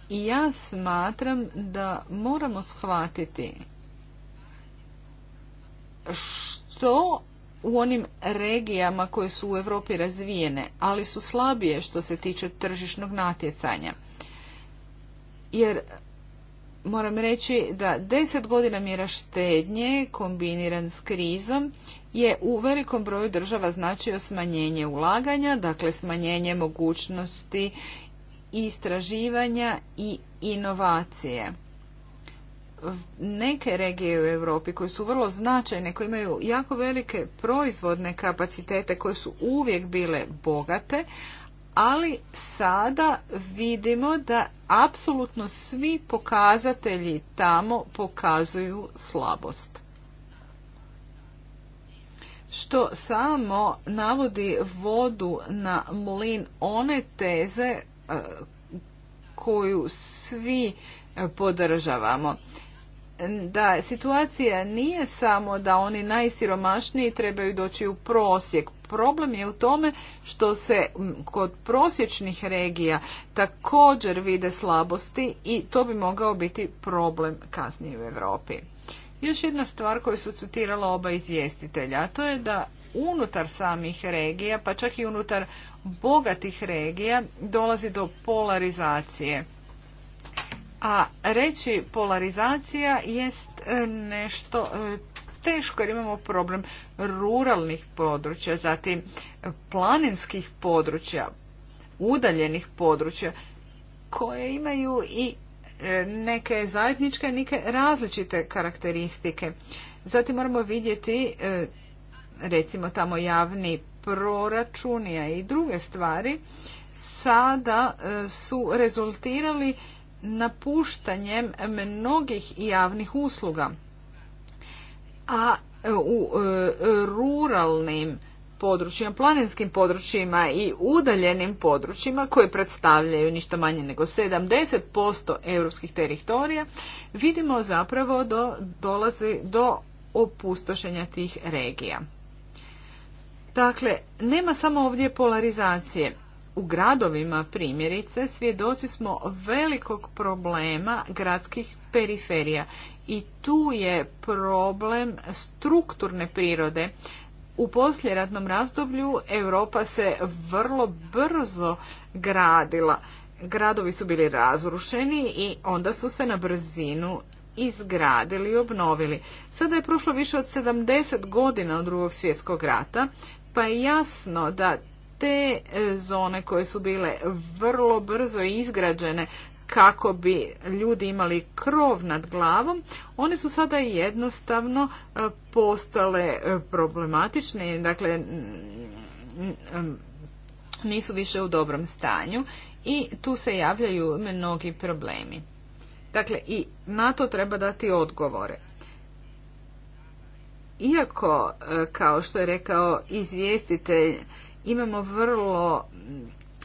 I ja smatram da moramo shvatiti što to u onim regijama koje su u Europi razvijene, ali su slabije što se tiče tržišnog natjecanja. Jer moram reći da 10 godina mjera štednje kombiniran s krizom je u velikom broju država značio smanjenje ulaganja, dakle smanjenje mogućnosti istraživanja i inovacije neke regije u Europi koje su vrlo značajne, koje imaju jako velike proizvodne kapacitete koje su uvijek bile bogate, ali sada vidimo da apsolutno svi pokazatelji tamo pokazuju slabost. Što samo navodi vodu na mlin one teze e, koju svi podržavamo da situacija nije samo da oni najsiromašniji trebaju doći u prosjek. Problem je u tome što se kod prosječnih regija također vide slabosti i to bi mogao biti problem kasnije u Europi. Još jedna stvar koju su citirala oba izvjestitelja, a to je da unutar samih regija, pa čak i unutar bogatih regija, dolazi do polarizacije. A reći polarizacija jest e, nešto e, teško jer imamo problem ruralnih područja, zatim e, planinskih područja, udaljenih područja koje imaju i neke zajedničke, neke različite karakteristike. Zatim moramo vidjeti recimo tamo javni proračunija i druge stvari sada su rezultirali napuštanjem mnogih javnih usluga. A e, u e, ruralnim područjima, planinskim područjima i udaljenim područjima koje predstavljaju ništa manje nego 70% europskih teritorija, vidimo zapravo do, dolazi do opustošenja tih regija. Dakle, nema samo ovdje polarizacije u gradovima primjerice svjedoci smo velikog problema gradskih periferija i tu je problem strukturne prirode. U posljeratnom razdoblju Europa se vrlo brzo gradila. Gradovi su bili razrušeni i onda su se na brzinu izgradili i obnovili. Sada je prošlo više od 70 godina od drugog svjetskog rata, pa je jasno da te e, zone koje su bile vrlo brzo izgrađene kako bi ljudi imali krov nad glavom, one su sada jednostavno e, postale e, problematične, dakle nisu više u dobrom stanju i tu se javljaju mnogi problemi. Dakle, i na to treba dati odgovore. Iako, kao što je rekao izvjestitelj, imamo vrlo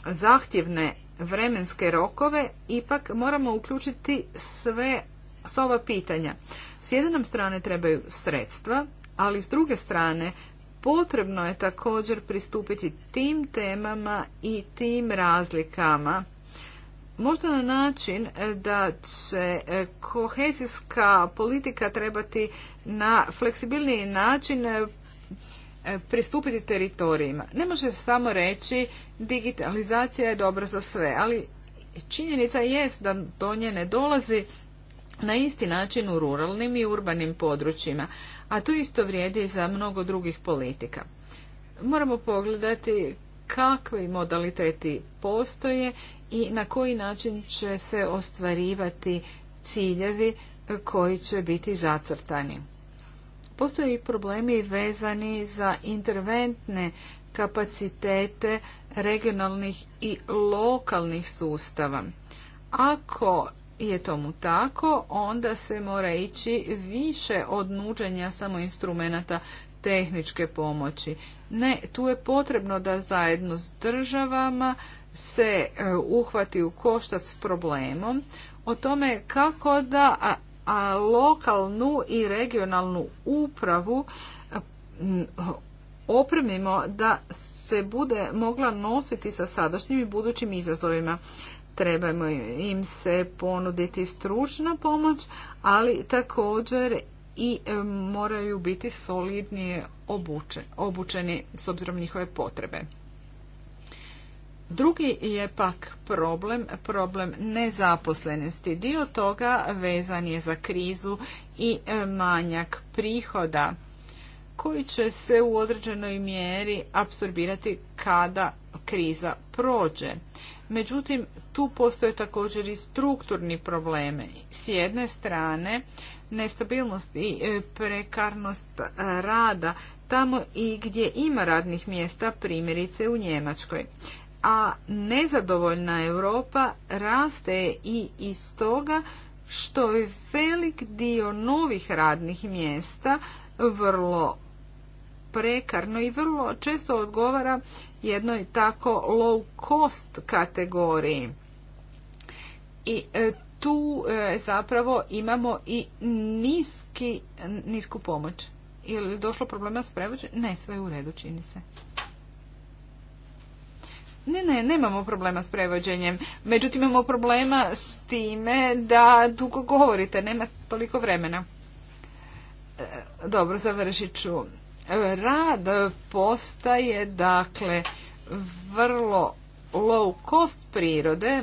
zahtjevne vremenske rokove, ipak moramo uključiti sve s ova pitanja. S jedne strane trebaju sredstva, ali s druge strane potrebno je također pristupiti tim temama i tim razlikama. Možda na način e, da će e, kohezijska politika trebati na fleksibilniji način e, E, pristupiti teritorijima. Ne može samo reći digitalizacija je dobra za sve, ali činjenica jest da do nje ne dolazi na isti način u ruralnim i urbanim područjima, a to isto vrijedi za mnogo drugih politika. Moramo pogledati kakvi modaliteti postoje i na koji način će se ostvarivati ciljevi koji će biti zacrtani. Postoje i problemi vezani za interventne kapacitete regionalnih i lokalnih sustava. Ako je tomu tako, onda se mora ići više od nuđenja samo instrumenata tehničke pomoći. Ne, tu je potrebno da zajedno s državama se e, uhvati u koštac s problemom o tome kako da lokalnu i regionalnu upravu opremimo da se bude mogla nositi sa sadašnjim i budućim izazovima. Trebamo im se ponuditi stručna pomoć, ali također i e, moraju biti solidnije obučeni s obzirom njihove potrebe. Drugi je pak problem, problem nezaposlenosti. Dio toga vezan je za krizu i e, manjak prihoda koji će se u određenoj mjeri apsorbirati kada kriza prođe. Međutim, tu postoje također i strukturni probleme. S jedne strane, nestabilnost i e, prekarnost e, rada tamo i gdje ima radnih mjesta, primjerice u Njemačkoj a nezadovoljna Europa raste i iz toga što je velik dio novih radnih mjesta vrlo prekarno i vrlo često odgovara jednoj tako low cost kategoriji. I e, tu e, zapravo imamo i niski, nisku pomoć. Je li došlo problema s prevođenjem? Ne, sve u redu, čini se. Ne, ne, nemamo problema s prevođenjem. Međutim, imamo problema s time da dugo govorite, nema toliko vremena. E, dobro, završit ću. Rad postaje, dakle, vrlo low cost prirode,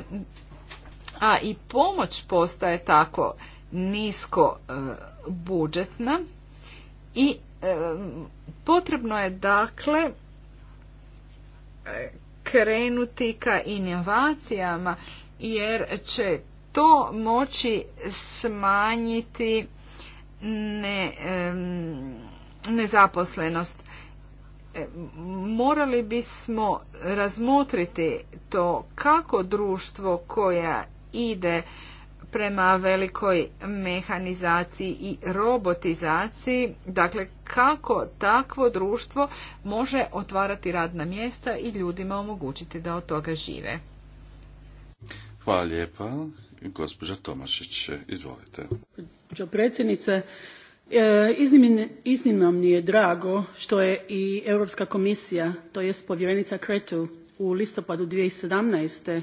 a i pomoć postaje tako nisko e, budžetna i e, potrebno je dakle krenuti ka inovacijama jer će to moći smanjiti ne, nezaposlenost. E, morali bismo razmotriti to kako društvo koja ide prema velikoj mehanizaciji i robotizaciji, dakle kako takvo društvo može otvarati radna mjesta i ljudima omogućiti da od toga žive. Hvala lijepa. Gospođa Tomašić, izvolite. Gospođo predsjednice, e, iznimno mi je drago što je i Europska komisija, to jest povjerenica Kretu u listopadu 2017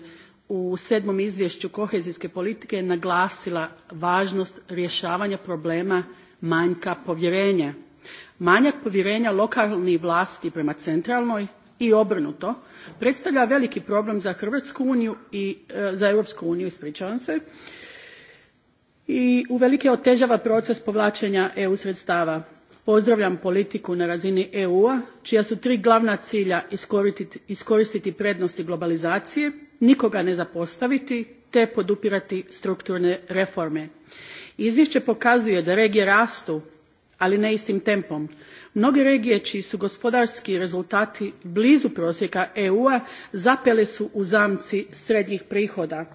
u sedmom izvješću kohezijske politike naglasila važnost rješavanja problema manjka povjerenja. Manjak povjerenja lokalnih vlasti prema centralnoj i obrnuto predstavlja veliki problem za Hrvatsku uniju i e, za Europsku uniju, ispričavam se, i uvelike otežava proces povlačenja EU sredstava. Pozdravljam politiku na razini EU-a čija su tri glavna cilja iskoristiti prednosti globalizacije, nikoga ne zapostaviti te podupirati strukturne reforme. izvješće pokazuje da regije rastu ali ne istim tempom. mnoge regije čiji su gospodarski rezultati blizu prosjeka eu a zapele su u zamci srednjih prihoda.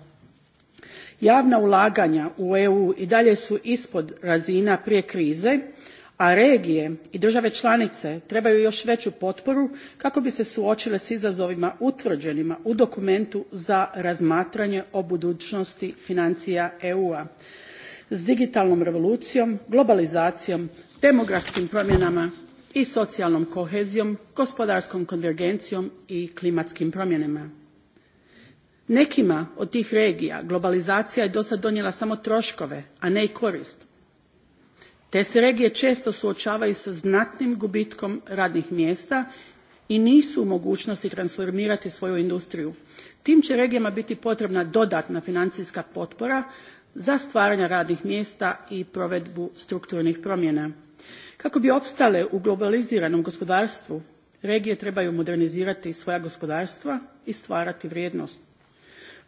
javna ulaganja u eu i dalje su ispod razina prije krize a regije i države članice trebaju još veću potporu kako bi se suočile s izazovima utvrđenima u dokumentu za razmatranje o budućnosti financija eu a s digitalnom revolucijom globalizacijom demografskim promjenama i socijalnom kohezijom gospodarskom konvergencijom i klimatskim promjenama. nekima od tih regija globalizacija je dosad donijela samo troškove a ne i korist te se regije često suočavaju sa znatnim gubitkom radnih mjesta i nisu u mogućnosti transformirati svoju industriju. Tim će regijama biti potrebna dodatna financijska potpora za stvaranje radnih mjesta i provedbu strukturnih promjena. Kako bi opstale u globaliziranom gospodarstvu regije trebaju modernizirati svoja gospodarstva i stvarati vrijednost.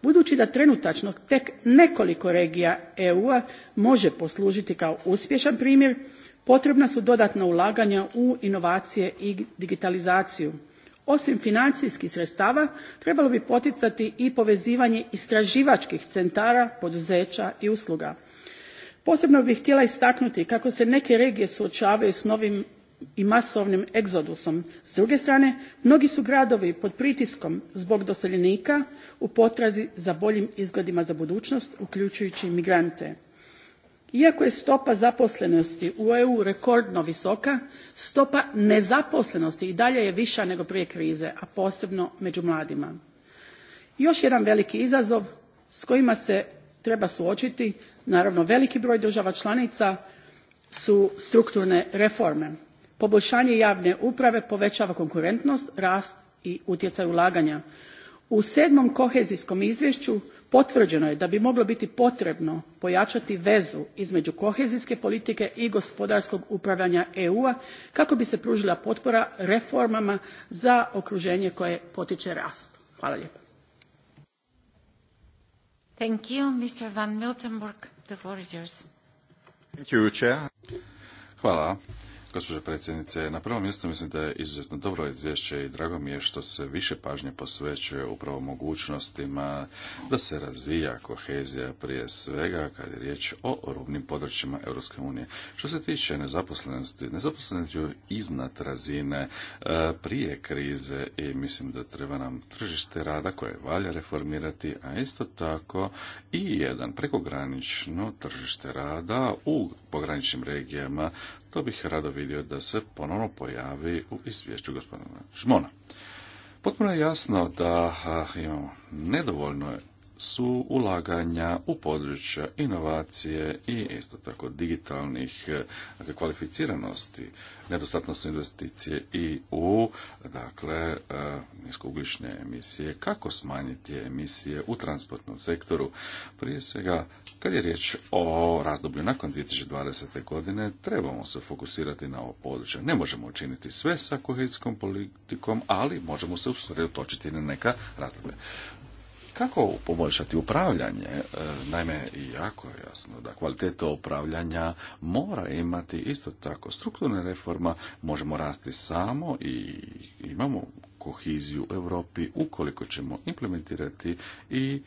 Budući da trenutano tek nekoliko regija eu a moe posluiti kao uspješan primjer potrebna su dodatna ulaganja u inovacije i digitalizaciju. osim financijskih sredstava trebalo bi poticati i povezivanje istraivakih centara poduzeća i usluga. posebno bih htjela istaknuti kako se neke regije suoavaju s novim i masovnim egzodusom. S druge strane, mnogi su gradovi pod pritiskom zbog doseljenika u potrazi za boljim izgledima za budućnost, uključujući migrante. Iako je stopa zaposlenosti u EU rekordno visoka, stopa nezaposlenosti i dalje je viša nego prije krize, a posebno među mladima. Još jedan veliki izazov s kojima se treba suočiti, naravno veliki broj država članica, su strukturne reforme poboljšanje javne uprave povećava konkurentnost rast i utjecaj ulaganja. u sedmom kohezijskom izvješću potvrđeno je da bi moglo biti potrebno pojačati vezu između kohezijske politike i gospodarskog upravljanja eu a kako bi se pružila potpora reformama za okruženje koje potiče rast. hvala Mr. Van Miltenburg. Hvala. Gospođo predsjednice, na prvom mjestu mislim da je izuzetno dobro izvješće i drago mi je što se više pažnje posvećuje upravo mogućnostima da se razvija kohezija prije svega kad je riječ o rubnim područjima Europske unije. Što se tiče nezaposlenosti, nezaposlenost je iznad razine e, prije krize i mislim da treba nam tržište rada koje valja reformirati, a isto tako i jedan prekogranično tržište rada u pograničnim regijama to bih rado vidio da se ponovno pojavi u izvješću gospodina Šmona. Potpuno je jasno da imamo nedovoljno su ulaganja u područja inovacije i isto tako digitalnih eh, dakle, kvalificiranosti, su investicije i u dakle eh, niskougljične emisije, kako smanjiti emisije u transportnom sektoru. Prije svega, kad je riječ o razdoblju nakon 2020. godine, trebamo se fokusirati na ovo područje. Ne možemo učiniti sve sa kohezijskom politikom, ali možemo se usredotočiti na neka razdoblja. Kako poboljšati upravljanje? E, naime, jako je jasno da kvaliteta upravljanja mora imati isto tako strukturna reforma, možemo rasti samo i imamo kohiziju u Europi ukoliko ćemo implementirati i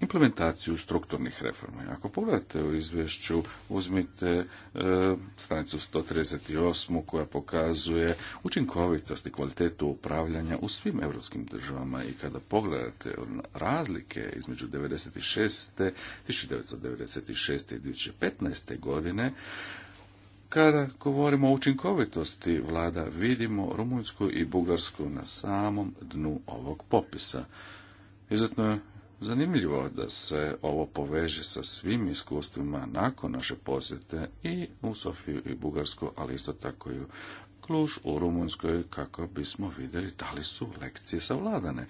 implementaciju strukturnih reforma. Ako pogledate u izvješću, uzmite e, stranicu 138. koja pokazuje učinkovitost i kvalitetu upravljanja u svim europskim državama i kada pogledate razlike između 96. 1996. i 2015. godine, kada govorimo o učinkovitosti vlada, vidimo Rumunjsku i Bugarsku na samom dnu ovog popisa. Izuzetno zanimljivo da se ovo poveže sa svim iskustvima nakon naše posjete i u Sofiju i Bugarsku, ali isto tako i u Kluž u Rumunjskoj kako bismo vidjeli da li su lekcije savladane.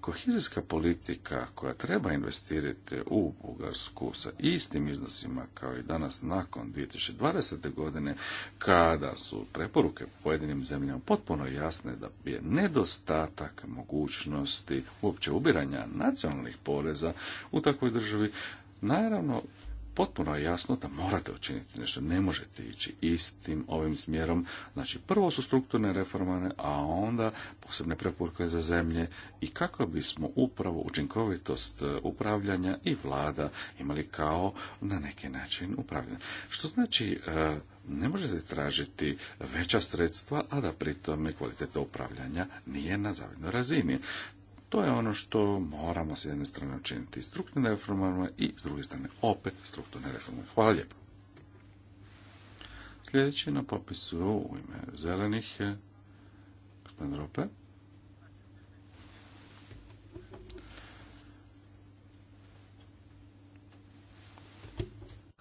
Kohizijska politika koja treba investirati u Bugarsku sa istim iznosima kao i danas nakon 2020. godine, kada su preporuke pojedinim zemljama potpuno jasne da je nedostatak mogućnosti uopće ubiranja nacionalnih poreza u takvoj državi, naravno potpuno je jasno da morate učiniti nešto, ne možete ići istim ovim smjerom. Znači, prvo su strukturne reforme, a onda posebne preporuke za zemlje i kako bismo upravo učinkovitost e, upravljanja i vlada imali kao na neki način upravljanje. Što znači e, ne možete tražiti veća sredstva, a da pritom kvaliteta upravljanja nije na zavidnoj razini. To je ono što moramo s jedne strane učiniti strukturne reformama i s druge strane opet strukturne reforme. Hvala lijepo. Sljedeći na popisu u ime zelenih je gospodin Rope.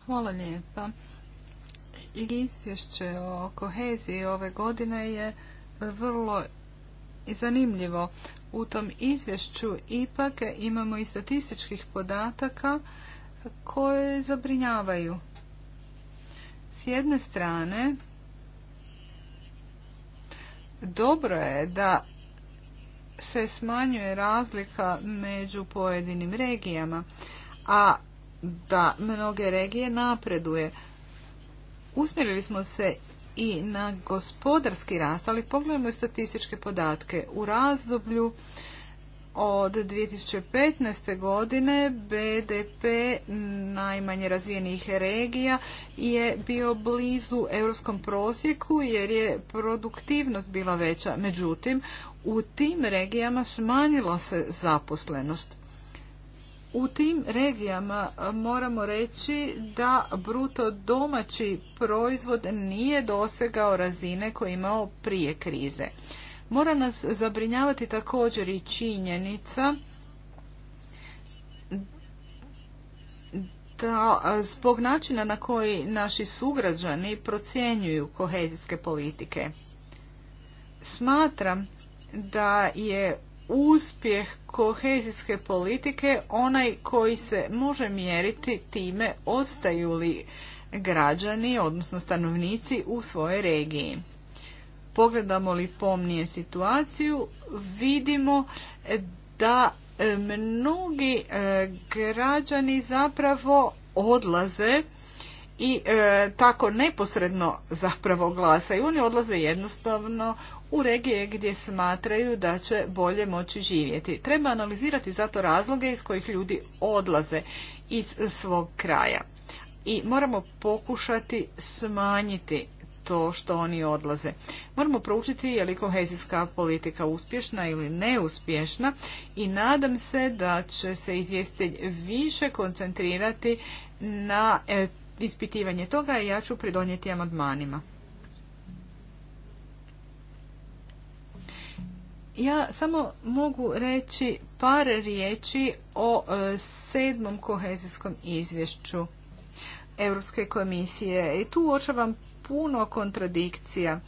Hvala lijepa. Izvješće o koheziji ove godine je vrlo zanimljivo. U tom izvješću ipak imamo i statističkih podataka koje zabrinjavaju. S jedne strane, dobro je da se smanjuje razlika među pojedinim regijama, a da mnoge regije napreduje. Usmjerili smo se i na gospodarski rast, ali pogledajmo statističke podatke. U razdoblju od 2015. godine BDP najmanje razvijenih regija je bio blizu europskom prosjeku jer je produktivnost bila veća. Međutim, u tim regijama smanjila se zaposlenost. U tim regijama e, moramo reći da bruto domaći proizvod nije dosegao razine koje imao prije krize. Mora nas zabrinjavati također i činjenica da e, zbog načina na koji naši sugrađani procjenjuju kohezijske politike. Smatram da je uspjeh kohezijske politike onaj koji se može mjeriti time ostaju li građani, odnosno stanovnici u svojoj regiji. Pogledamo li pomnije situaciju, vidimo da e, mnogi e, građani zapravo odlaze i e, tako neposredno zapravo glasaju. Oni odlaze jednostavno u regije gdje smatraju da će bolje moći živjeti. Treba analizirati zato razloge iz kojih ljudi odlaze iz svog kraja. I moramo pokušati smanjiti to što oni odlaze. Moramo proučiti je li kohezijska politika uspješna ili neuspješna i nadam se da će se izvjestitelj više koncentrirati na e, ispitivanje toga i ja ću pridonijeti amandmanima. Ja samo mogu reći par riječi o e, sedmom kohezijskom izvješću Europske komisije. I tu uočavam puno kontradikcija.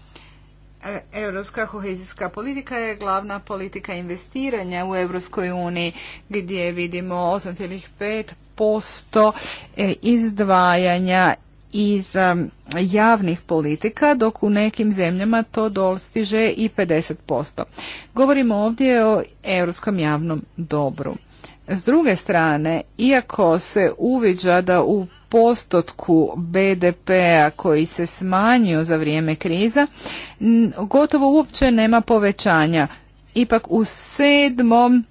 E, Europska kohezijska politika je glavna politika investiranja u Europskoj uniji gdje vidimo 8,5% e, izdvajanja iz um, javnih politika, dok u nekim zemljama to dostiže i 50%. Govorimo ovdje o europskom javnom dobru. S druge strane, iako se uviđa da u postotku BDP-a koji se smanjio za vrijeme kriza, gotovo uopće nema povećanja. Ipak u sedmom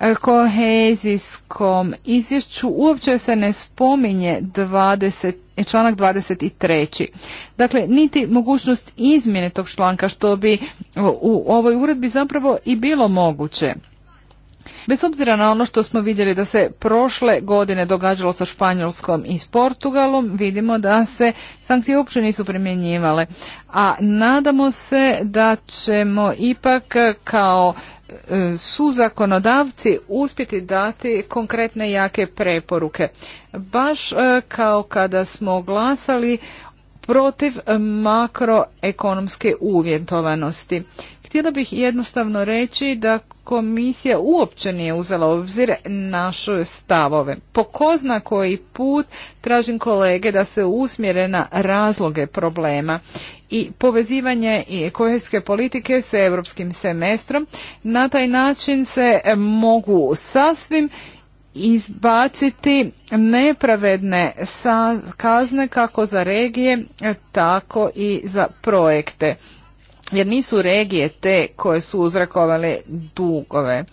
e, kohezijskom izvješću uopće se ne spominje članak 23. Dakle, niti mogućnost izmjene tog članka što bi u ovoj uredbi zapravo i bilo moguće. Bez obzira na ono što smo vidjeli da se prošle godine događalo sa Španjolskom i s Portugalom, vidimo da se sankcije uopće nisu primjenjivale. A nadamo se da ćemo ipak kao E, su zakonodavci uspjeti dati konkretne jake preporuke. Baš e, kao kada smo glasali protiv makroekonomske uvjetovanosti. Htjela bih jednostavno reći da komisija uopće nije uzela u obzir naše stavove. Po ko zna koji put tražim kolege da se usmjere na razloge problema i povezivanje i politike sa europskim semestrom. Na taj način se mogu sasvim izbaciti nepravedne kazne kako za regije, tako i za projekte jer nisu regije te koje su uzrakovale dugove.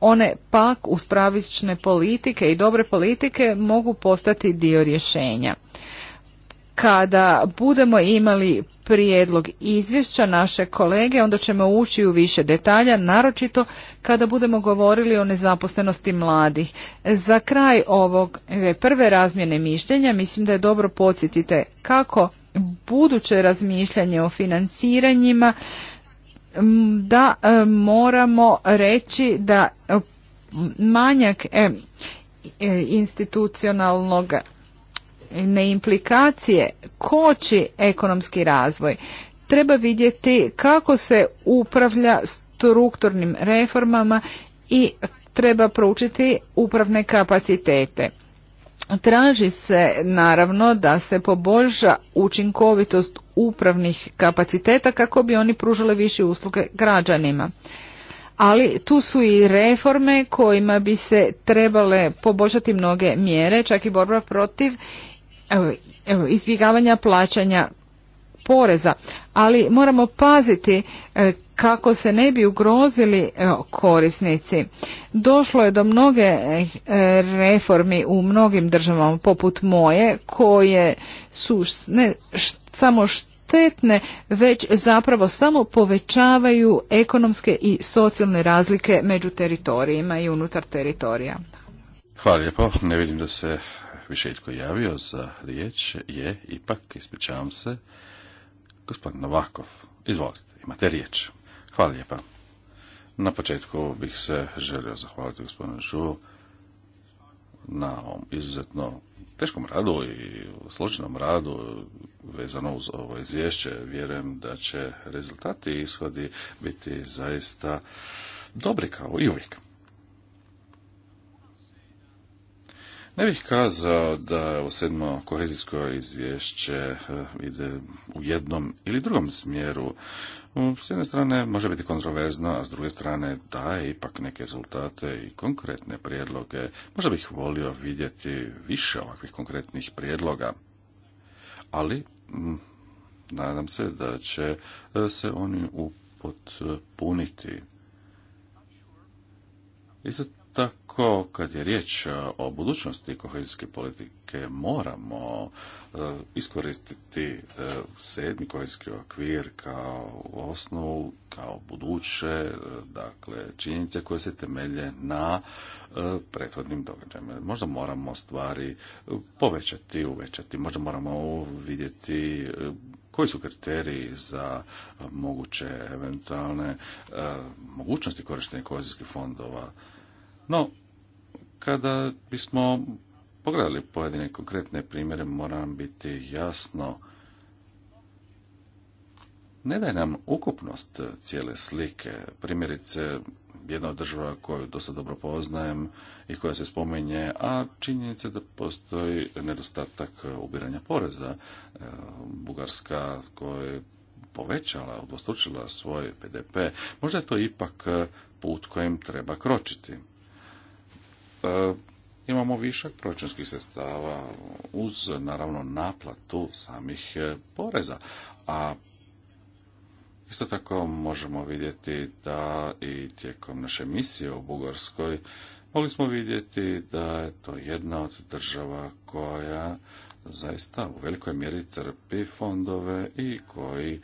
One pak uz pravične politike i dobre politike mogu postati dio rješenja. Kada budemo imali prijedlog izvješća naše kolege, onda ćemo ući u više detalja, naročito kada budemo govorili o nezaposlenosti mladih. Za kraj ovog prve razmjene mišljenja mislim da je dobro podsjetite kako buduće razmišljanje o financiranjima da e, moramo reći da e, manjak e, institucionalnog neimplikacije implikacije koči ekonomski razvoj. Treba vidjeti kako se upravlja strukturnim reformama i treba proučiti upravne kapacitete. Traži se naravno da se poboljša učinkovitost upravnih kapaciteta kako bi oni pružali više usluge građanima. Ali tu su i reforme kojima bi se trebale poboljšati mnoge mjere, čak i borba protiv izbjegavanja plaćanja poreza, ali moramo paziti e, kako se ne bi ugrozili e, korisnici. Došlo je do mnoge e, reformi u mnogim državama poput moje koje su ne samo štetne već zapravo samo povećavaju ekonomske i socijalne razlike među teritorijima i unutar teritorija. Hvala lijepo. Ne vidim da se više itko javio za riječ. Je, ipak, ispričavam se. Gospodin Novakov, izvolite, imate riječ. Hvala lijepa. Na početku bih se želio zahvaliti gospodinu Šu na ovom izuzetno teškom radu i složenom radu vezano uz ovo izvješće. Vjerujem da će rezultati i ishodi biti zaista dobri kao i uvijek. Ne bih kazao da ovo sedmo kohezijsko izvješće eh, ide u jednom ili drugom smjeru. S jedne strane može biti kontroverzno, a s druge strane daje ipak neke rezultate i konkretne prijedloge. Možda bih volio vidjeti više ovakvih konkretnih prijedloga, ali mm, nadam se da će eh, se oni upotpuniti. sad, tako kad je riječ e, o budućnosti kohezijske politike moramo e, iskoristiti e, sedmi kohezijski okvir kao osnovu, kao buduće, dakle činjenice koje se temelje na prethodnim događajima. Možda moramo stvari povećati, uvećati, možda moramo vidjeti koji su kriteriji za moguće eventualne mogućnosti korištenja kohezijskih fondova no, kada bismo pogledali pojedine konkretne primjere, moram biti jasno ne daje nam ukupnost cijele slike. Primjerice, jedna od država koju dosta dobro poznajem i koja se spominje, a činjenica da postoji nedostatak ubiranja poreza. E, Bugarska koja je povećala, odvostručila svoj PDP, možda je to ipak put kojim treba kročiti. E, imamo višak proračunskih sredstava uz naravno naplatu samih e, poreza. A Isto tako možemo vidjeti da i tijekom naše misije u Bugarskoj mogli smo vidjeti da je to jedna od država koja zaista u velikoj mjeri crpi fondove i koji e,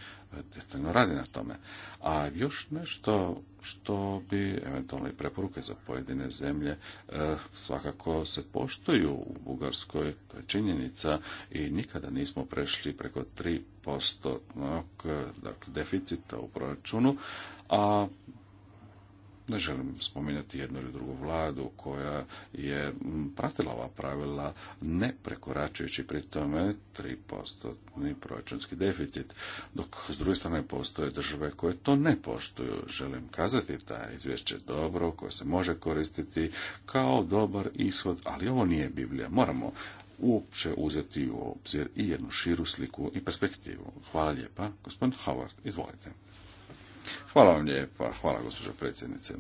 detaljno radi na tome. A još nešto što bi eventualno i preporuke za pojedine zemlje e, svakako se poštuju u Bugarskoj, to je činjenica i nikada nismo prešli preko 3% e, dakle, deficita u proračunu, a ne želim spominjati jednu ili drugu vladu koja je pratila ova pravila ne prekoračujući pri tome 3% proračunski deficit, dok s druge strane postoje države koje to ne poštuju. Želim kazati da izvješće dobro, koje se može koristiti kao dobar ishod, ali ovo nije Biblija. Moramo uopće uzeti u obzir i jednu širu sliku i perspektivu. Hvala lijepa. Gospodin Howard, izvolite. Hvala vam lijepa. Hvala, gospođo predsjednice.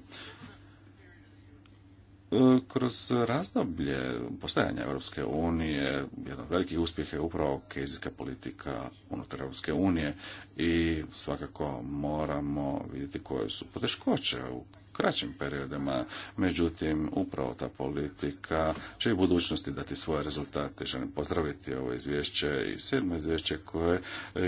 E, kroz razdoblje postajanja Europske unije, jedan od uspjeh je upravo kezijska politika unutar Europske unije i svakako moramo vidjeti koje su poteškoće u kraćim periodima. Međutim, upravo ta politika će u budućnosti dati svoje rezultate. Želim pozdraviti ovo izvješće i sedmo izvješće koje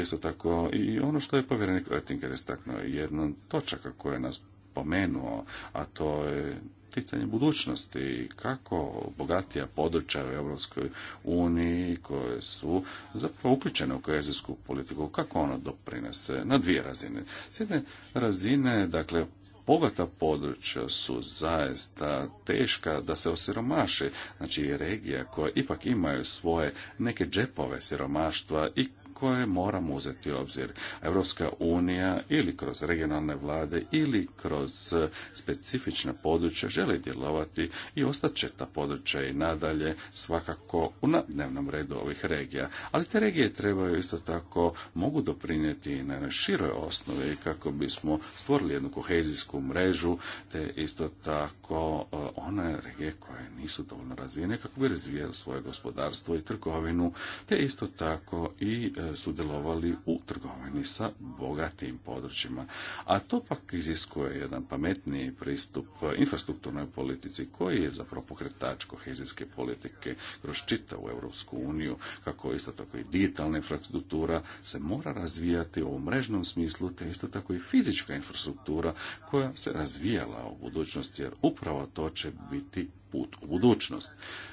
isto tako i ono što je povjerenik Oettinger istaknuo jednom točaka koje je nas pomenuo, a to je ticanje budućnosti i kako bogatija područja u Europskoj uniji koje su zapravo uključene u kohezijsku politiku, kako ono doprinese na dvije razine. S jedne razine, dakle, bogata područja su zaista teška da se osiromaše. Znači regija koja ipak imaju svoje neke džepove siromaštva i koje moramo uzeti u obzir. Europska unija ili kroz regionalne vlade ili kroz e, specifična područja žele djelovati i ostat će ta područja i nadalje svakako u dnevnom redu ovih regija. Ali te regije trebaju isto tako mogu doprinijeti na široj osnovi kako bismo stvorili jednu kohezijsku mrežu te isto tako e, one regije koje nisu dovoljno razvijene kako bi razvijali svoje gospodarstvo i trgovinu te isto tako i e, sudjelovali u trgovini sa bogatim područjima. A to pak iziskuje jedan pametniji pristup infrastrukturnoj politici koji je zapravo pokretač kohezijske politike kroz u Europsku uniju, kako isto tako i digitalna infrastruktura se mora razvijati u mrežnom smislu, te isto tako i fizička infrastruktura koja se razvijala u budućnosti, jer upravo to će biti put u budućnost.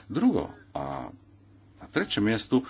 Drugo, a na trećem mjestu,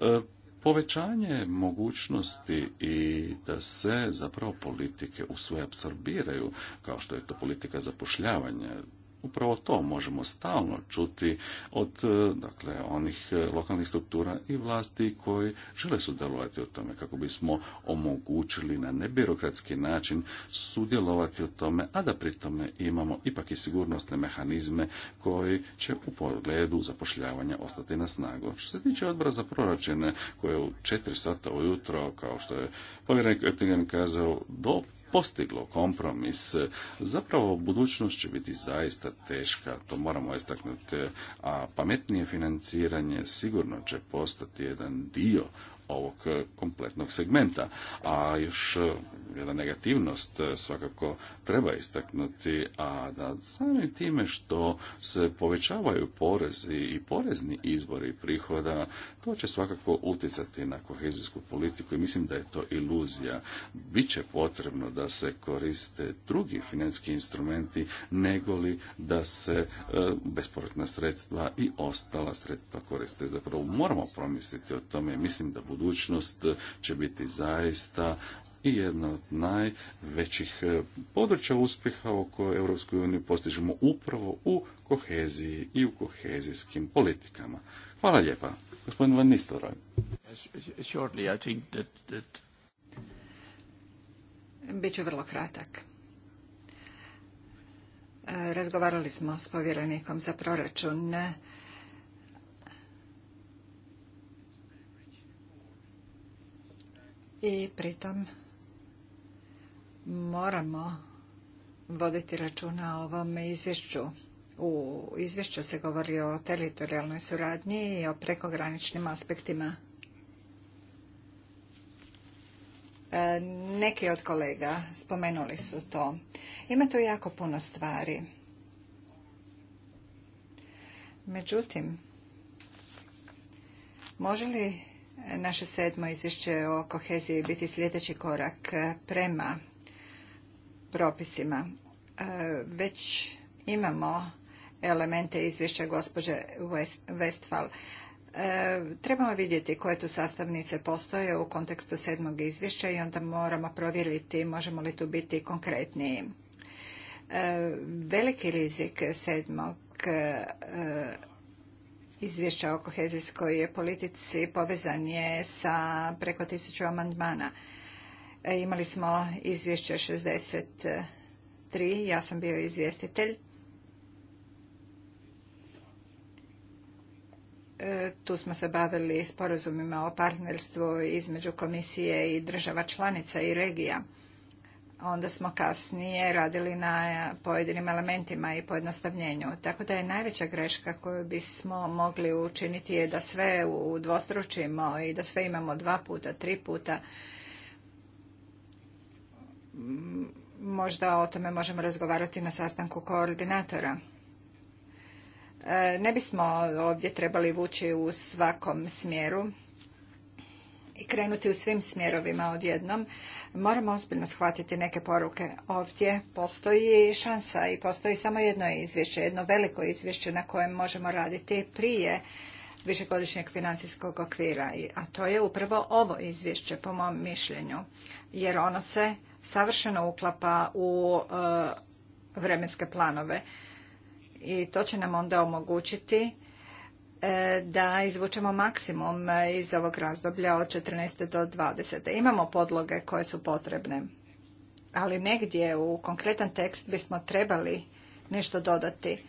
e, povećanje mogućnosti i da se zapravo politike u sve apsorbiraju, kao što je to politika zapošljavanja, upravo to možemo stalno čuti od e, dakle, onih e, lokalnih struktura i vlasti koji žele sudjelovati u tome kako bismo omogućili na nebirokratski način sudjelovati u tome, a da pri tome imamo ipak i sigurnosne mehanizme koji će u pogledu zapošljavanja ostati na snagu. Što se tiče odbora za proračune koje u četiri sata ujutro, kao što je povjerenik Ettingen kazao, do postiglo kompromis, zapravo budućnost će biti zaista teška, to moramo istaknuti, a pametnije financiranje sigurno će postati jedan dio ovog e, kompletnog segmenta. A još e, jedna negativnost e, svakako treba istaknuti, a da samim time što se povećavaju porezi i porezni izbori prihoda, to će svakako utjecati na kohezijsku politiku i mislim da je to iluzija. Biće potrebno da se koriste drugi financijski instrumenti nego li da se e, besporetna sredstva i ostala sredstva koriste. Zapravo moramo promisliti o tome. Mislim da budu budućnost e, će biti zaista i jedna od najvećih e, područja uspjeha u kojoj Europskoj uniji postižemo upravo u koheziji i u kohezijskim politikama. Hvala lijepa. Gospodin Van Nistelrooy. Biću vrlo kratak. E, razgovarali smo s povjerenikom za proračun i pritom moramo voditi računa o ovom izvješću. U izvješću se govori o teritorijalnoj suradnji i o prekograničnim aspektima. E, neki od kolega spomenuli su to. Ima tu jako puno stvari. Međutim, može li naše sedmo izvješće o koheziji biti sljedeći korak prema propisima. E, već imamo elemente izvješća gospođe Westfall. E, trebamo vidjeti koje tu sastavnice postoje u kontekstu sedmog izvješća i onda moramo provjeriti možemo li tu biti konkretniji. E, veliki rizik sedmog izvješća o kohezijskoj politici povezan je sa preko tisuću amandmana. E, imali smo izvješće 63, ja sam bio izvjestitelj. E, tu smo se bavili sporazumima o partnerstvu između komisije i država članica i regija onda smo kasnije radili na pojedinim elementima i pojednostavljenju. Tako da je najveća greška koju bismo mogli učiniti je da sve udvostručimo i da sve imamo dva puta, tri puta. Možda o tome možemo razgovarati na sastanku koordinatora. E, ne bismo ovdje trebali vući u svakom smjeru i krenuti u svim smjerovima odjednom. Moramo ozbiljno shvatiti neke poruke. Ovdje postoji šansa i postoji samo jedno izvješće, jedno veliko izvješće na kojem možemo raditi prije višegodišnjeg financijskog okvira, a to je upravo ovo izvješće po mom mišljenju, jer ono se savršeno uklapa u e, vremenske planove i to će nam onda omogućiti E, da izvučemo maksimum iz ovog razdoblja od 14. do 20. Imamo podloge koje su potrebne, ali negdje u konkretan tekst bismo trebali nešto dodati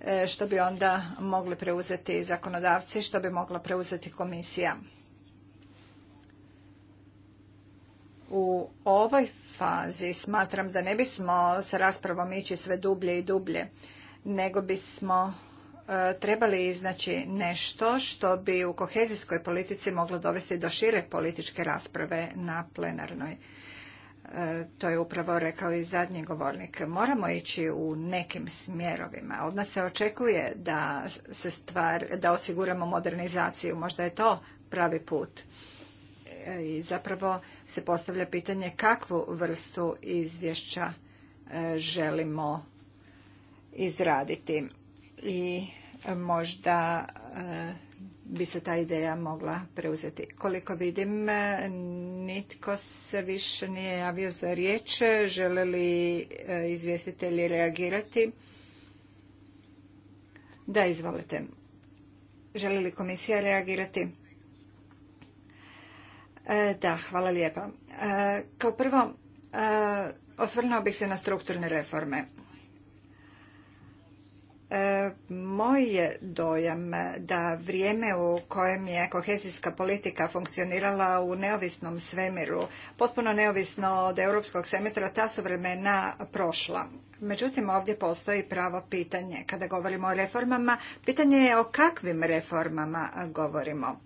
e, što bi onda mogli preuzeti zakonodavci, što bi mogla preuzeti komisija. U ovoj fazi smatram da ne bismo sa raspravom ići sve dublje i dublje, nego bismo E, trebali iznaći nešto što bi u kohezijskoj politici moglo dovesti do šire političke rasprave na plenarnoj. E, to je upravo rekao i zadnji govornik. Moramo ići u nekim smjerovima. Od nas se očekuje da, se stvar, da osiguramo modernizaciju. Možda je to pravi put. E, I zapravo se postavlja pitanje kakvu vrstu izvješća želimo izraditi i možda e, bi se ta ideja mogla preuzeti. Koliko vidim, e, nitko se više nije javio za riječ. Žele li e, izvjestitelji reagirati? Da, izvolite. Želi li komisija reagirati? Da, hvala lijepa. Kao prvo, osvrnuo bih se na strukturne reforme. E, moj je dojam da vrijeme u kojem je kohezijska politika funkcionirala u neovisnom svemiru, potpuno neovisno od europskog semestra, ta su vremena prošla. Međutim, ovdje postoji pravo pitanje. Kada govorimo o reformama, pitanje je o kakvim reformama govorimo.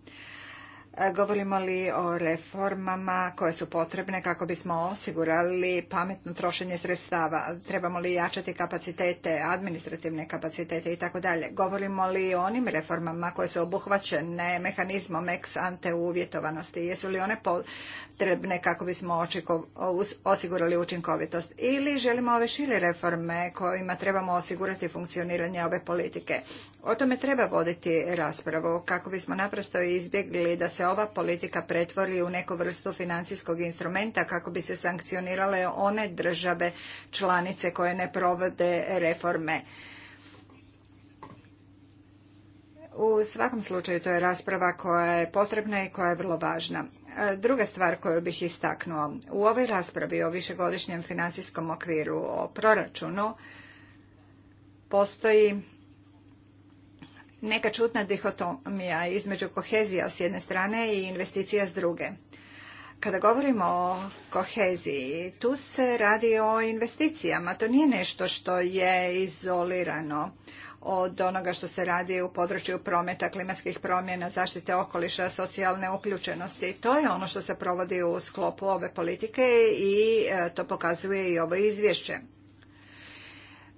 E, govorimo li o reformama koje su potrebne kako bismo osigurali pametno trošenje sredstava? Trebamo li jačati kapacitete, administrativne kapacitete i tako dalje? Govorimo li o onim reformama koje su obuhvaćene mehanizmom ex ante uvjetovanosti? Jesu li one potrebne kako bismo osigurali učinkovitost? Ili želimo ove šire reforme kojima trebamo osigurati funkcioniranje ove politike? O tome treba voditi raspravu kako bismo naprosto izbjegli da se ova politika pretvori u neku vrstu financijskog instrumenta kako bi se sankcionirale one države članice koje ne provode reforme. U svakom slučaju to je rasprava koja je potrebna i koja je vrlo važna. Druga stvar koju bih istaknuo, u ovoj raspravi o višegodišnjem financijskom okviru, o proračunu, postoji neka čutna dihotomija između kohezija s jedne strane i investicija s druge. Kada govorimo o koheziji, tu se radi o investicijama. To nije nešto što je izolirano od onoga što se radi u području prometa, klimatskih promjena, zaštite okoliša, socijalne uključenosti. To je ono što se provodi u sklopu ove politike i e, to pokazuje i ovo izvješće.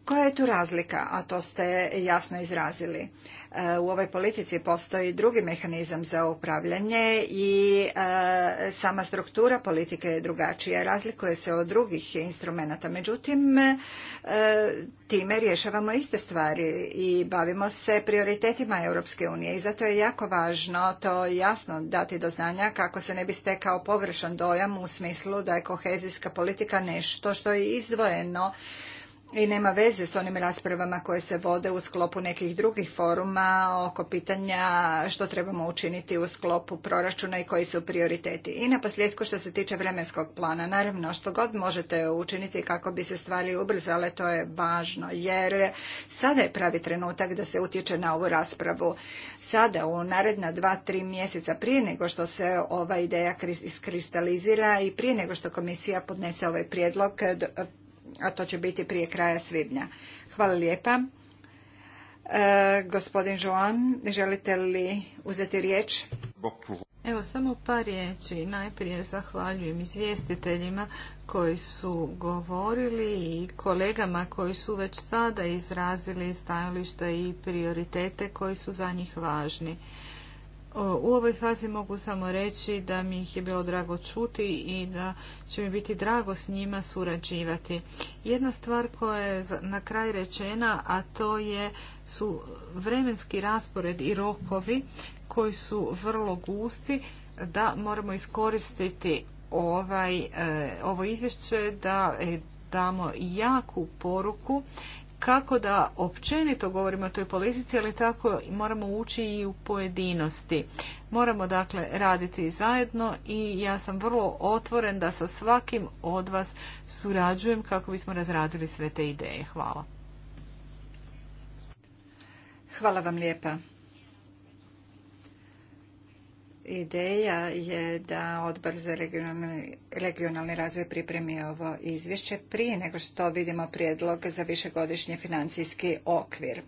Koja je tu razlika, a to ste jasno izrazili? U ovoj politici postoji drugi mehanizam za upravljanje i e, sama struktura politike je drugačija, razlikuje se od drugih instrumenata. Međutim, e, time rješavamo iste stvari i bavimo se prioritetima Europske unije i zato je jako važno to jasno dati do znanja kako se ne bi stekao pogrešan dojam u smislu da je kohezijska politika nešto što je izdvojeno i nema veze s onim raspravama koje se vode u sklopu nekih drugih foruma oko pitanja što trebamo učiniti u sklopu proračuna i koji su prioriteti. I na posljedku što se tiče vremenskog plana, naravno što god možete učiniti kako bi se stvari ubrzale, to je važno jer sada je pravi trenutak da se utječe na ovu raspravu. Sada u naredna dva, tri mjeseca prije nego što se ova ideja iskristalizira i prije nego što komisija podnese ovaj prijedlog, a to će biti prije kraja svibnja. Hvala lijepa. E, gospodin Joan, želite li uzeti riječ? Evo samo par riječi. Najprije zahvaljujem izvjestiteljima koji su govorili i kolegama koji su već sada izrazili stajališta i prioritete koji su za njih važni. U ovoj fazi mogu samo reći da mi ih je bilo drago čuti i da će mi biti drago s njima surađivati. Jedna stvar koja je na kraj rečena, a to je su vremenski raspored i rokovi koji su vrlo gusti da moramo iskoristiti ovaj, e, ovo izvješće da e, damo jaku poruku kako da općenito govorimo o toj politici, ali tako moramo ući i u pojedinosti. Moramo dakle raditi zajedno i ja sam vrlo otvoren da sa svakim od vas surađujem kako bismo razradili sve te ideje. Hvala. Hvala vam lijepa. Ideja je da odbor za regionalni, razvoj pripremi ovo izvješće prije nego što vidimo prijedlog za višegodišnji financijski okvir.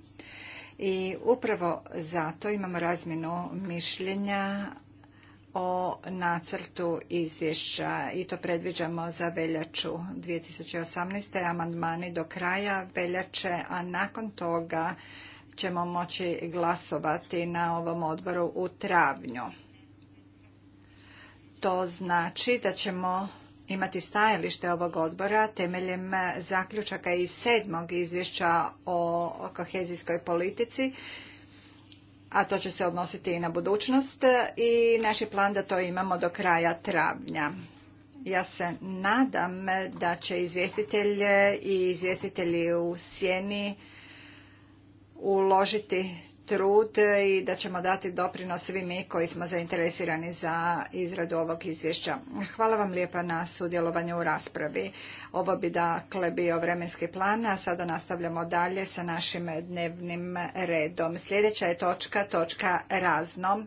I upravo zato imamo razmjenu mišljenja o nacrtu izvješća i to predviđamo za veljaču 2018. amandmani do kraja veljače, a nakon toga ćemo moći glasovati na ovom odboru u travnju to znači da ćemo imati stajalište ovog odbora temeljem zaključaka iz sedmog izvješća o kohezijskoj politici, a to će se odnositi i na budućnost i naš je plan da to imamo do kraja travnja. Ja se nadam da će izvjestitelje i izvjestitelji u sjeni uložiti trud i da ćemo dati doprinos svi mi koji smo zainteresirani za izradu ovog izvješća. Hvala vam lijepa na sudjelovanju u raspravi. Ovo bi dakle bio vremenski plan, a sada nastavljamo dalje sa našim dnevnim redom. Sljedeća je točka, točka razno.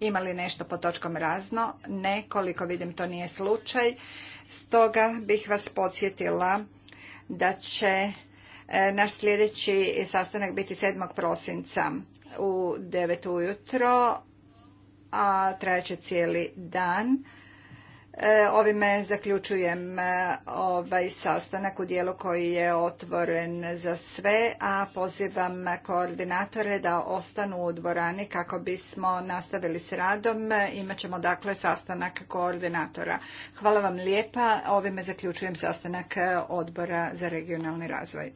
Ima li nešto po točkom razno? Ne, koliko vidim to nije slučaj. Stoga bih vas podsjetila da će E, naš sljedeći sastanak biti 7. prosinca u 9. ujutro, a trajeće cijeli dan. E, ovime zaključujem e, ovaj sastanak u dijelu koji je otvoren za sve, a pozivam koordinatore da ostanu u dvorani kako bismo nastavili s radom. E, Imaćemo dakle sastanak koordinatora. Hvala vam lijepa. Ovime zaključujem sastanak odbora za regionalni razvoj.